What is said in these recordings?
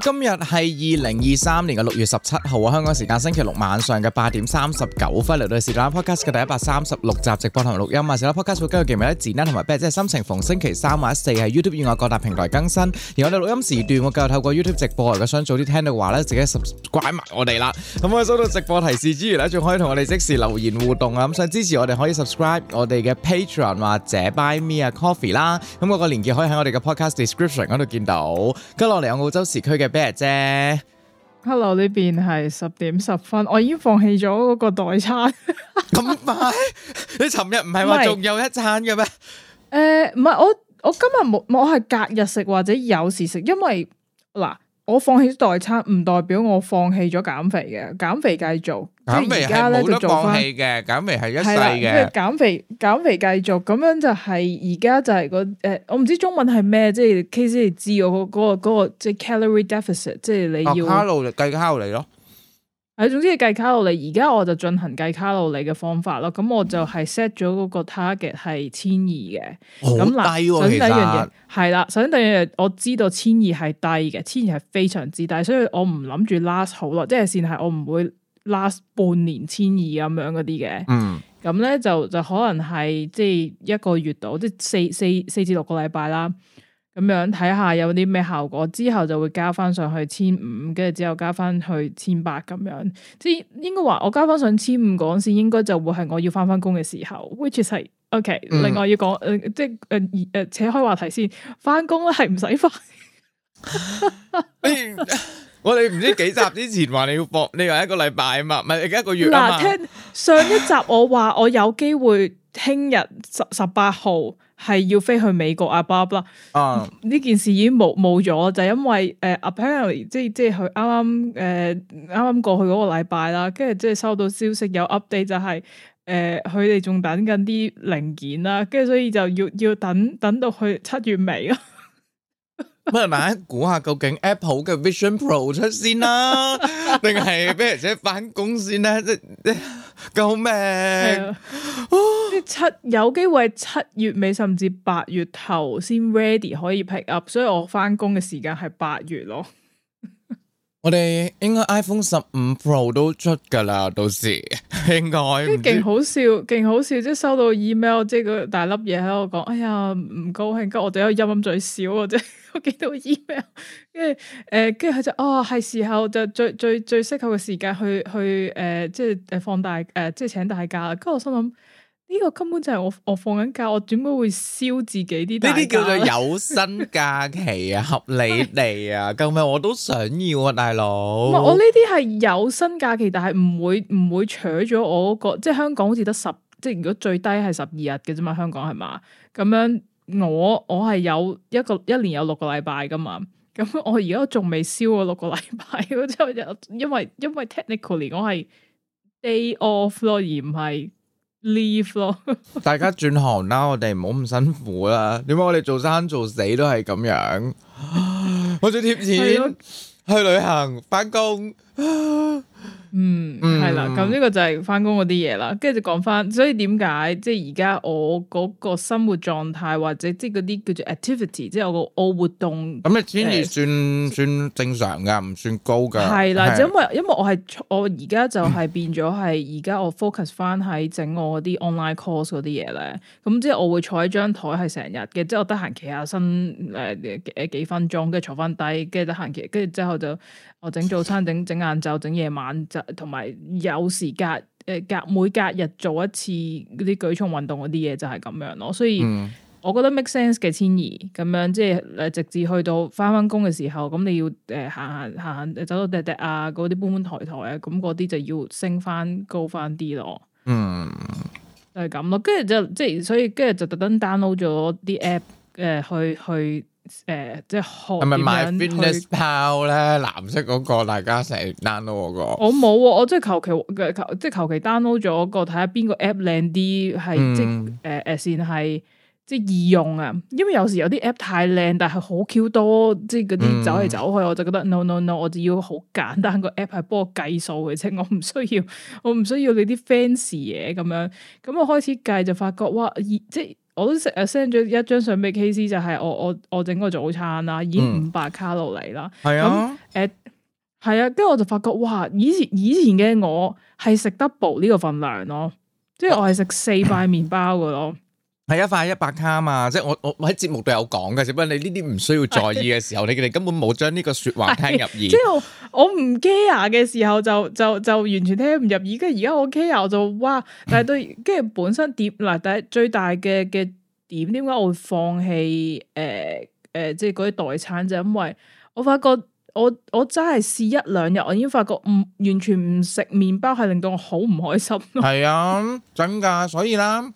今日係二零二三年嘅六月十七號啊，香港時間星期六晚上嘅八點三十九分嚟到《時拉 Podcast》嘅第一百三十六集直播同錄音啊，《時拉 Podcast》會今日結尾一啲字粒同埋 beat，即係心情逢星期三或者四喺 YouTube 以外各大平台更新。而我哋錄音時段，我哋繼續透過 YouTube 直播，如果想早啲聽到嘅話咧，直接 subscribe 埋我哋啦。咁我收到直播提示之餘咧，仲可以同我哋即時留言互動啊！咁想支持我哋，可以 subscribe 我哋嘅 Patreon 或者 Buy Me a Coffee 啦。咁嗰個連結可以喺我哋嘅 Podcast description 嗰度見到。跟住落嚟，我澳洲時區嘅。咩啫？Hello，呢邊係十點十分，我已經放棄咗嗰個代餐。咁 快？你尋日唔係話仲有一餐嘅咩？誒，唔係，呃，唔係我我今日冇，我係隔日食或者有時食，因為嗱。我放棄代餐唔代表我放棄咗減肥嘅，減肥繼續。減肥係冇得放棄嘅，減肥係一世嘅。減肥減肥繼續，咁樣就係而家就係嗰誒，我唔知中文係咩，即係 K C 你知我嗰個嗰個嗰個即係 calorie deficit，即係你要。啊！卡路里計卡路里咯。唉，總之你計卡路里，而家我就進行計卡路里嘅方法咯。咁我就係 set 咗嗰個 target 係千二嘅。好低喎、啊，其實。係啦，首先第一樣嘢，我知道千二係低嘅，千二係非常之低，所以我唔諗住 last 好耐，即係算係我唔會 last 半年千二咁樣嗰啲嘅。嗯。咁咧就就可能係即係一個月度，即係四四四至六個禮拜啦。咁樣睇下有啲咩效果，之後就會加翻上去千五，跟住之後加翻去千八咁樣，即係應該話我加翻上千五講先，應該就會係我要翻翻工嘅時候。Which is 係 OK。嗯、另外要講，即係誒誒，扯開話題先，翻工咧係唔使翻。我哋唔知幾集之前話你要播，你話一個禮拜啊嘛，唔係一個月。嗱，聽上一集我話我有機會聽日十十八號。係要飛去美國啊 blah blah 呢件事已經冇冇咗，就係、因為誒、uh,，Apparently，即係即係佢啱啱誒啱啱過去嗰個禮拜啦，跟住即係收到消息有 update，就係誒佢哋仲等緊啲零件啦，跟住所以就要要等等到去七月尾咯。 不如我喺估下究竟 Apple 嘅 Vision Pro 出 先啦，定係咩而且返工先咧？即即救命！七有機會七月尾甚至八月頭先 ready 可以 pick up，所以我返工嘅時間係八月咯 。我哋應該 iPhone 十五 Pro 都出㗎喇，到時。應該，跟住勁好笑，勁好笑，即係收到 email，即係個大粒嘢喺度講，哎呀唔高興，跟住我哋喺度陰陰嘴笑啊！即係我接到 email，跟住誒，跟住佢就哦，係時候就最最最適合嘅時間去去誒、呃，即係誒放大誒、呃，即係請大假。」跟住我心諗，.呢個根本就係我我放緊假，我點解會燒自己啲？呢啲叫做有薪假期啊， 合理地啊，救命！我都想要啊，大佬。我呢啲係有薪假期，但係唔會唔會扯咗我嗰個，即係香港好似得十，即係如果最低係十二日嘅啫嘛，香港係嘛？咁樣我我係有一個一年有六個禮拜噶嘛，咁我而家仲未燒過六個禮拜，啊，即係因為因為 technically 我係 day off 咯，而唔係。Leave 大家轉行啦，我哋唔好咁辛苦啦。點解我哋做生做死都係咁樣？ 我最貼錢，了去旅行，返工。 嗯，係啦的，咁呢、嗯、個就係翻工嗰啲嘢啦，跟住就講翻，所以點解即係而家我嗰個生活狀態或者即係嗰啲叫做 activity，即係我個我活動咁咧先至算是算正常噶，唔算高噶。係啦的，因為的因為我係我而家就係變咗係而家我 focus 翻喺整我嗰啲 online course 嗰啲嘢咧，咁即係我會坐喺張台係成日嘅，即、就、係、是、我得閒企下身誒誒幾分鐘，跟住坐翻低，跟住得閒企，跟住之後就我整早餐，整整晏晝，整夜晚。同埋有時間誒，隔每隔日做一次嗰啲舉重運動嗰啲嘢就係咁樣咯，所以我覺得 make sense 嘅遷移咁樣，即係誒直至去到翻翻工嘅時候，咁你要誒、呃、行行行行，走到趯趯啊，嗰啲搬搬抬抬啊，咁嗰啲就要升翻高翻啲咯，嗯，就係咁咯，跟住就即係所以跟住就特登 download 咗啲 app 誒、呃、去去。去誒、呃，即係係咪買 MyFitnessPal 咧去？藍色嗰、那個，大家成日 download 個。我冇、啊，我即係求其求，即係求其 download 咗個，睇下邊個 app 靚啲，係即係誒誒，先係即係易用啊！因為有時有啲 app 太靚，但係好 Q 多，即係嗰啲走嚟走去，我就覺得、嗯、no no no，我只要好簡單個 app 係幫我計數嘅啫，我唔需要，我唔需要你啲 fancy 嘢咁樣。咁我開始計就發覺哇，即係。我都 send 咗一張相俾 K.C. 就係我我我整個早餐啦，以五百卡路里啦。係、嗯嗯、啊，咁誒係啊，跟住我就發覺哇，以前以前嘅我係食 double 呢個份量咯，即係我係食四塊麵包嘅咯。 係一塊一百卡嘛，即係我我喺節目都有講嘅，只不過你呢啲唔需要在意嘅時候， 你哋根本冇將呢個說話聽入耳。之後 我唔 care 嘅時候就就就完全聽唔入耳，跟住而家我 care 我就哇！但係對，跟住 本身點嗱，第最大嘅嘅點，點解我會放棄誒誒，即係嗰啲代餐就因為，我發覺我我真係試一兩日，我已經發覺唔完全唔食麵包係令到我好唔開心。係 啊，真噶，所以啦。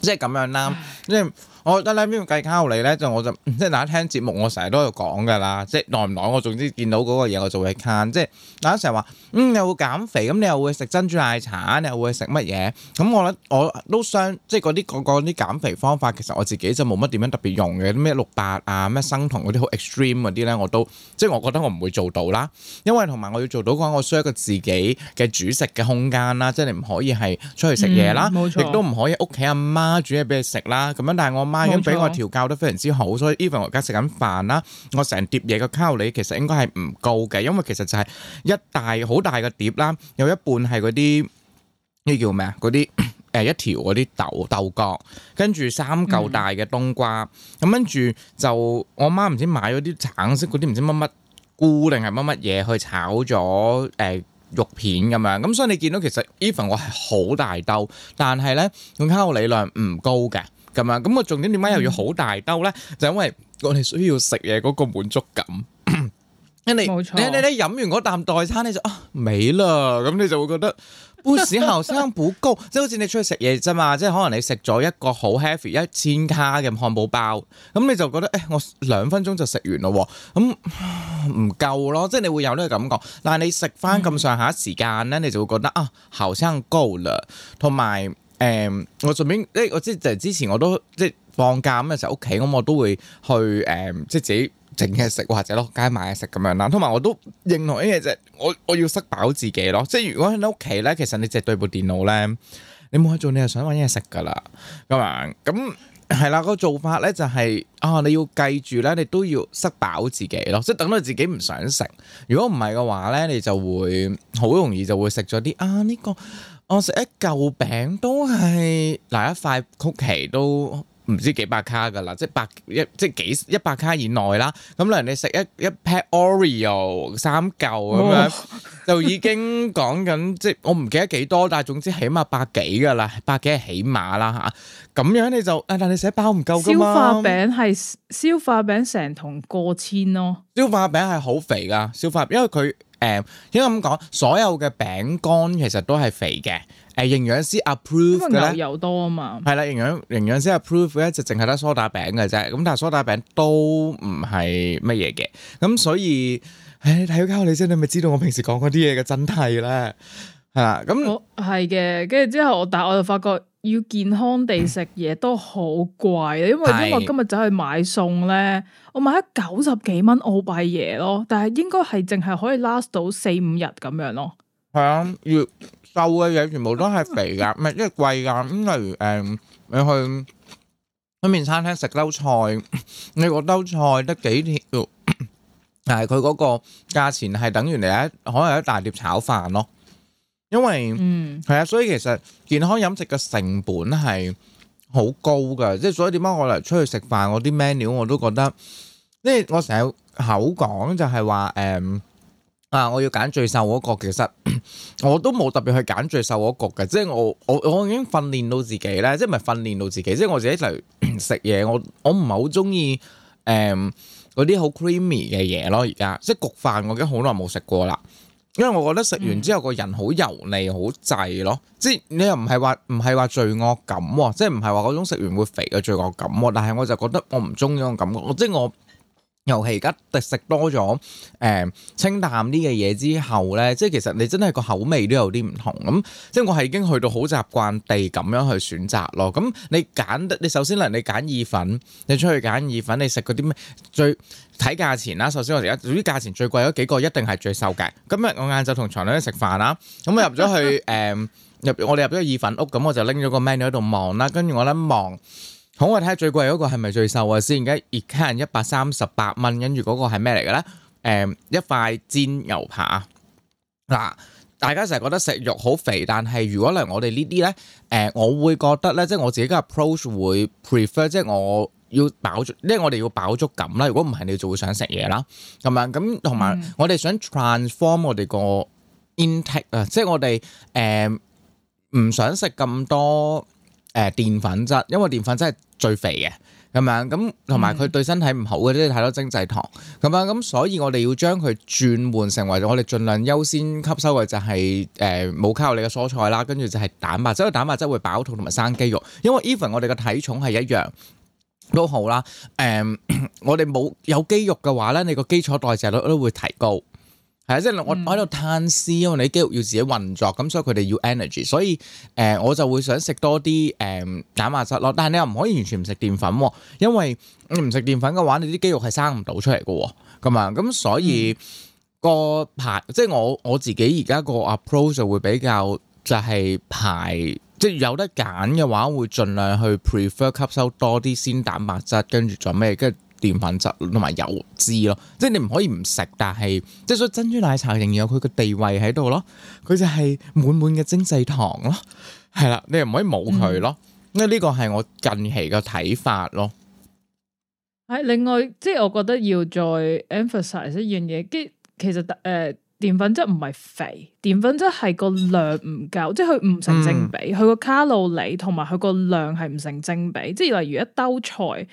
即係咁樣啦，即寫係。寫哦、我覺得咧邊個計卡路里咧，就我就即係大家聽節目我成日都有講㗎啦。即係耐唔耐我總之見到嗰個嘢，我就會看。即係大家成日話嗯會減肥，咁、嗯、你又會食珍珠奶茶，你又會食乜嘢？咁、嗯、我得，我都想即係嗰啲嗰嗰啲減肥方法，其實我自己就冇乜點樣特別用嘅。咩六八啊，咩生酮嗰啲好 extreme 嗰啲咧，我都即係我覺得我唔會做到啦。因為同埋我要做到嘅話，我需要一個自己嘅煮食嘅空間啦。即係你唔可以係出去食嘢啦，亦、嗯、都唔可以屋企阿媽煮嘢俾你食啦。咁樣，但係我媽已經俾我調教得非常之好，冇錯，所以 even 我而家食緊飯啦，我成碟嘢嘅卡路里其實應該係唔高嘅，因為其實就係一大好大嘅碟啦，有一半係嗰啲呢叫咩啊？嗰啲誒一條嗰啲豆豆角，跟住三嚿大嘅冬瓜，咁、嗯、跟住就我媽唔知買咗啲橙色嗰啲唔知乜乜菇定係乜乜嘢去炒咗誒、呃、肉片咁樣，咁、嗯、所以你見到其實 even 我係好大兜，但係咧用卡路里量唔高嘅。咁啊，咁我重點點解又要好大兜咧？就因為我哋需要食嘢嗰個滿足感。因為你你你飲完嗰啖代餐咧就啊，美啦！咁你就會覺得半時後生好高，即係好似你出去食嘢啫嘛。即係可能你食咗一個好 heavy 一千卡嘅漢堡包，咁你就覺得誒，我兩分鐘就食完咯喎。咁唔夠咯，即係你會有呢個感覺。但係你食翻咁上下時間咧，你就會覺得啊，後生高啦，同埋。誒、嗯，我順便，即係我即係之前我都即係放假咁嘅時候屋企咁，我都會去誒，即、嗯、係自己整嘢食或者落街買嘢食咁樣啦。同埋我都認同一嘢，就係我我要塞飽自己咯。即係如果喺屋企咧，其實你淨係對部電腦咧，你冇去做你就，你係想揾嘢食噶啦，咁樣，咁係啦。個做法咧就係、是、啊，你要記住咧，你都要塞飽自己咯。即係等到自己唔想食，如果唔係嘅話咧，你就會好容易就會食咗啲啊呢、這個。我食一嚿餅都係，拿一塊曲奇都。唔知幾百卡噶啦，即係百一，即係幾一百卡以內啦。咁例如你食一一 pack Oreo 三嚿咁樣，哦、 就已經講緊即係我唔記得幾多，但係總之起碼百幾噶啦，百幾係起碼啦嚇。咁樣你就誒、啊，但你食包唔夠噶嘛？消化餅係消化餅成桶過千咯。消化餅係好肥噶，消化餅因為佢誒，應該咁講，所有嘅餅乾其實都係肥嘅。係營養師 approve 嘅，油多啊嘛。係啦，營養營養師 approve 咧，就淨係得梳打餅嘅啫。咁但係梳打餅都唔係乜嘢嘅。咁所以，誒睇咗卡路里先，你咪知，知道我平時講嗰啲嘢嘅真諦啦。吓咁，我係嘅。跟住、哦、之後我，我但係我就發覺要健康地食嘢都好貴。 因為因為，因為今日走去買餸咧，我買咗九十幾蚊澳幣嘢咯。但係應該係淨係可以 last 到四五日咁樣咯。係啊、嗯，要。瘦嘅嘢全部都係肥噶，唔係因為貴噶。咁例如誒、呃，你去嗰面餐廳食兜菜，你、這個兜菜得幾條，但係佢嗰個價錢係等於你一可能一大碟炒飯咯。因為嗯係啊，所以其實健康飲食嘅成本係好高噶，即係所以點解我嚟出去食飯，我啲 menu 我都覺得，即係我成日口講就係話誒。呃啊！我要揀最瘦嗰個，其實我都冇特別去揀最瘦嗰個嘅，即係我我我已經訓練到自己咧，即係咪訓練到自己？即係我自己就食嘢，我我唔係好中意誒嗰啲好 creamy 嘅嘢咯，而家即係焗飯我已經好耐冇食過啦，因為我覺得食完之後個、嗯、人好油膩、好滯咯，即係你又唔係話唔係話罪惡感，即係唔係話嗰種食完會肥嘅罪惡感，但係我就覺得我唔中意嗰種感覺，即係我。尤其而家食多咗誒、嗯、清淡啲嘅嘢之後咧，即係其實你真係個口味都有啲唔同咁，即係我係已經去到好習慣地咁樣去選擇咯。咁你揀，你首先啦，你揀意粉，你出去揀意粉，你食嗰啲咩最睇價錢啦。首先我而家總之價錢最貴嗰幾個一定係最瘦嘅。今日我晏晝同長女去食飯啦，咁入咗去誒入、嗯、我哋入咗意粉屋，咁我就拎咗個 menu 喺度望啦，跟住我一望。好，我睇下最貴嗰個係咪最瘦啊先。而家熱卡人一百三十八蚊，跟住嗰個係咩嚟嘅咧？誒、嗯，一塊煎牛扒啊！嗱，大家成日覺得食肉好肥，但係如果嚟我哋呢啲咧，誒、呃，我會覺得咧，即係我自己嘅 approach 會 prefer，即係我要飽足，即係我哋要飽足感啦。如果唔係，你就會想食嘢啦，咁樣咁同埋我哋想 transform 我哋個 intake 啊，即係我哋誒唔想食咁多。誒、呃、澱粉質，因為澱粉質係最肥嘅咁樣，咁同埋佢對身體唔好嘅，即係太多精製糖咁啊，咁所以我哋要將佢轉換成為我哋盡量優先吸收嘅就係誒冇卡路里嘅蔬菜啦，跟住就係蛋白質，蛋白質會飽肚同埋生肌肉，因為 even 我哋嘅體重係一樣都好啦，誒、呃、我哋冇有，有肌肉嘅話咧，你個基礎代謝率都會提高。係，即係我我喺度攤屍，因為你肌肉要自己運作，咁所以佢哋要 energy。所以誒、呃，我就會想食多啲誒、呃、蛋白質咯。但係你又唔可以完全唔食澱粉喎，因為你唔食澱粉嘅話，你啲肌肉係生唔到出嚟㗎咁啊。咁所以、嗯、個排，即係我我自己而家個 approach 就會比較就係排，即係有得揀嘅話，會盡量去 prefer 吸收多啲先蛋白質，跟住做咩？跟澱粉質同埋油脂咯，即係你唔可以唔食，但係即係所以珍珠奶茶仍然有佢個地位喺度咯。佢就係滿滿嘅精製糖咯，係啦，你又唔可以冇佢咯。嗯、因為呢個係我近期嘅睇法咯。係、嗯、另外，即係我覺得要再 emphasize 一樣嘢，即其實誒澱粉質唔係肥，澱粉質係個量唔夠，即係佢唔成正比，佢個、嗯、卡路里同埋佢個量係唔成正比。即係例如一兜菜。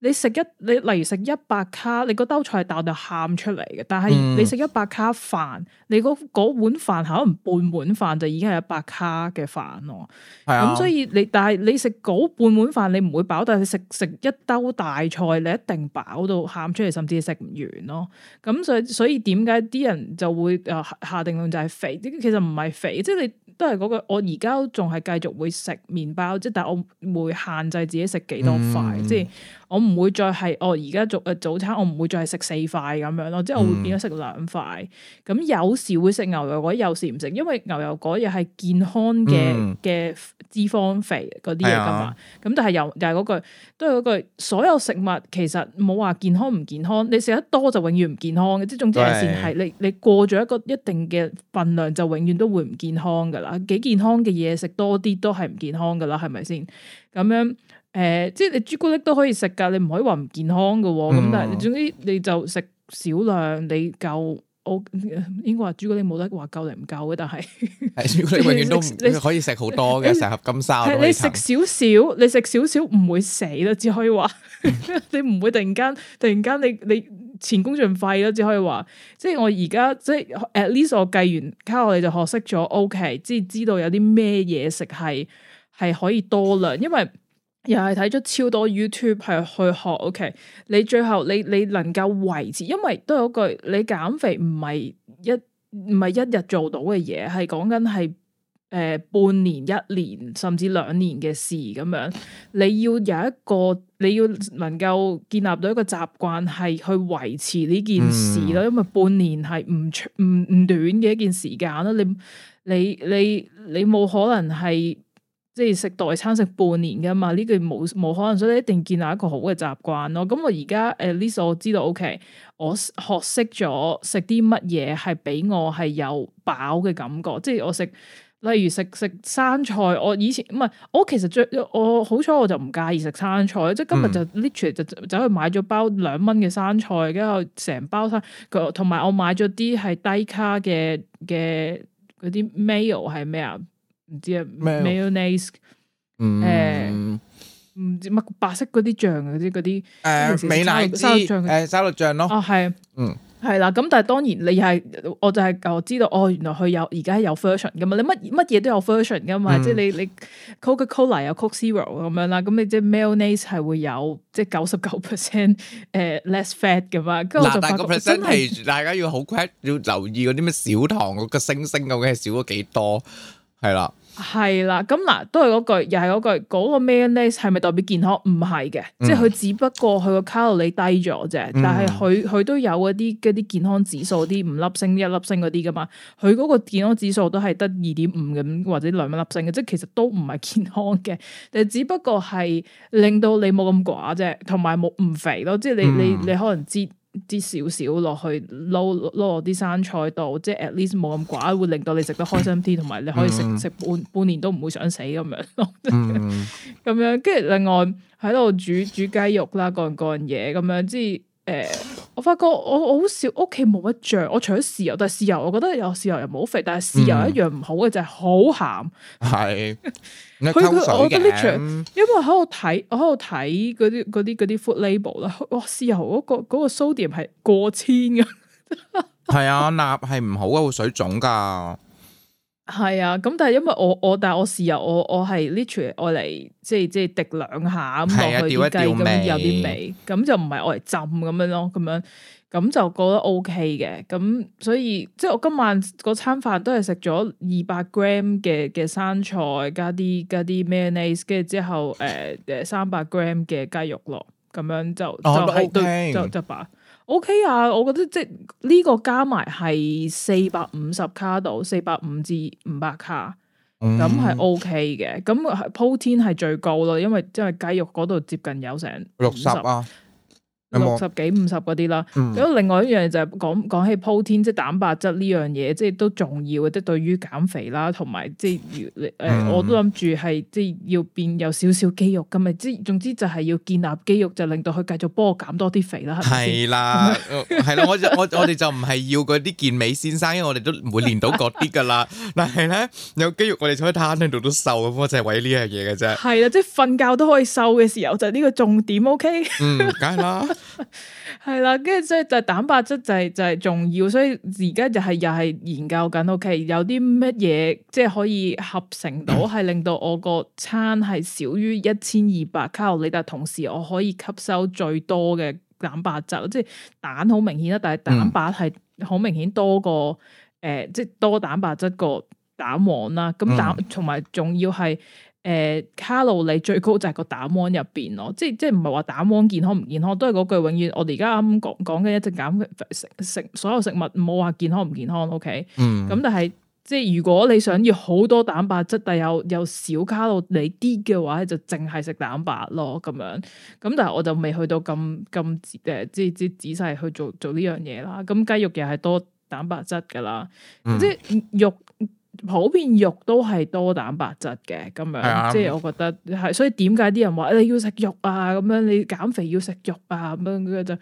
你食一你例如食一百卡，你個兜菜大到喊出嚟嘅。但係你食一百卡飯，嗯、你嗰碗飯可能半碗飯就已經係一百卡嘅飯咯。咁、嗯嗯、所以你但係你食嗰半碗飯你唔會飽，但係你食食一兜大菜你一定飽到喊出嚟，甚至食唔完咯。咁、嗯、所以所以點解啲人就會誒下定論就係肥？其實唔係肥，即係你都係嗰句。我而家仲係繼續會食麵包，即係但係我會限制自己食幾多塊，即係、嗯。我唔會再係我而家早早餐，我唔會再係食四塊咁樣咯，即係、嗯、我會變咗食兩塊。咁有時會食牛油果，有時唔食，因為牛油果又係健康嘅嘅、嗯、脂肪肥嗰啲嘢噶嘛。咁但係又又係嗰句，都係嗰句，所有食物其實冇話健康唔健康，你食得多就永遠唔健康嘅。即係總之係係你對你過咗一個一定嘅分量就永遠都會唔健康噶啦。幾健康嘅嘢食多啲都係唔健康噶啦，係咪先咁樣？誒、呃，即係你朱古力都可以食噶，你唔可以話唔健康噶、哦。咁、嗯、但係你總之你就食少量，你夠，我應該話朱古力冇得話夠定唔夠嘅。但係朱古力永遠都唔，你可以食好多嘅，成盒金莎。你食少少，你食少少唔會死咯，只可以話 你唔會突然間突然間你你，你前功盡廢咯，只可以話。即係我而家即係 at least 我計完卡路里，你就學識咗。OK，即係知道有啲咩嘢食係係可以多量，因為。又係睇咗超多 YouTube，係去學。Okay，你最後你你能夠維持，因為都係嗰句，你減肥唔係一唔係一日做到嘅嘢，係講緊係誒半年、一年甚至兩年嘅事咁樣。你要有一個，你要能夠建立到一個習慣，係去維持呢件事咯。嗯、因為半年係唔長唔唔短嘅一件時間啦。你你你你冇可能係。即係食代餐食半年噶嘛？呢句冇冇可能，所以你一定建立一個好嘅習慣咯。咁、嗯、我而家誒，至少我知道，OK，我學識咗食啲乜嘢係俾我係有飽嘅感覺。即係我食，例如食食生菜。我以前唔係我其實最我好彩我就唔介意食生菜。即係今日就 literally 就走去買咗包兩蚊嘅生菜，跟住我成包生。佢同埋我買咗啲係低卡嘅嘅嗰啲 meal 係咩啊？唔知啊，mayonnaise，誒，唔麼、嗯、知乜白色嗰啲醬嗰啲啲，誒美奶汁，誒、呃、沙律醬咯，哦係、啊，嗯係啦，咁但係當然你係，我就係知道哦，原來佢有而家有 version 噶嘛，你乜乜嘢都有 version 噶嘛，嗯、即係你你 Coca Cola 有 Coke Zero 咁樣啦，咁、嗯、你即係 mayonnaise 係會有即係九十九 percent 誒 less fat 噶嘛，跟住我就發覺真係 大家要好 quick 要留意嗰啲咩少糖嗰個星星究竟係少咗幾多？係啦，係啦，咁嗱，都係嗰句，又係嗰句，嗰個 mayonnaise 係咪代表健康？唔係嘅，嗯、即係佢只不過佢個卡路里低咗啫，嗯、但係佢佢都有一啲一啲健康指數啲五粒星、一粒星嗰啲噶嘛，佢嗰個健康指數都係得二點五咁或者兩粒星嘅，即係其實都唔係健康嘅，但只不過係令到你冇咁寡啫，同埋冇唔肥咯，即係你、嗯、你你可能知。啲少少落去撈撈落啲生菜度，即係 at least 冇咁寡，會令到你食得開心啲，同埋你可以食食，嗯、半半年都唔會想死咁樣，咁、嗯、 樣跟住另外喺度煮煮雞肉啦，各樣各樣嘢，咁樣，即係。誒、呃,我發覺我我好少屋企冇乜醬，我除咗豉油，但係豉油，我覺得有豉油又冇肥，但係豉油一樣唔好嘅、嗯、就係好鹹。係佢我 literally 因為喺我睇，我喺度睇嗰啲啲啲 food label 啦，哇，豉油嗰、嗰個、嗰個 sodium 係過千嘅。係 啊，鈉係唔好啊，會水腫噶。係啊，咁但係因為我我但係我豉油我我係 literally 攞嚟即係即係滴兩下咁落去啲雞咁有啲味，咁就唔係攞嚟浸咁樣咯，咁樣咁就覺得 OK 嘅，咁所以即係我今晚嗰餐飯都係食咗二百 gram 嘅嘅生菜加啲加啲 mayonnaise，跟住之後誒誒三百 gram 嘅雞肉咯，咁樣就就、哦、就就飽。就 O、okay、K 啊，我覺得即呢個加埋係四百五十卡到四百五至五百卡，咁係 O K 嘅。咁鋪、OK、天係最高咯，因為即係雞肉嗰度接近有成六十啊。六十幾五十嗰啲啦，咁、嗯、另外一樣就係講講起鋪天即係蛋白質呢樣嘢，即係都重要嘅，即係對於減肥啦，同埋即係誒、嗯呃，我都諗住係即係要變有少少肌肉咁咪即係總之就係要建立肌肉，就令到佢繼續幫我減多啲肥啦。係啦，係啦，我我我哋就唔係要嗰啲健美先生，因為我哋都唔會練到嗰啲㗎啦。但係咧有肌肉我，我哋坐喺攤喺度都瘦咁，我淨係為呢樣嘢嘅啫。係啦，即係瞓覺都可以瘦嘅時候，就呢、係、個重點、okay? 嗯。O K，梗係啦。係啦，跟住 所以就蛋白質就係、是、就係、是、重要，所以而家就係又係研究緊，OK，有啲乜嘢即係可以合成到，係令到我個餐係少於一千二百卡路里，但同時我可以吸收最多嘅蛋白質，即係蛋好明顯啦，但係蛋白係好明顯多過誒、嗯呃，即係多蛋白質個蛋黃啦，咁蛋同埋仲要係。誒，卡路里最高就係個蛋黃入邊咯，即係即係唔係話蛋黃健康唔健康，都係嗰句永遠。我哋而家啱啱講講緊一直減食食所有食物，唔好話健康唔健康。OK，咁但係即係如果你想要好多蛋白質，但有又少卡路里啲嘅話，就淨係食蛋白咯，咁樣。咁但係我就未去到咁咁誒，即係即，即仔細去做做呢樣嘢啦。咁雞肉又係多蛋白質噶啦，嗯、即係肉。普遍肉都係多蛋白質嘅咁樣，的即係我覺得係，所以點解啲人話你要食肉啊咁樣？你減肥要食肉啊咁樣嘅就，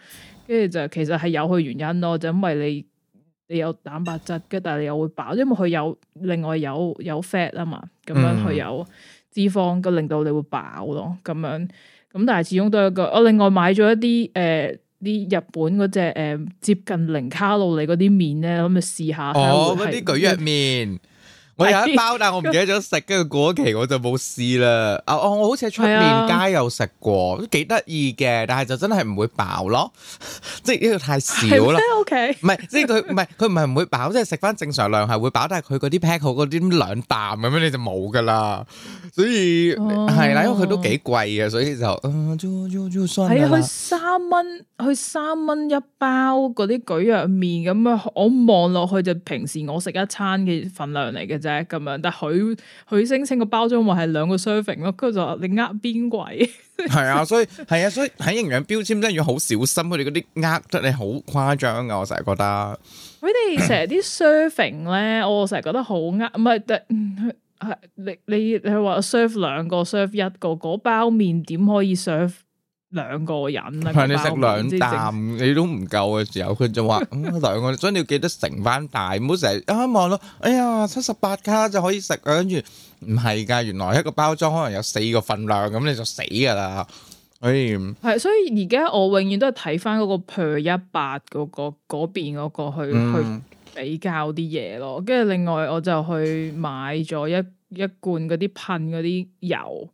跟住就其實係有佢原因咯，就因為你你有蛋白質嘅，但係你又會飽，因為佢有另外有有 fat 啊嘛，咁樣佢有脂肪，佢令到你會飽咯，咁樣咁但係始終都有一個，我另外買咗一啲誒啲日本嗰隻誒接近零卡路里嗰啲麵咧，咁就試下睇會係。哦，嗰啲蒟蒻麵。我有一包，但我唔記得咗食，跟住過期我就冇試啦。啊、哦，我我好似喺出面街有食過，都幾得意嘅，但係就真係唔會飽咯，即係呢度太少咯。O K，唔係，即係佢唔係佢唔係唔會飽，即係食翻正常量係會飽，但係佢嗰啲 pack 好嗰啲兩啖咁樣你就冇噶啦。所以係啦，因為佢都幾貴呀，所以就嗯，就係啊，佢三蚊，佢三蚊一包嗰啲蒟蒻麵咁樣，我望落去就平時我食一餐嘅份量嚟嘅啫，咁樣。但佢佢聲稱個包裝話係兩個 servings 咯，跟住就話你呃邊鬼？係啊，所以係啊， 所以喺營養標籤真係要好小心。佢哋嗰啲呃得你好誇張噶，我成日覺得。佢哋成日啲 servings 咧，我成日覺得好呃，唔係，但係你你你話 serve 兩個 serve 一個嗰包麵點可以 serve 兩個人呢？係你食兩啖你都唔夠嘅時候，佢就話兩、嗯、個，所以你要記得乘翻大，唔好成日一望到哎呀七十八卡就可以食啊，跟住唔係噶，原來一個包裝可能有四個份量，咁你就死噶啦。哎，係所以而家我永遠都係睇翻嗰個 per 一百嗰個嗰邊嗰個去去。嗯比較啲嘢咯，跟住另外我就去買咗一一罐嗰啲噴嗰啲油，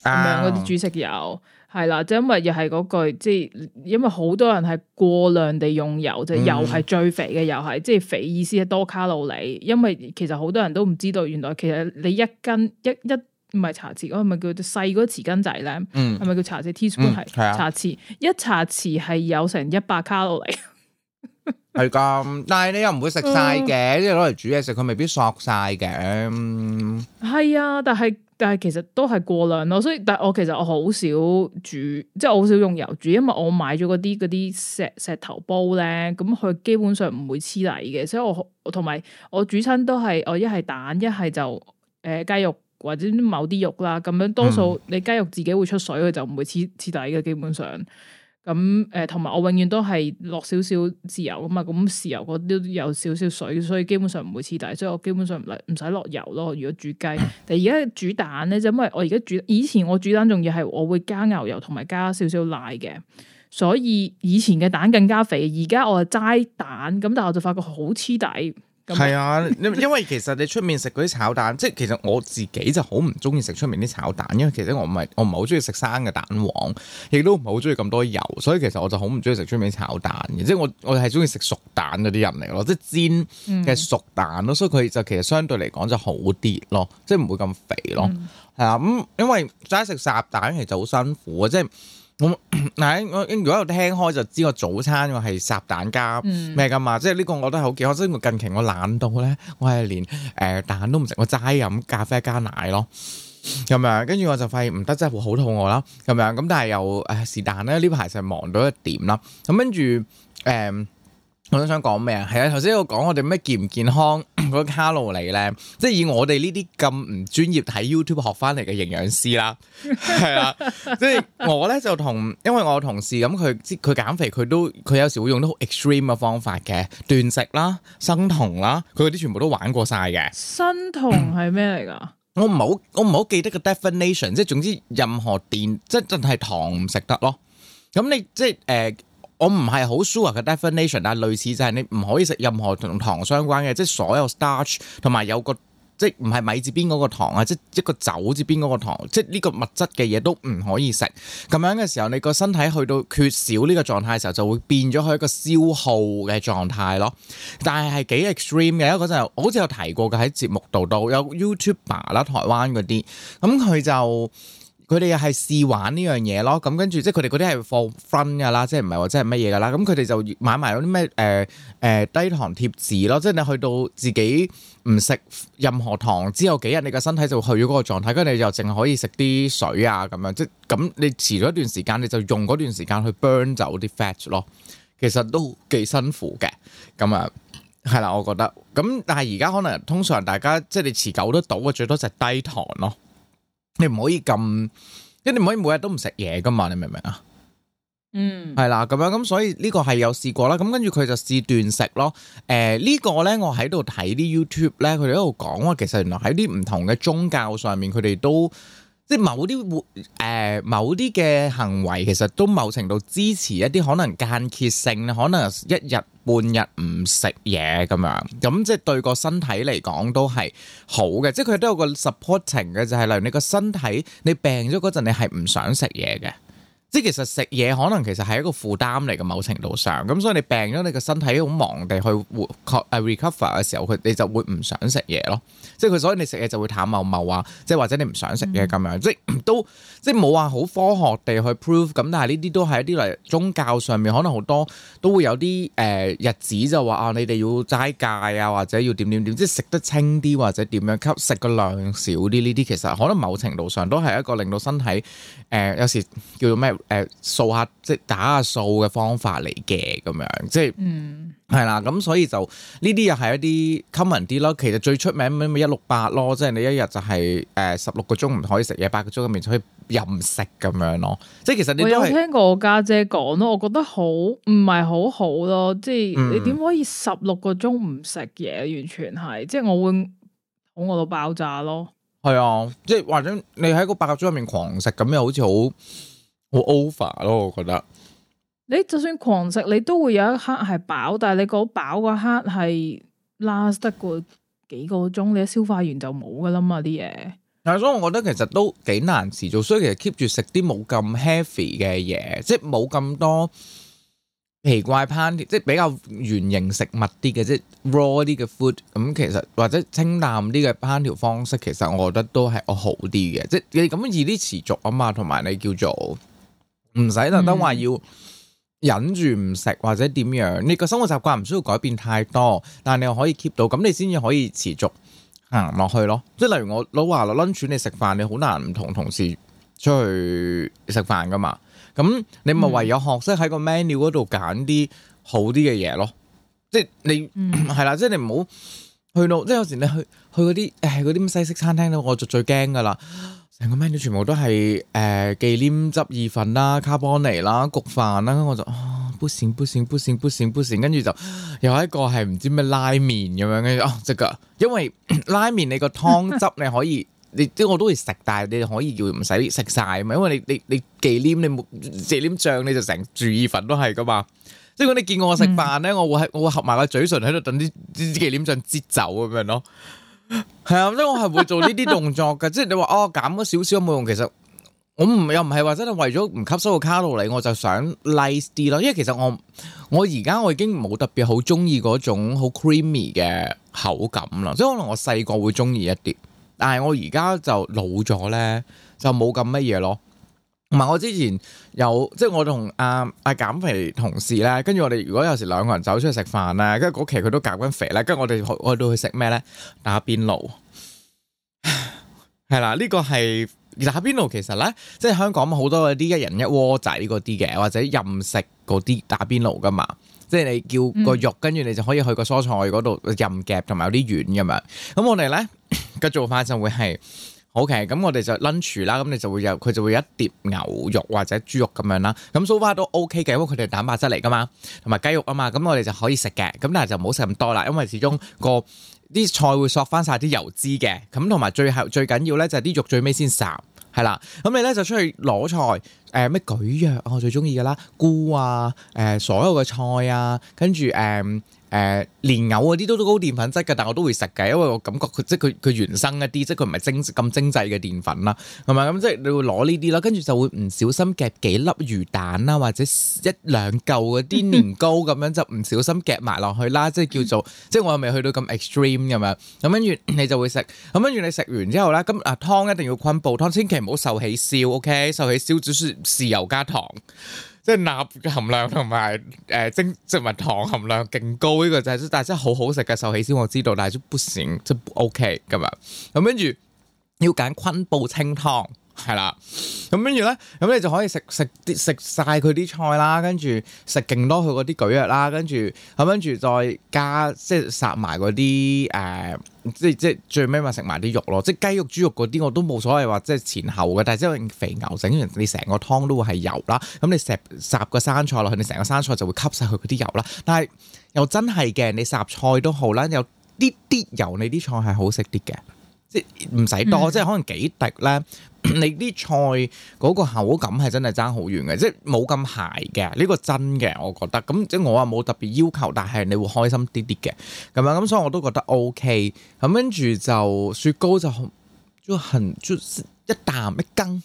咁樣嗰啲煮食油係啦，即、就、係、是、因為又係嗰句，即係因為好多人係過量地用油，就是、油係最肥嘅油係，mm. 即係肥意思係多卡路里。因為其實好多人都唔知道，原來其實你一斤一一唔係茶匙，我係咪叫細嗰匙羹仔咧？嗯，係咪叫茶匙？teaspoon 係，茶匙，mm. 茶匙一茶匙係有成一百卡路里。係咁，但係你又唔會食晒嘅，即係攞嚟煮嘢食，佢未必索晒嘅。係、嗯、啊，但係但係其實都係過量咯，所以但係我其實我好少煮，即、就、係、是、我好少用油煮，因為我買咗嗰啲啲石石頭煲咧，咁佢基本上唔會黐底嘅，所以我同埋我煮親都係我一係蛋，一係就誒雞、呃、肉或者某啲肉啦，咁樣多數你雞肉自己會出水，佢就唔會黐黐底嘅，基本上。咁誒，同埋、嗯、我永遠都係落少少豉油吖嘛。咁豉油嗰啲有少少水，所以基本上唔會黐底。所以我基本上唔嚟唔使落油咯。如果煮雞，但而家煮蛋咧，就因為我而家煮以前我煮蛋仲要係我會加牛油同埋加少少奶嘅，所以以前嘅蛋更加肥。而家我係齋蛋，咁但係我就發覺好黐底。係這 啊，因為其實你出面食嗰啲炒蛋，即係其實我自己就好唔中意食出面啲炒蛋，因為其實我唔係我唔係好中意食生嘅蛋黃，亦都唔係好中意咁多油，所以其實我就好唔中意食出面啲炒蛋嘅，即係我我係中意食熟蛋嗰啲人嚟咯，即係煎嘅熟蛋咯，嗯、所以佢就其實相對嚟講就好啲咯，即係唔會咁肥咯，係啊、嗯，咁、嗯、因為齋食烚蛋其實好辛苦啊，即係我。嗱，我如果我聽開就知我早餐我係烚蛋加咩噶嘛，嗯、即係呢個我都係好健康。所以近期我懶到咧，我係連誒、呃、蛋都唔食，我齋飲咖啡加奶咯，咁樣跟住我就發現唔得，真係會好肚餓啦，咁樣咁但係又誒、呃、是但咧，呢排就係忙到一點啦，咁跟住誒。我都想講咩啊？係啊，頭先我講我哋咩健唔健康嗰卡路里咧，即係以我哋 呢啲咁唔專業喺 YouTube 學翻嚟嘅營養師啦，係啊，即係我咧就同，因為我同事咁佢，即佢減肥佢都佢有時會用啲好 extreme 嘅方法嘅，斷食啦、生酮啦，佢嗰啲全部都玩過晒嘅。生酮係咩嚟噶？我唔好我唔好記得個 definition，即係總之任何電即係就係糖唔食得咯。咁你即係誒。呃我唔係好 sure 個 definition，但係類似就係你唔可以食任何同糖相關嘅，即係所有 starch 同埋有個即係唔係米字邊嗰個糖啊，即係一個酒字邊嗰個糖，即係呢個物質嘅嘢都唔可以食。咁樣嘅時候，你個身體去到缺少呢個狀態嘅時候，就會變咗佢一個消耗嘅狀態咯。但係係幾 extreme 嘅，因為嗰陣我好似有提過嘅喺節目度度有 YouTuber 啦，台灣嗰啲，咁佢就。佢哋又係試玩呢樣嘢咯，咁跟住即係佢哋嗰啲係 for fun 噶啦，即係唔係話即係乜嘢噶啦，咁佢哋就買埋嗰啲咩誒誒低糖貼紙咯，即係你去到自己唔食任何糖之後幾日，你個身體就會去咗嗰個狀態，跟住你就淨可以食啲水啊咁樣，即咁你遲咗一段時間，你就用嗰段時間去 burn 走啲 fat 咯，其實都幾辛苦嘅，咁啊係啦，我覺得，咁但係而家可能通常大家即係你持久得到嘅最多就係低糖咯。你唔可以咁，因為你唔可以每日都唔食嘢噶嘛？你明唔明啊？嗯，係啦，咁樣咁，所以呢個係有試過啦。咁跟住佢就試斷食咯。誒、呃，這個、呢個咧，我喺度睇啲 YouTube 咧，佢哋喺度講話，其實原來喺啲唔同嘅宗教上面，佢哋都。即係某啲活誒，某啲嘅行為，其實都某程度支持一啲可能間歇性，可能一日半日唔食嘢咁樣，咁即係對個身體嚟講都係好嘅，即係佢都有個 supporting 嘅，就是，就係例如你個身體你病咗嗰陣你係唔想食嘢嘅。即係其實食嘢可能其實係一個負擔嚟嘅某程度上，咁所以你病咗你個身體好忙地去 recover 嘅時候，佢你就會唔想食嘢咯。即係佢所以你食嘢就會淡茂茂啊，即係或者你唔想食嘢咁樣，即係都即係冇話好科學地去 prove 咁，但係呢啲都係一啲嚟宗教上面可能好多都會有啲誒日子就話啊，你哋要齋戒啊，或者要點點點，即係食得清啲或者點樣吸食個量少啲呢啲，其實可能某程度上都係一個令到身體誒有時叫做咩？誒，數、呃、下即係打下數嘅方法嚟嘅，咁樣即係，係啦、嗯。咁所以就呢啲又係一啲 common 啲咯。其實最出名咪一六八咯，即係你一日就係誒十六個鐘唔可以食嘢，八個鐘入面就可以任食咁樣咯。即係其實你我有聽過我家姐講咯，我覺得好唔係好好咯。即係你點可以十六個鐘唔食嘢？完全係，即係我會好餓到爆炸咯。係啊，即係或者你喺個八個鐘入面狂食咁，又好似好。好 over 咯，我覺得你就算狂食，你都會有一刻係飽，但係你嗰飽個刻係 last 得過幾個鐘，你一消化完就冇噶啦嘛啲嘢。 但係所以我覺得其實都幾難持續，所以其實 keep 住食啲冇咁 heavy 嘅嘢，即係冇咁多奇怪烹調，即係比較圓形食物啲嘅，即係 raw 啲嘅 food、嗯。咁其實或者清淡啲嘅烹調方式，其實我覺得都係好啲嘅，即係你咁易啲持續啊嘛，同埋你叫做。唔使特登話要忍住唔食或者點樣，你個生活習慣唔需要改變太多，但係你又可以 keep 到，咁你先至可以持續行落去咯。即係例如我老話 lunch，你食飯你好難唔同同事出去食飯㗎嘛。咁你咪唯有學識喺個 menu 嗰度揀啲好啲嘅嘢咯。即係你係啦、嗯，即係你唔好去到，即係有時你去去嗰啲，誒嗰啲咁西式餐廳咧，我就最驚㗎啦。成個 menu 全部都係誒、呃、忌廉汁意粉啦、卡邦尼啦、焗飯啦，我就啊卜閃卜閃卜閃卜閃卜閃，跟、哦、住就又一個係唔知咩拉麵咁樣嘅哦，即係因為拉麵你個湯汁你可以， 你即係我都會食，但係你可以叫唔使食晒咪，因為你你你，你忌廉你冇忌廉醬你就成住意粉都係噶嘛，即係你見過我食飯咧、嗯，我會喺我會合埋個嘴唇喺度等啲啲忌廉醬擠走咁樣咯。係啊， 所以我係會做呢啲動作嘅，即係你話哦減咗少少冇用，其實我唔又唔係話真係為咗唔吸收個卡路里，我就想 nice 啲咯。因為其實我我而家我已經冇特別好中意嗰種好 creamy 嘅口感啦，即係可能我細個會中意一啲，但係我而家就老咗咧，就冇咁乜嘢咯。同埋、嗯、我之前有即係我同阿阿減肥同事咧，跟住我哋如果有時兩個人走出去食飯啦，跟住嗰期佢都減緊肥咧，跟住我哋去去到去食咩咧？打邊爐係啦，呢、 呢個係打邊爐。其實咧，即係香港好多嗰啲一人一鍋仔嗰啲嘅，或者任食嗰啲打邊爐噶嘛。即係你叫個肉，跟住、嗯、你就可以去個蔬菜嗰度任夾，同埋有啲丸㗎嘛。咁我哋咧個做法就是會係。OK，咁我哋就 lunch 啦，咁你就會有佢就會有一碟牛肉或者豬肉咁樣啦，咁 so far 都 OK 嘅，因為佢哋蛋白質嚟噶嘛，同埋雞肉啊嘛，咁我哋就可以食嘅，咁但係就唔好食咁多啦，因為始終個啲菜會索翻晒啲油脂嘅，咁同埋最後最緊要咧就係啲肉最尾先烚，係啦，咁你咧就出去攞菜，誒咩蒟蒻我最中意噶啦，菇啊，誒、呃、所有嘅菜啊，跟住誒。呃誒，蓮藕嗰啲都都高澱粉質嘅，但我都會食嘅，因為我感覺佢即係佢佢原生一啲，即係佢唔係精咁精製嘅澱粉啦，係嘛，咁即係你會攞呢啲啦，跟住就會唔小心夾幾粒魚蛋啦，或者一兩嚿嗰啲年糕咁 樣就唔小心夾埋落去啦，即係叫做 即係我又未去到咁 extreme 咁樣，咁跟住你就會食，咁跟住你食完之後咧，咁啊湯一定要昆布湯，千祈唔好壽喜燒，OK？壽喜燒就豉油加糖。即係鈉含量同埋誒，精植物糖含量勁高，呢個就係。但係真係好好食嘅壽喜燒，我知道，但係就不行，即係唔 OK 咁啊。咁跟住要揀昆布清湯。係啦，咁跟住咧，咁你就可以食食啲食曬佢啲菜啦，跟住食勁多佢嗰啲蒟蒻啦，跟住咁跟住再加即係殺埋嗰啲誒，即即最尾咪食埋啲肉咯，即係雞肉豬肉嗰啲我都冇所謂話即係前後嘅，但係即係肥牛整完你成個湯都會係油啦，咁你霎霎個生菜落去，你成個生菜就會吸晒佢嗰啲油啦。但係又真係嘅，你霎菜都好啦，有啲啲油你啲菜係好食啲嘅。即唔使多，即可能幾滴咧， 你啲菜嗰個口感係真係差好遠嘅，即冇咁鞋嘅，呢個真嘅，我覺得咁即我啊，冇特別要求，但係你會開心啲啲嘅咁樣，咁所以我都覺得 OK。咁跟住就雪糕就就很就一啖一羹。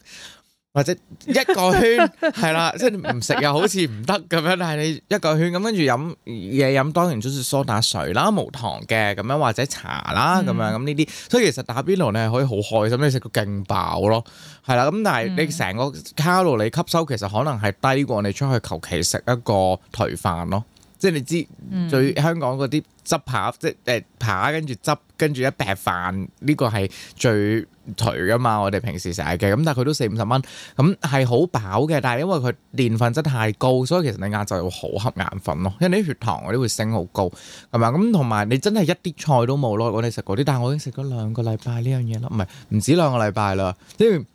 或者一個圈係啦， 即係唔食又好似唔得咁樣，但係你一個圈咁，跟住飲嘢飲，當然都係梳打水啦，無糖嘅咁樣，或者茶啦咁樣，咁呢啲，所以其實打邊爐你係可以好開心，你食到勁飽咯，係啦，咁但係你成個卡路里吸收其實可能係低過你出去求其食一個頹飯咯，即係你知、嗯、最香港嗰啲汁扒即係誒扒，跟住汁，跟住一碟飯，呢、這個係最。除噶嘛，我哋平時食嘅咁，但係佢都四五十蚊，咁係好飽嘅。但係因為佢澱粉質太高，所以其實你壓就會好黑眼瞓咯。因為啲血糖嗰啲會升好高，係咪啊？咁同埋你真係一啲菜都冇咯。我你食嗰啲，但我已經食咗兩個禮拜呢樣嘢啦，唔係唔止兩個禮拜啦。即係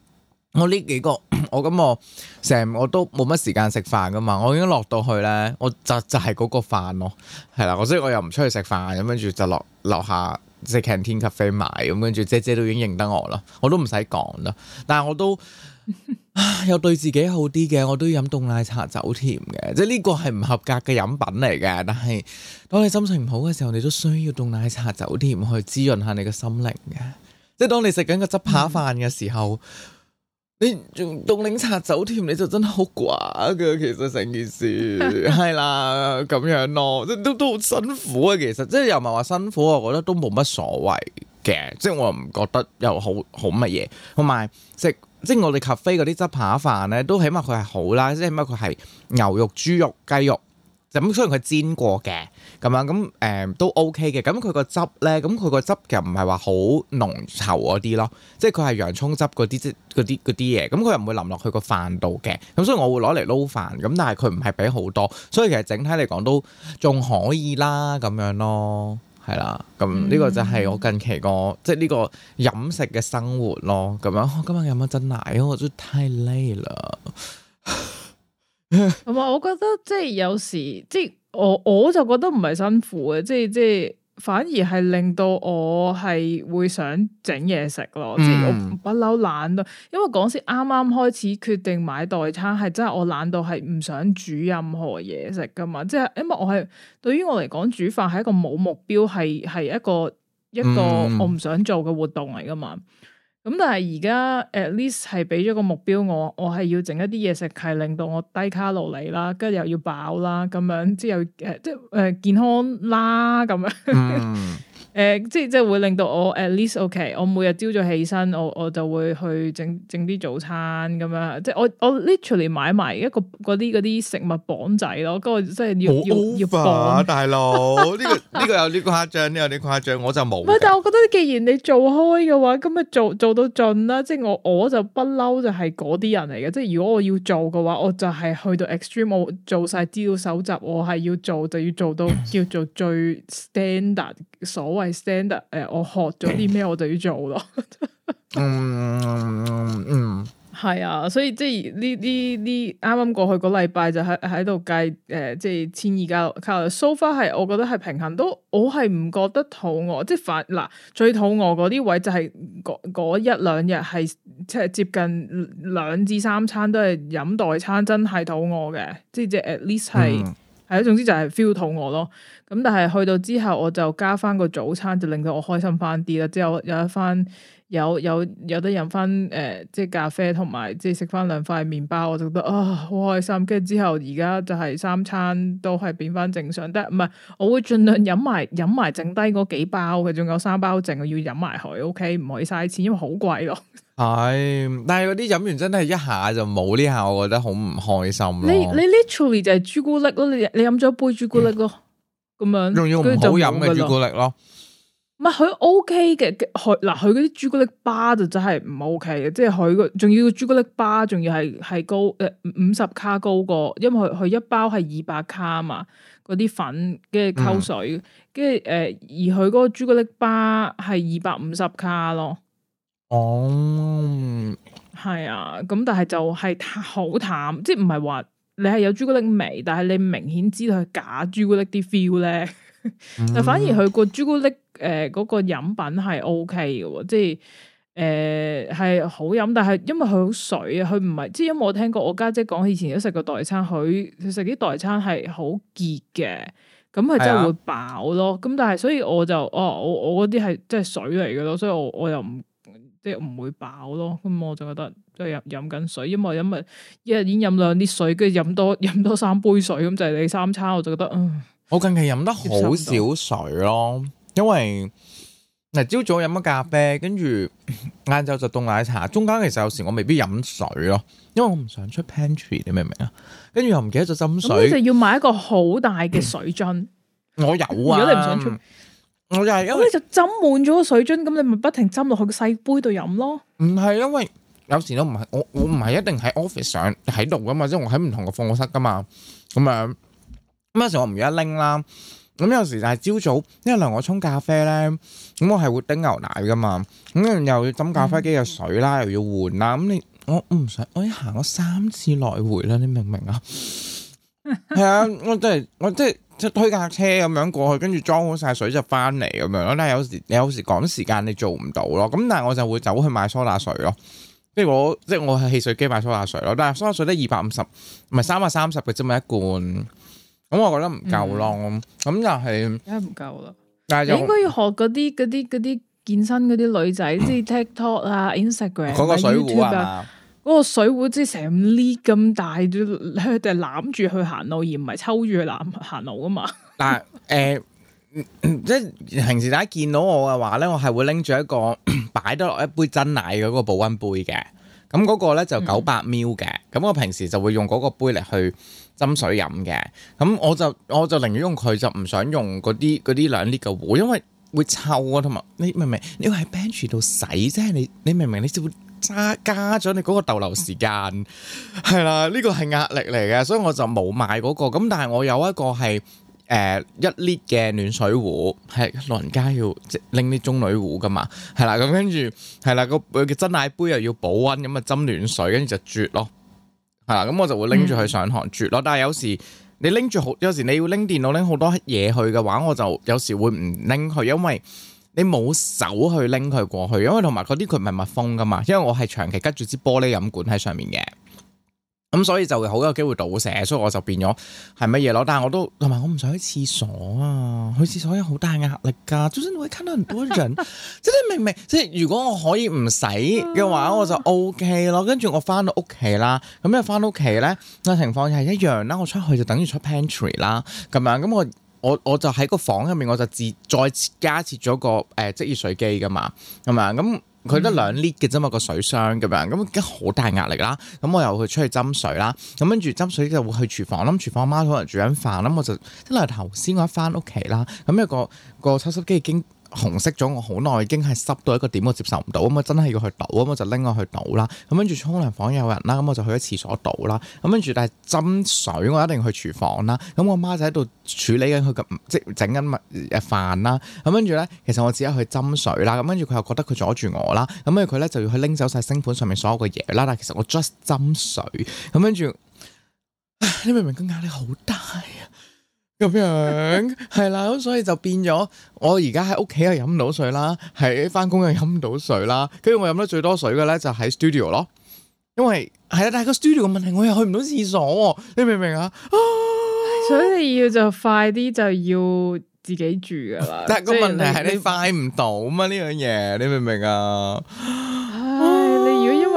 我呢幾個，我咁我成日我都冇乜時間食飯噶嘛。我已經落到去咧，我就就係嗰個飯咯，係啦。所以我又唔出去食飯，咁跟住就落落下。即係 canteen cafe 買咁，跟住姐姐都已經認得我啦，我都唔使講啦。但係我都 啊，又對自己好啲嘅，我都飲凍奶茶酒甜嘅，即係呢個係唔合格嘅飲品嚟嘅。但係當你心情唔好嘅時候，你都需要凍奶茶酒甜去滋潤下你嘅心靈嘅。即係當你食緊個汁扒飯嘅時候。嗯你做凍檸茶、走甜，你就真係好寡嘅。其實成件事係啦，咁 樣咯，即都都好辛苦啊。其實即係又唔係話辛苦，我覺得都冇乜所謂嘅。即係我又唔覺得有好好乜嘢。同埋食，即係我哋咖啡嗰啲汁扒飯咧，都起碼佢係好啦，即係起碼佢係牛肉、豬肉、雞肉。咁雖然佢煎過嘅。咁樣，咁誒、嗯、都 OK 嘅。咁佢個汁咧，咁佢個汁又唔係話好濃稠嗰啲咯，即係佢係洋葱汁嗰啲即啲啲嘢。咁佢又唔會淋落去個飯度嘅。咁所以我會攞嚟撈飯。咁但係佢唔係俾好多。所以其實整體嚟講都仲可以啦，咁樣咯，係啦。咁呢個就係我近期個、嗯、即係呢個飲食嘅生活咯。咁樣今日飲乜真奶？我都太累啦。咁啊，我覺得即係有時即係。我我就覺得唔係辛苦嘅，即係即係反而係令到我係會想整嘢食咯，嗯、即係我不嬲懶咯，因為嗰陣時啱啱開始決定買代餐係真係我懶到係唔想煮任何嘢食噶嘛，即係因為我係對於我嚟講煮飯係一個冇目標係係一個一個我唔想做嘅活動嚟噶嘛。嗯嗯咁但係而家 at least 係俾咗個目標我，我係要整一啲嘢食係令到我低卡路里啦，跟住又要飽啦，咁樣之後誒即誒健康啦咁樣。 嗯誒、呃，即係即會令到我 at least ok 我。我每日朝早起身，我我就會去整整啲早餐咁樣。即係我我 literally 買埋一個嗰啲嗰啲食物磅仔咯。嗰、這個真係要要要磅 大佬呢、這個呢、這個有啲誇張，呢 有啲誇張，我就冇。但係我覺得既然你做開嘅話，咁咪做做到盡啦。即係我我就不嬲就係嗰啲人嚟嘅。即係如果我要做嘅話，我就係去到 extreme。我做晒資料搜集，我係要做就要做到叫做最 standard。 所謂 standard、呃、誒，我學咗啲咩，我就要做咯、 嗯。嗯，係、嗯、 啊，所以即係呢呢呢，啱啱過去個禮拜就喺喺度計，誒、呃，即係千二加卡。so far 係，我覺得係平衡，都我係唔覺得肚餓。即係反嗱，最肚餓嗰啲位就係嗰嗰一兩日係，即係接近兩至三餐都係飲代餐，真係肚餓嘅。即係即係 at least 係。嗯係咯，總之就係 feel 肚餓咯。咁但係去到之後，我就加翻個早餐，就令到我開心翻啲啦。之後有一番有有有，有得飲翻誒，即係咖啡同埋即係食翻兩塊麵包，我就覺得啊好、哦、開心。跟住之後而家就係三餐都係變翻正常，但係唔係我會盡量飲埋飲埋剩低嗰幾包嘅，仲有三包剩要飲埋佢。OK，唔可以嘥錢，因為好貴咯。係，但係嗰啲飲完真係一下就冇呢下，我覺得好唔開心咯。你你 literally 就係朱古力咯，你你飲咗一杯朱古力咯，咁樣仲要唔好飲嘅朱古力咯。唔係佢 OK 嘅，佢嗱佢嗰啲朱古力巴就真係唔 OK 嘅，即係佢個仲要朱古力巴，仲要係係高誒五十卡高過，因為佢一包係二百卡嘛，嗰啲粉跟住溝水，跟住誒而佢嗰個朱古力巴係二百五十卡咯。哦，係、oh、啊，咁但係就係好淡，即係唔係話你係有朱古力味，但係你明顯知道係假朱古力啲 feel 咧。但反而佢個朱古力誒嗰個飲品係 OK 嘅，即係誒係好飲。但係因為佢好水啊，佢唔係即係因為我聽過我家姐講，以前都食過代餐，佢佢食啲代餐係好結嘅，咁佢真係會飽咯。咁、啊、但係所以我就哦，我我嗰啲係即係水嚟嘅咯，所以我我又唔。即係唔會飽咯，咁我就覺得即係飲飲緊水，因為因為一日已經飲兩啲水，跟住飲多飲多三杯水，咁就係你三餐我就覺得，嗯，我近期飲得好少水咯，因為嗱朝早飲咗咖啡，跟住晏晝就凍奶茶，中間其實有時我未必飲水咯，因為我唔想出 pantry，你明唔明啊？跟住又唔記得就斟水，就要買一個好大嘅水樽，嗯，我有啊。如果你唔想出我就係因為咁你就斟滿咗個水樽，咁你咪不停斟落去個細杯度飲咯。唔係因為有時都唔係我我唔係一定喺 office 上喺度噶嘛，即係我喺唔同嘅課室噶嘛，咁樣咁有時我唔記得拎啦。咁有時就係朝早，因為我沖咖啡咧，咁我係會叮牛奶噶嘛，咁又要斟咖啡機嘅水啦，又要換啦。咁你我唔 想我行咗三次來回啦，你明唔明啊？係 啊，我即、就、係、是、我即係即推架車咁樣過去，跟住裝好晒水就翻嚟咁樣咯。但係有時你有時趕時間，你做唔到咯。咁但係我就會走去買蘇打水咯，即係我即係、就是、我係汽水機買蘇打水咯。但係蘇打水得二百五十，唔係三百三十嘅啫嘛一罐。咁我覺得唔夠咯。咁又係，是應該唔夠啦。但係應該要學嗰啲啲啲健身嗰啲女仔，即係 TikTok 啊、Instagram 個水壺啊、YouTube 啊。嗰個水壺即係成呢咁大，佢哋攬住去行路，而唔係抽住去攬行路啊嘛。嗱，誒、呃，即係平時大家見到我嘅話咧，我係會拎住一個擺得落一杯珍奶嗰個保溫杯嘅。咁、那、嗰個咧就九百 ml 嘅。咁、嗯、我平時就會用嗰個杯嚟去斟水飲嘅。咁我就我就寧願用佢，就唔想用嗰啲嗰啲兩呢嘅壺，因為會臭啊同埋，你明明你話喺 bench 度洗啫，你你，你明明你加加咗你嗰個逗留時間，係啦，呢、這個係壓力嚟嘅，所以我就冇買嗰、那個。咁但係我有一個係誒一 litre 嘅暖水壺，係老人家要即拎啲中女壺噶嘛，係啦。咁跟住係啦個佢嘅珍奶杯又要保溫，咁啊斟暖水，跟住就啜咯。係啦，咁我就會拎住佢上堂啜咯。但係有時你拎住好，有時你要拎電腦拎好多嘢去嘅話，我就有時會唔拎佢，因為。你冇手去拎佢過去，因為同埋嗰啲佢唔係密封㗎嘛，因為我係長期吉住支玻璃飲管喺上面嘅，咁、嗯、所以就會好有機會倒瀉，所以我就變咗係乜嘢咯。但係我都同埋我唔想去廁所啊，去廁所有好大壓力㗎、啊，就算會看到人多人。 即係明明？即係如果我可以唔使嘅話，我就 O K 咯。跟住我翻到屋企啦，咁又翻到屋企咧，個情況係一樣啦。我出去就等於出 pantry 啦，咁樣咁我。我我就喺個房入面，我就自再加設咗個誒即、呃、熱水機㗎嘛，係嘛？咁佢得兩 lit 嘅啫嘛，個水箱咁樣，咁已經好大壓力啦。咁我又去出去斟水啦，咁跟住斟水機就會去廚房，諗廚房阿媽可能煮緊飯，咁我就因為頭先我一翻屋企啦，咁一個個抽濕機已經。紅色咗，我好耐已經係濕到一個點，我接受唔到，咁啊真係要去倒，咁我就拎我去倒啦。咁跟住沖涼房有人啦，咁我就去咗廁所倒啦。咁跟住但係斟水，我一定要去廚房啦。咁我媽就喺度處理緊佢嘅，即係整緊物飯啦。咁跟住咧，其實我只係去斟水啦。咁跟住佢又覺得佢阻住我啦。咁跟住佢咧就要去拎走晒鋅盤上面所有嘅嘢啦。但係其實我 just 斟水。咁跟住，你明唔明個壓力好大啊？咁樣係啦，咁所以就變咗我而家喺屋企又飲唔到水啦，喺翻工又飲唔到水啦，跟住我飲得最多水嘅咧就喺、是、studio 咯，因為係啦，但係個 studio 嘅問題我又去唔到廁所，你明唔明啊？所以你要就快啲就要自己住噶啦，但係 個問題係你，你快唔到嘛呢樣嘢，你明唔明啊？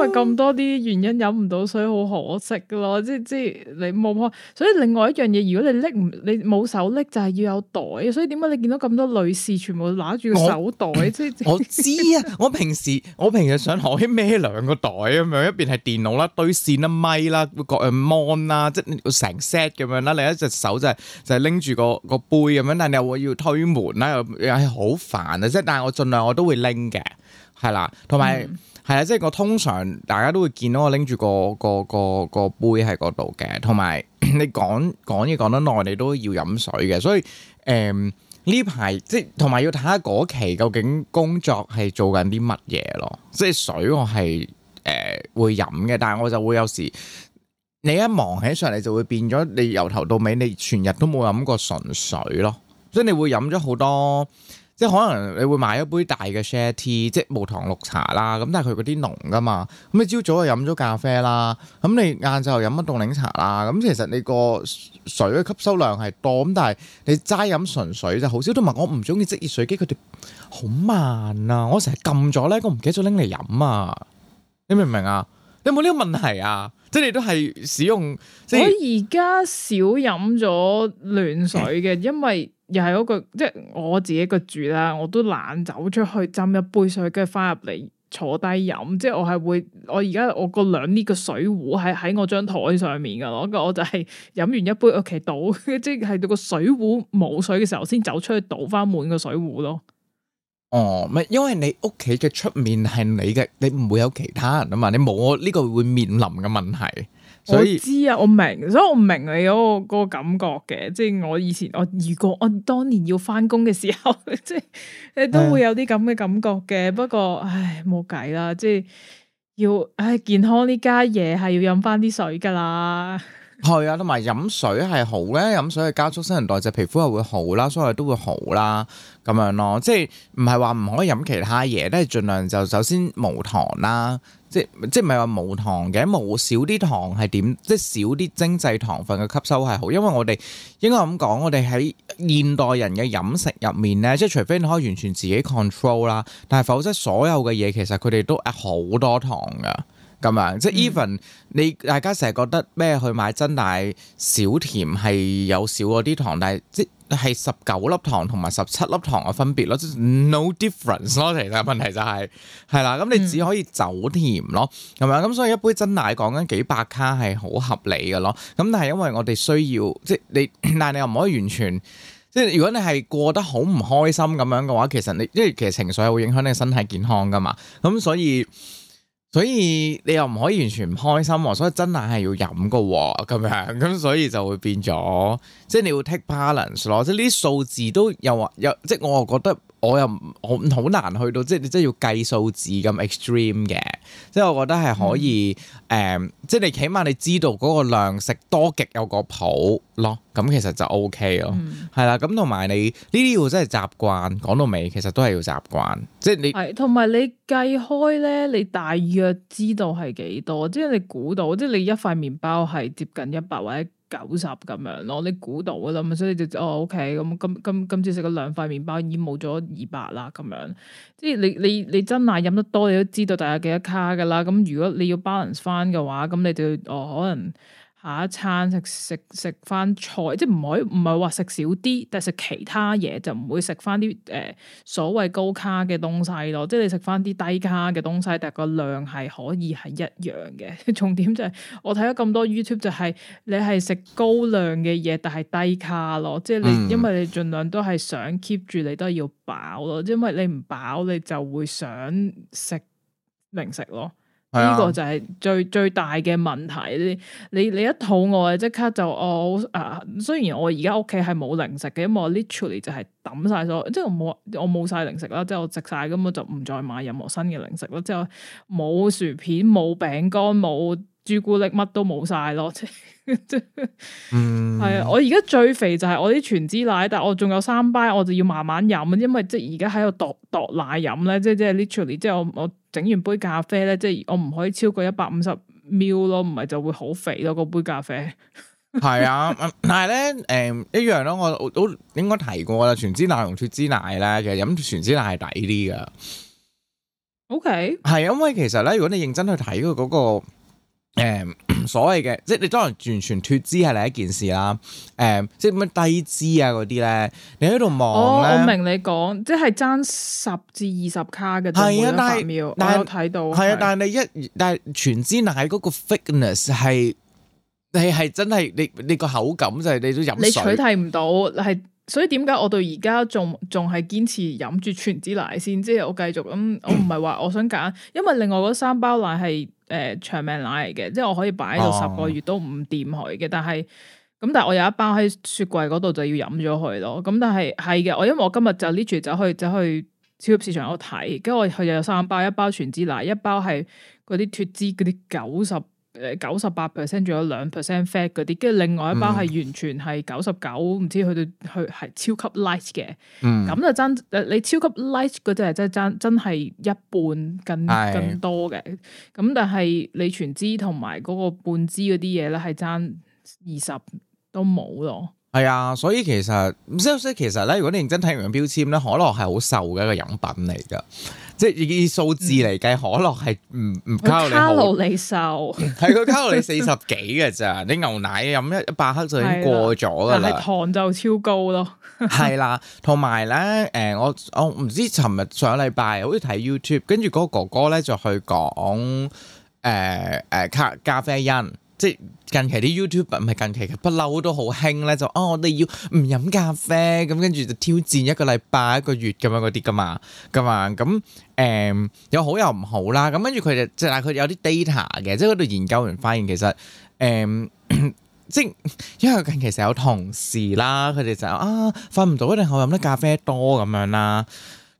因為咁多啲原因飲唔到水，好可惜噶咯，即係即係你冇開。所以另外一樣嘢，如果你拎唔，你冇手拎就係、是、要有袋。所以點解你見到咁多女士全部拿住個手袋？即係我， 我知啊，我平時我平時上台孭兩個袋咁樣，一邊係電腦啦、堆線啦、咪啦、各樣 mon 啦，即係成 set 咁樣啦。另一隻手就係、是、就係拎住個個杯咁樣，但係又會要推門啦，又又好煩啊！即係但係我盡量我都會拎嘅，係啦，同埋。嗯係啊，即係我通常大家都會見到我拎住個個個個杯喺嗰度嘅，同埋你講講嘢講得耐，你都要飲水嘅，所以誒呢排即係同埋要睇下嗰期究竟工作係做緊啲乜嘢咯，即係水我係誒、呃、會飲嘅，但係我就會有時你一忙起上嚟就會變咗，你由頭到尾你全日都冇飲過純水咯，所以你會飲咗好多。即係可能你會買一杯大嘅 share tea，即係無糖綠茶啦。咁但係佢嗰啲濃噶嘛。咁你朝早就飲咗咖啡啦。咁你晏晝又飲乜凍檸茶啦。咁其實你個水嘅吸收量係多。咁但係你齋飲純水就好少。同埋我唔中意即熱水機，佢哋好慢啊。我成日撳咗咧，我唔記得咗拎嚟飲啊。你明唔明啊？有冇呢個問題啊？即係你都係使用。我而家少飲咗暖水嘅，因為。又係嗰個，即係我自己個住啦，我都懶走出去斟一杯水，跟住翻入嚟坐低飲。即係我係會，我而家我個兩呢個水壺係喺我張台上面噶咯，咁我就係飲完一杯屋企倒，即係到個水壺冇水嘅時候先走出去倒翻滿個水壺咯。哦，咪因為你屋企嘅出面係你嘅，你唔會有其他人啊嘛，你冇我呢個會面臨嘅問題。我知啊，我明，所以我唔明你嗰個、嗰個感覺嘅，即係我以前我如果我當年要翻工嘅時候，即係你都會有啲咁嘅感覺嘅。嗯、不過唉，冇計啦，即係要唉健康呢家嘢係要飲翻啲水噶啦。係啊，同埋飲水係好咧，飲水係加速新陳代謝，皮膚係會好啦，所以都會好啦咁樣咯。即係唔係話唔可以飲其他嘢，都係盡量就首先無糖啦。即即唔係話冇糖嘅，冇少啲糖係點？即少啲精製糖分嘅吸收係好，因為我哋應該咁講，我哋喺現代人嘅飲食入面咧，即除非你可以完全自己 control 啦，但係否則所有嘅嘢其實佢哋都加好多糖㗎。咁樣即係 even 你大家成日覺得咩去買珍奶少甜係有少嗰啲糖，但係即係十九粒糖同埋十七粒糖嘅分別咯，即係 no difference 咯。其實問題就係係啦，咁 你只可以走甜咯，係咪啊？咁所以一杯珍奶講緊幾百卡係好合理嘅咯。咁但係因為我哋需要即係你，但係你又唔可以完全即係如果你係過得好唔開心咁樣嘅話，其實你因為其實情緒係會影響你身體健康噶嘛，咁所以。所以你又唔可以完全唔開心，所以真係係要飲喎，咁樣，咁所以就會變咗，即係你要 take balance 咯，即係呢啲數字都有話有，即係我又覺得我又好好難去到，即係你真係要計數字咁 extreme 嘅。即係我覺得係可以，誒、嗯嗯，即係你起碼你知道嗰個量食多極有個譜咯，咁其實就 OK 咯，係啦、嗯，咁同埋你呢啲要真係習慣，講到尾其實都係要習慣，即係你係同埋你計開咧，你大約知道係幾多，即係你估到，即係你一塊麵包係接近一百或者，九十咁樣咯，你估到噶啦，所以你就哦，OK，咁咁咁今次食咗兩塊麵包，已經冇咗二百啦咁樣。即係你你你真奶飲得多，你都知道大約幾多卡噶啦。咁如果你要 balance 翻嘅話，咁你就要哦可能。下一餐食食食翻菜，即唔可以唔係話食少啲，但係食其他嘢就唔會食翻啲誒所謂高卡嘅東西咯，即你食翻啲低卡嘅東西，但係個量係可以係一樣嘅。重點就係、是、我睇咗咁多 YouTube 就係、是、你係食高量嘅嘢，但係低卡咯，即你、嗯、因為你盡量都係想 keep 住你都要飽咯，因為你唔飽你就會想食零食咯。呢個就係最最大嘅問題，你你你一肚餓即刻就我誒、哦啊，雖然我而家屋企係冇零食嘅，因為我 literally 就係抌晒咗，即係我冇我冇晒零食啦，即係我食晒根本就唔再買任何新嘅零食啦，之後冇薯片，冇餅乾，冇。朱古力乜都冇晒咯，即 係、嗯、啊，我而家最肥就係我啲全脂奶，但係我仲有三杯，我就要慢慢飲，因為即係而家喺度度度奶飲咧，即係即係 literally，即係我我整完杯咖啡咧，即係我唔可以超過一百五十 ml 咯，唔係就會好肥咯，嗰杯咖啡。係 啊，但係咧，誒、嗯，一樣咯、啊，我都應該提過啦，全脂奶同脫脂奶咧，其實飲全脂奶係抵啲噶。O K，係啊，因為其實咧，如果你認真去睇佢嗰個。誒、嗯，所謂嘅即係你當然完全脱脂係另一件事啦。誒、嗯，即係咩低脂啊嗰啲咧，你喺度望我明你講，即係爭十至二十卡嘅，係啊的但，但係但係睇到係啊，但係你一但係全脂奶嗰個 fitness 係，你係真係你你個口感就係你都飲。你取替唔到，係所以點解我到而家仲仲係堅持飲住全脂奶先？即係我繼續咁，我唔係話我想揀， 因為另外嗰三包奶係。誒、呃、長命奶嚟嘅，即係我可以擺喺度十個月都唔掂佢嘅，但係咁，但係我有一包喺雪櫃嗰度就要飲咗佢咯。咁但係係嘅，我因為我今日就拎住走去走去超級市場嗰度睇，跟住我佢又有三包，一包全脂奶，一包係嗰啲脫脂嗰啲九十。誒，九十八 percent 仲有兩 percent fat 嗰啲，跟住另外一包係完全係九十九，唔知去到去係超級 light 嘅，咁、嗯、就爭你超級 light 嗰隻係真係爭真係一半更是更多嘅，咁但係你全脂同埋嗰個半脂嗰啲嘢咧係爭二十都冇咯。係啊，所以其實，所以其實咧，如果你認真睇完嘅標籤咧，可樂係好瘦嘅一個飲品嚟噶，即係以數字嚟計，嗯、可樂係唔唔卡路里瘦，係佢卡路里四十幾嘅咋， 你牛奶飲一一百克就已經過咗噶啦，糖就超高咯，係 啦，同埋咧，誒，我我唔知，尋日上禮拜好似睇 YouTube，跟住嗰個哥哥咧就去講，誒、呃、誒咖咖啡因，即係。近期啲 YouTube 唔係近期嘅，不嬲都好興咧，就啊、哦、我哋要唔飲咖啡咁，跟住就挑戰一個禮拜一個月咁樣嗰啲㗎嘛，㗎嘛，咁誒有好，又好有唔好啦，咁跟住佢就即係佢哋有啲 data 嘅，即係嗰度研究完發現其實誒、嗯， 即係因為近期成日有同事啦，佢哋就啊瞓唔到一定係我飲得咖啡多咁樣啦。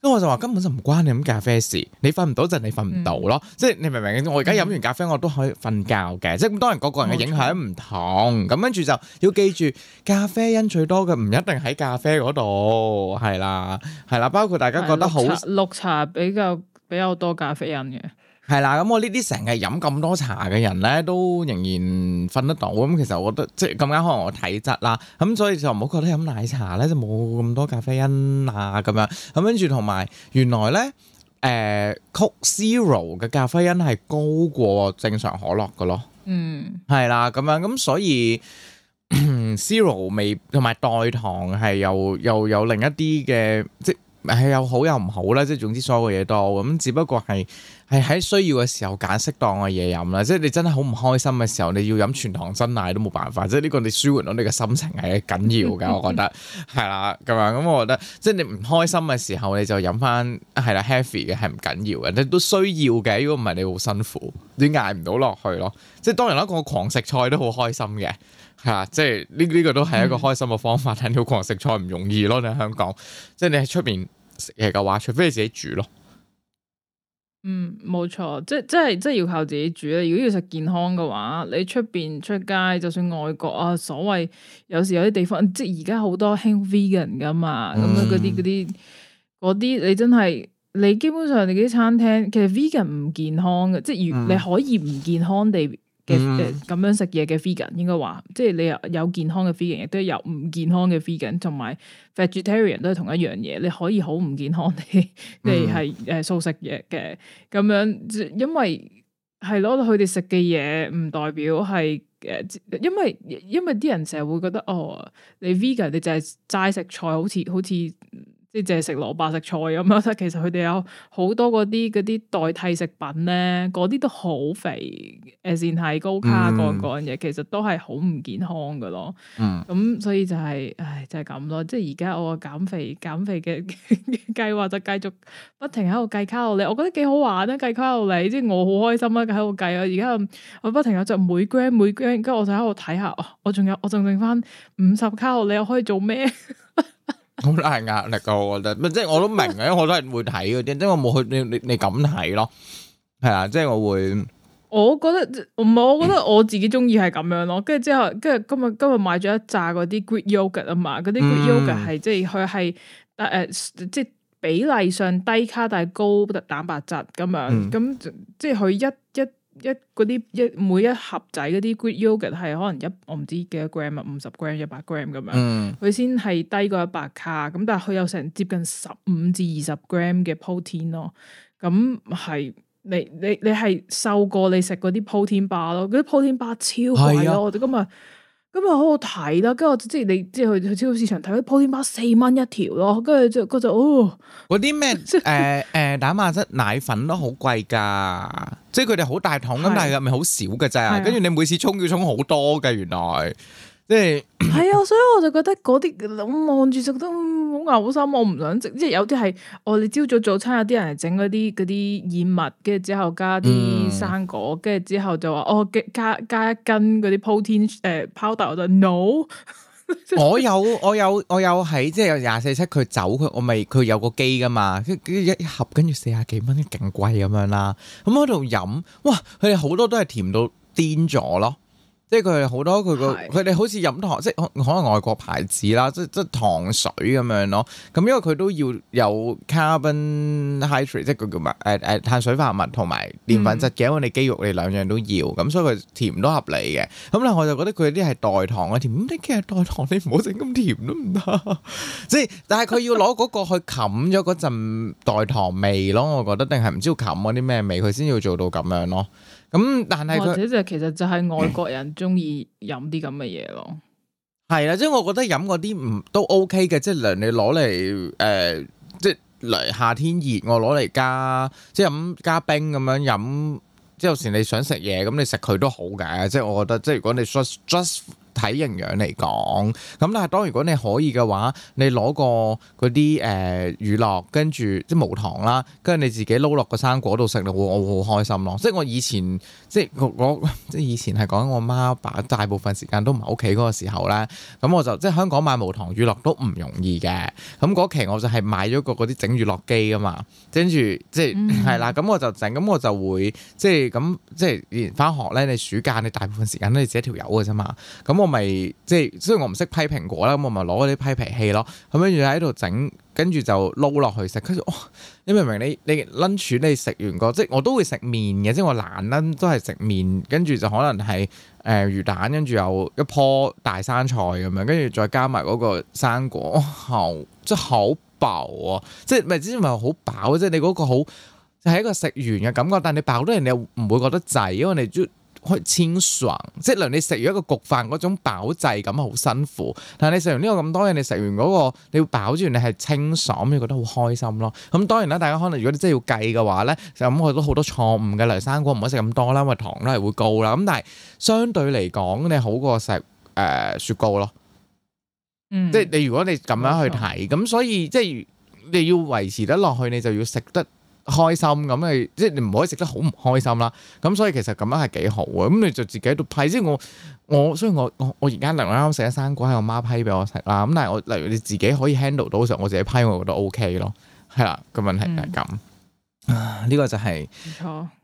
咁我就話根本就唔關你飲咖，咖啡事，你瞓唔到就你瞓唔到咯，嗯、即係你明唔明？我而家飲完咖啡我都可以瞓覺嘅，即係咁。當然個個人嘅影響唔同，咁跟住就要記住咖啡因最多嘅唔一定喺咖啡嗰度，係啦，係啦，包括大家覺得好綠，綠茶比較比較多咖啡因嘅。係啦，咁、嗯嗯、我呢啲成日飲咁多茶嘅人咧，都仍然瞓得到。咁、嗯、其實我覺得即係咁啱可能我體質啦，咁、嗯、所以就唔好覺得飲奶茶咧就冇咁多咖啡因啊咁樣。咁跟住同埋原來咧，誒 Coke Zero 嘅咖啡因係高過正常可樂嘅咯，嗯嗯。嗯，係啦，咁樣咁所以 Zero 味同埋代糖係又又有另一啲嘅，即係有好又唔好啦。即係總之所有嘅嘢多，咁、嗯、只不過係。係喺需要嘅時候揀適當嘅嘢飲啦，即係你真係好唔開心嘅時候，你要飲全糖珍奶都冇辦法，即係呢個你舒緩到你嘅心情係緊要嘅，我覺得係啦，咁 樣咁，我覺得即係你唔開心嘅時候，你就飲翻係啦 healthy 嘅係唔緊要嘅，你都需要嘅，如果唔係你好辛苦，你捱唔到落去咯。即係當然啦，個狂食菜都好開心嘅，係啊，即係呢呢個都係一個開心嘅方法，但係、嗯、你要狂食菜唔容易咯。你喺香港，即係你喺出面食嘢嘅話，除非你自己煮咯。嗯，冇錯，即即係即係要靠自己煮啦。如果要食健康嘅話，你出邊出街，就算外國啊，所謂有時有啲地方，即係而家好多興 vegan 噶嘛，咁、嗯、樣嗰啲嗰啲嗰啲，你真係你基本上你嗰啲餐廳，其實 vegan 唔健康嘅，即係如你可以唔健康地。嗯嗯咁、mm hmm. 樣食嘢嘅 vegan 應該話，即係你有健康嘅 vegan 亦都有唔健康嘅 vegan 同埋 vegetarian 都係同一樣嘢。你可以好唔健康、mm hmm. 你地係誒素食嘢嘅咁樣，因為係咯，佢哋食嘅嘢唔代表係誒，因為因為啲人成日會覺得哦，你 vegan 你就係齋食菜，好似好似。即係淨係食蘿蔔食菜咁樣，其實佢哋有好多嗰啲嗰啲代替食品咧，嗰啲都好肥，誒，線係高卡乾干嘢，其實都係好唔健康噶咯。咁、嗯嗯、所以就係、是，唉，就係、是、咁咯。即係而家我減肥減肥嘅計劃就繼續不停喺度計卡路里，我覺得幾好玩啊！計卡路里，即係我好開心啊！計喺度計啊，而家我不停有做每 gram 每 gram，跟住我就喺度睇下，我仲有我仲剩翻五十卡路里，我可以做咩？好大壓力噶，我覺得，即係我，我都明嘅， 因為好多人會睇嗰啲，即係我冇去你你你咁睇咯，係啊，即係我會。我覺得唔係，我覺得我自己中意係咁樣咯。跟住之後，跟住今日今日買咗一紮嗰啲 Greek yogurt 啊嘛，嗰啲 Greek yogurt 係即係佢係誒，即係、呃、比例上低卡但係高蛋白質咁樣，咁、嗯、即係佢一一。一一啲一每一盒仔嗰啲 good yogurt 係可能一我唔知幾多 gram 啊，五十 gram 一百 gram 咁樣，佢、嗯、先係低過一百卡，咁但係佢有成接近十五至二十 gram 嘅 protein 咯，咁係你你你係瘦過你食嗰啲 protein bar 咯，嗰啲 protein bar 超貴咯，是啊、我哋今日。咁啊，好好睇啦！跟住即係你，即係去去超市市場睇，protein bar 四蚊一條咯，跟住就，跟住哦，嗰啲咩誒誒，蛋白質奶粉都好貴噶，即係佢哋好大桶咁，但係入面好少噶咋，跟住對你每次沖要沖好多噶，原來。即係係啊， 所以我就覺得嗰啲諗望住食都好嘔心，我唔想食。即係有啲係我哋朝早早餐有啲人係整嗰啲嗰啲燕麥，跟住之後加啲生果，跟住之後就話哦，加加一斤嗰啲 protein 誒、呃、powder 我就 no 我。我有我有，有我有喺即係有廿四七佢走佢我咪佢有個機噶嘛，跟跟一盒跟住四廿幾蚊，勁貴咁樣啦。咁喺度飲，哇！佢哋好多都係甜到癲咗咯。即係佢係好多佢個佢哋好似飲糖，即係可能外國牌子啦，即係即係糖水咁樣咯。咁因為佢都要有 carbonhydrate，即係佢叫咩誒誒碳水化合物同埋澱粉質嘅，嗯、因為你肌肉你兩樣都要，咁所以佢甜都合理嘅。咁啦，我就覺得佢有啲係代糖嘅甜。咁你其實代糖你唔好整咁甜都唔得。即係 但係佢要攞嗰個去冚咗嗰陣代糖味咯，我覺得定係唔知要冚嗰啲咩味，佢先要做到咁樣咯。咁但係或者就其實就係外國人中意飲啲咁嘅嘢咯，係啦， 即係我覺得飲嗰啲唔都 OK 嘅，即係你攞嚟誒，即係嚟夏天熱我攞嚟加，即係飲加冰咁樣飲，即係有時你想食嘢咁你食佢都好嘅，即係我覺得即係如果你 stress。睇營養嚟講，咁但係當如果你可以嘅話，你攞個嗰啲誒乳酪，跟住即係無糖啦，跟住你自己撈落個生果度食咯，我好開心咯！即係我以前即係我即係以前係講緊我媽爸大部分時間都唔喺屋企嗰個時候咧，咁我就即係香港買無糖乳酪都唔容易嘅，咁嗰期我就係買咗個嗰啲整乳酪機啊嘛，跟住即係係、嗯嗯、啦，咁我就整，咁我就會即係咁即係連返學咧，你暑假你大部分時間都係自己條友嘅啫嘛，咁。我咪即係，雖然我唔識批蘋果啦，咁我咪攞啲批皮器咯，咁跟住喺度整，跟住就撈落去食。跟住、哦、你明唔明？你你 lunch 你食完，個，即係我都會食麵嘅，即係我懶撚，都係食麵，跟住就可能係誒、呃、魚蛋，跟住有一棵大生菜咁樣，跟住再加埋嗰個生果，即、哦、係、哦、好飽啊！即係咪之前咪好飽？即係你嗰個好，就係、是、一個食完嘅感覺。但係你飽得人你又唔會覺得滯，因為你。開清爽，即係你食完一個焗飯嗰種飽滯咁，好辛苦。但係你食完呢個咁多嘢，你食完嗰，那個，你會飽住，你係清爽，你覺得好開心咯。咁、嗯、當然啦，大家可能如果你真係要計嘅話呢，就咁我都好多錯誤嘅，例生果唔可以食咁多啦，因為糖都係會高啦。咁但係相對嚟講，你好過食，誒、呃、雪糕咯。嗯、即係你如果你咁樣去睇，咁錯所以即係你要維持得落去，你就要食得。開心咁，即係你唔可以食得好唔開心啦。咁所以其實咁樣係幾好嘅。咁你就自己喺度批。即係我我雖然我我我而家，能啱啱食咗生果係我媽批俾我食啦。咁但係我例如你自己可以 handle 到嘅時候，我自己批我覺得 O K 咯。係啦，個問題就係咁。嗯、啊、呢、這個就係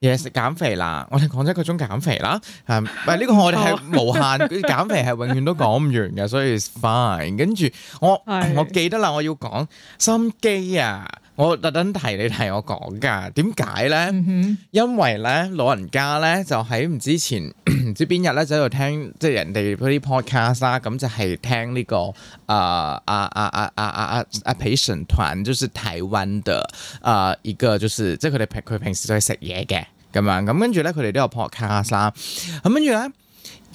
嘢食減肥啦。錯我哋講咗一個鐘減肥啦。係唔係呢個我哋係無限減 肥係永遠都講唔完嘅，所以 fine。跟住我是我記得啦，我要講心機啊。我特登提你提我講噶，點解咧？因為咧老人家咧就喺唔之前唔知邊日咧，就喺度聽即係人哋嗰啲 podcast 啦。咁就係聽呢個啊啊啊啊啊啊啊啊，patient 團，就是台灣的啊一個，就是即係佢哋平佢平時都係食嘢嘅咁啊。咁跟住咧，佢哋都有 podcast 啦。咁跟住咧，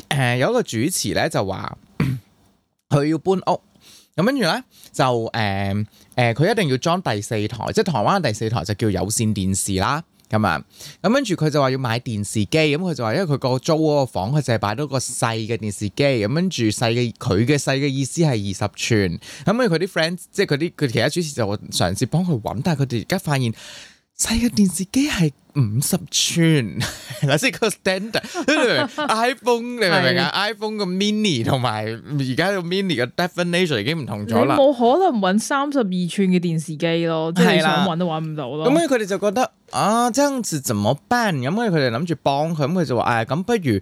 誒有一個主持咧就話佢要搬屋。咁跟住咧就誒。誒佢一定要裝第四台，即係台灣第四台就叫有線電視啦，咁啊，咁跟住佢就話要買電視機，咁佢就話因為佢個租嗰個房，佢就係擺到個細嘅電視機，咁跟住細嘅佢嘅細嘅意思係二十寸，咁跟住佢啲 friend 即係佢啲佢其他主持就嘗試幫佢揾，但係佢哋而家發現細嘅電視機係，五十寸，嗱，即係個 standard。 iPhone 你明唔明啊？iPhone 個 mini 同埋而 家個 mini 嘅 definition 已經唔同咗啦。冇可能搵三十二寸嘅電視機咯，即係你搵都搵唔到咯。咁佢哋就覺得啊，這樣子怎麼辦？咁佢哋諗住幫佢，咁佢就話誒，咁、哎、不如誒，咁、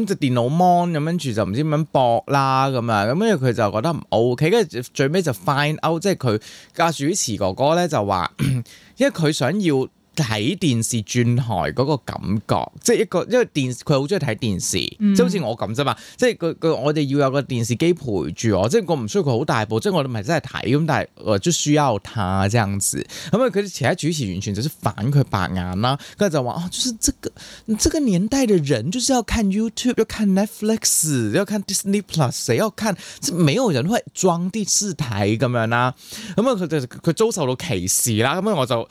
呃、就電腦 mon 咁跟住就唔知點樣搏啦咁啊。咁跟住佢就覺得唔 ok，跟住最尾就 find out，即係佢個主持哥哥咧就話，因為佢想要。睇電視轉台嗰個感覺，即係一個，因為電視佢好鍾意睇電視，即係好似我咁啫嘛。即係佢佢我哋要有個電視機陪住我，即係我唔需要佢好大部，即係我唔係真係睇咁，但係我就需要佢啊，這樣子咁啊。佢哋、嗯、其他主持完全就是反佢白眼啦。佢就話啊，就是這個這個年代嘅人就是要看 YouTube，要看 Netflix，要看 Disney Plus，要看，即是沒有人會裝電視台咁樣啦。咁、嗯、啊，佢、嗯嗯、就佢遭受到歧視啦。咁、嗯、啊，我就。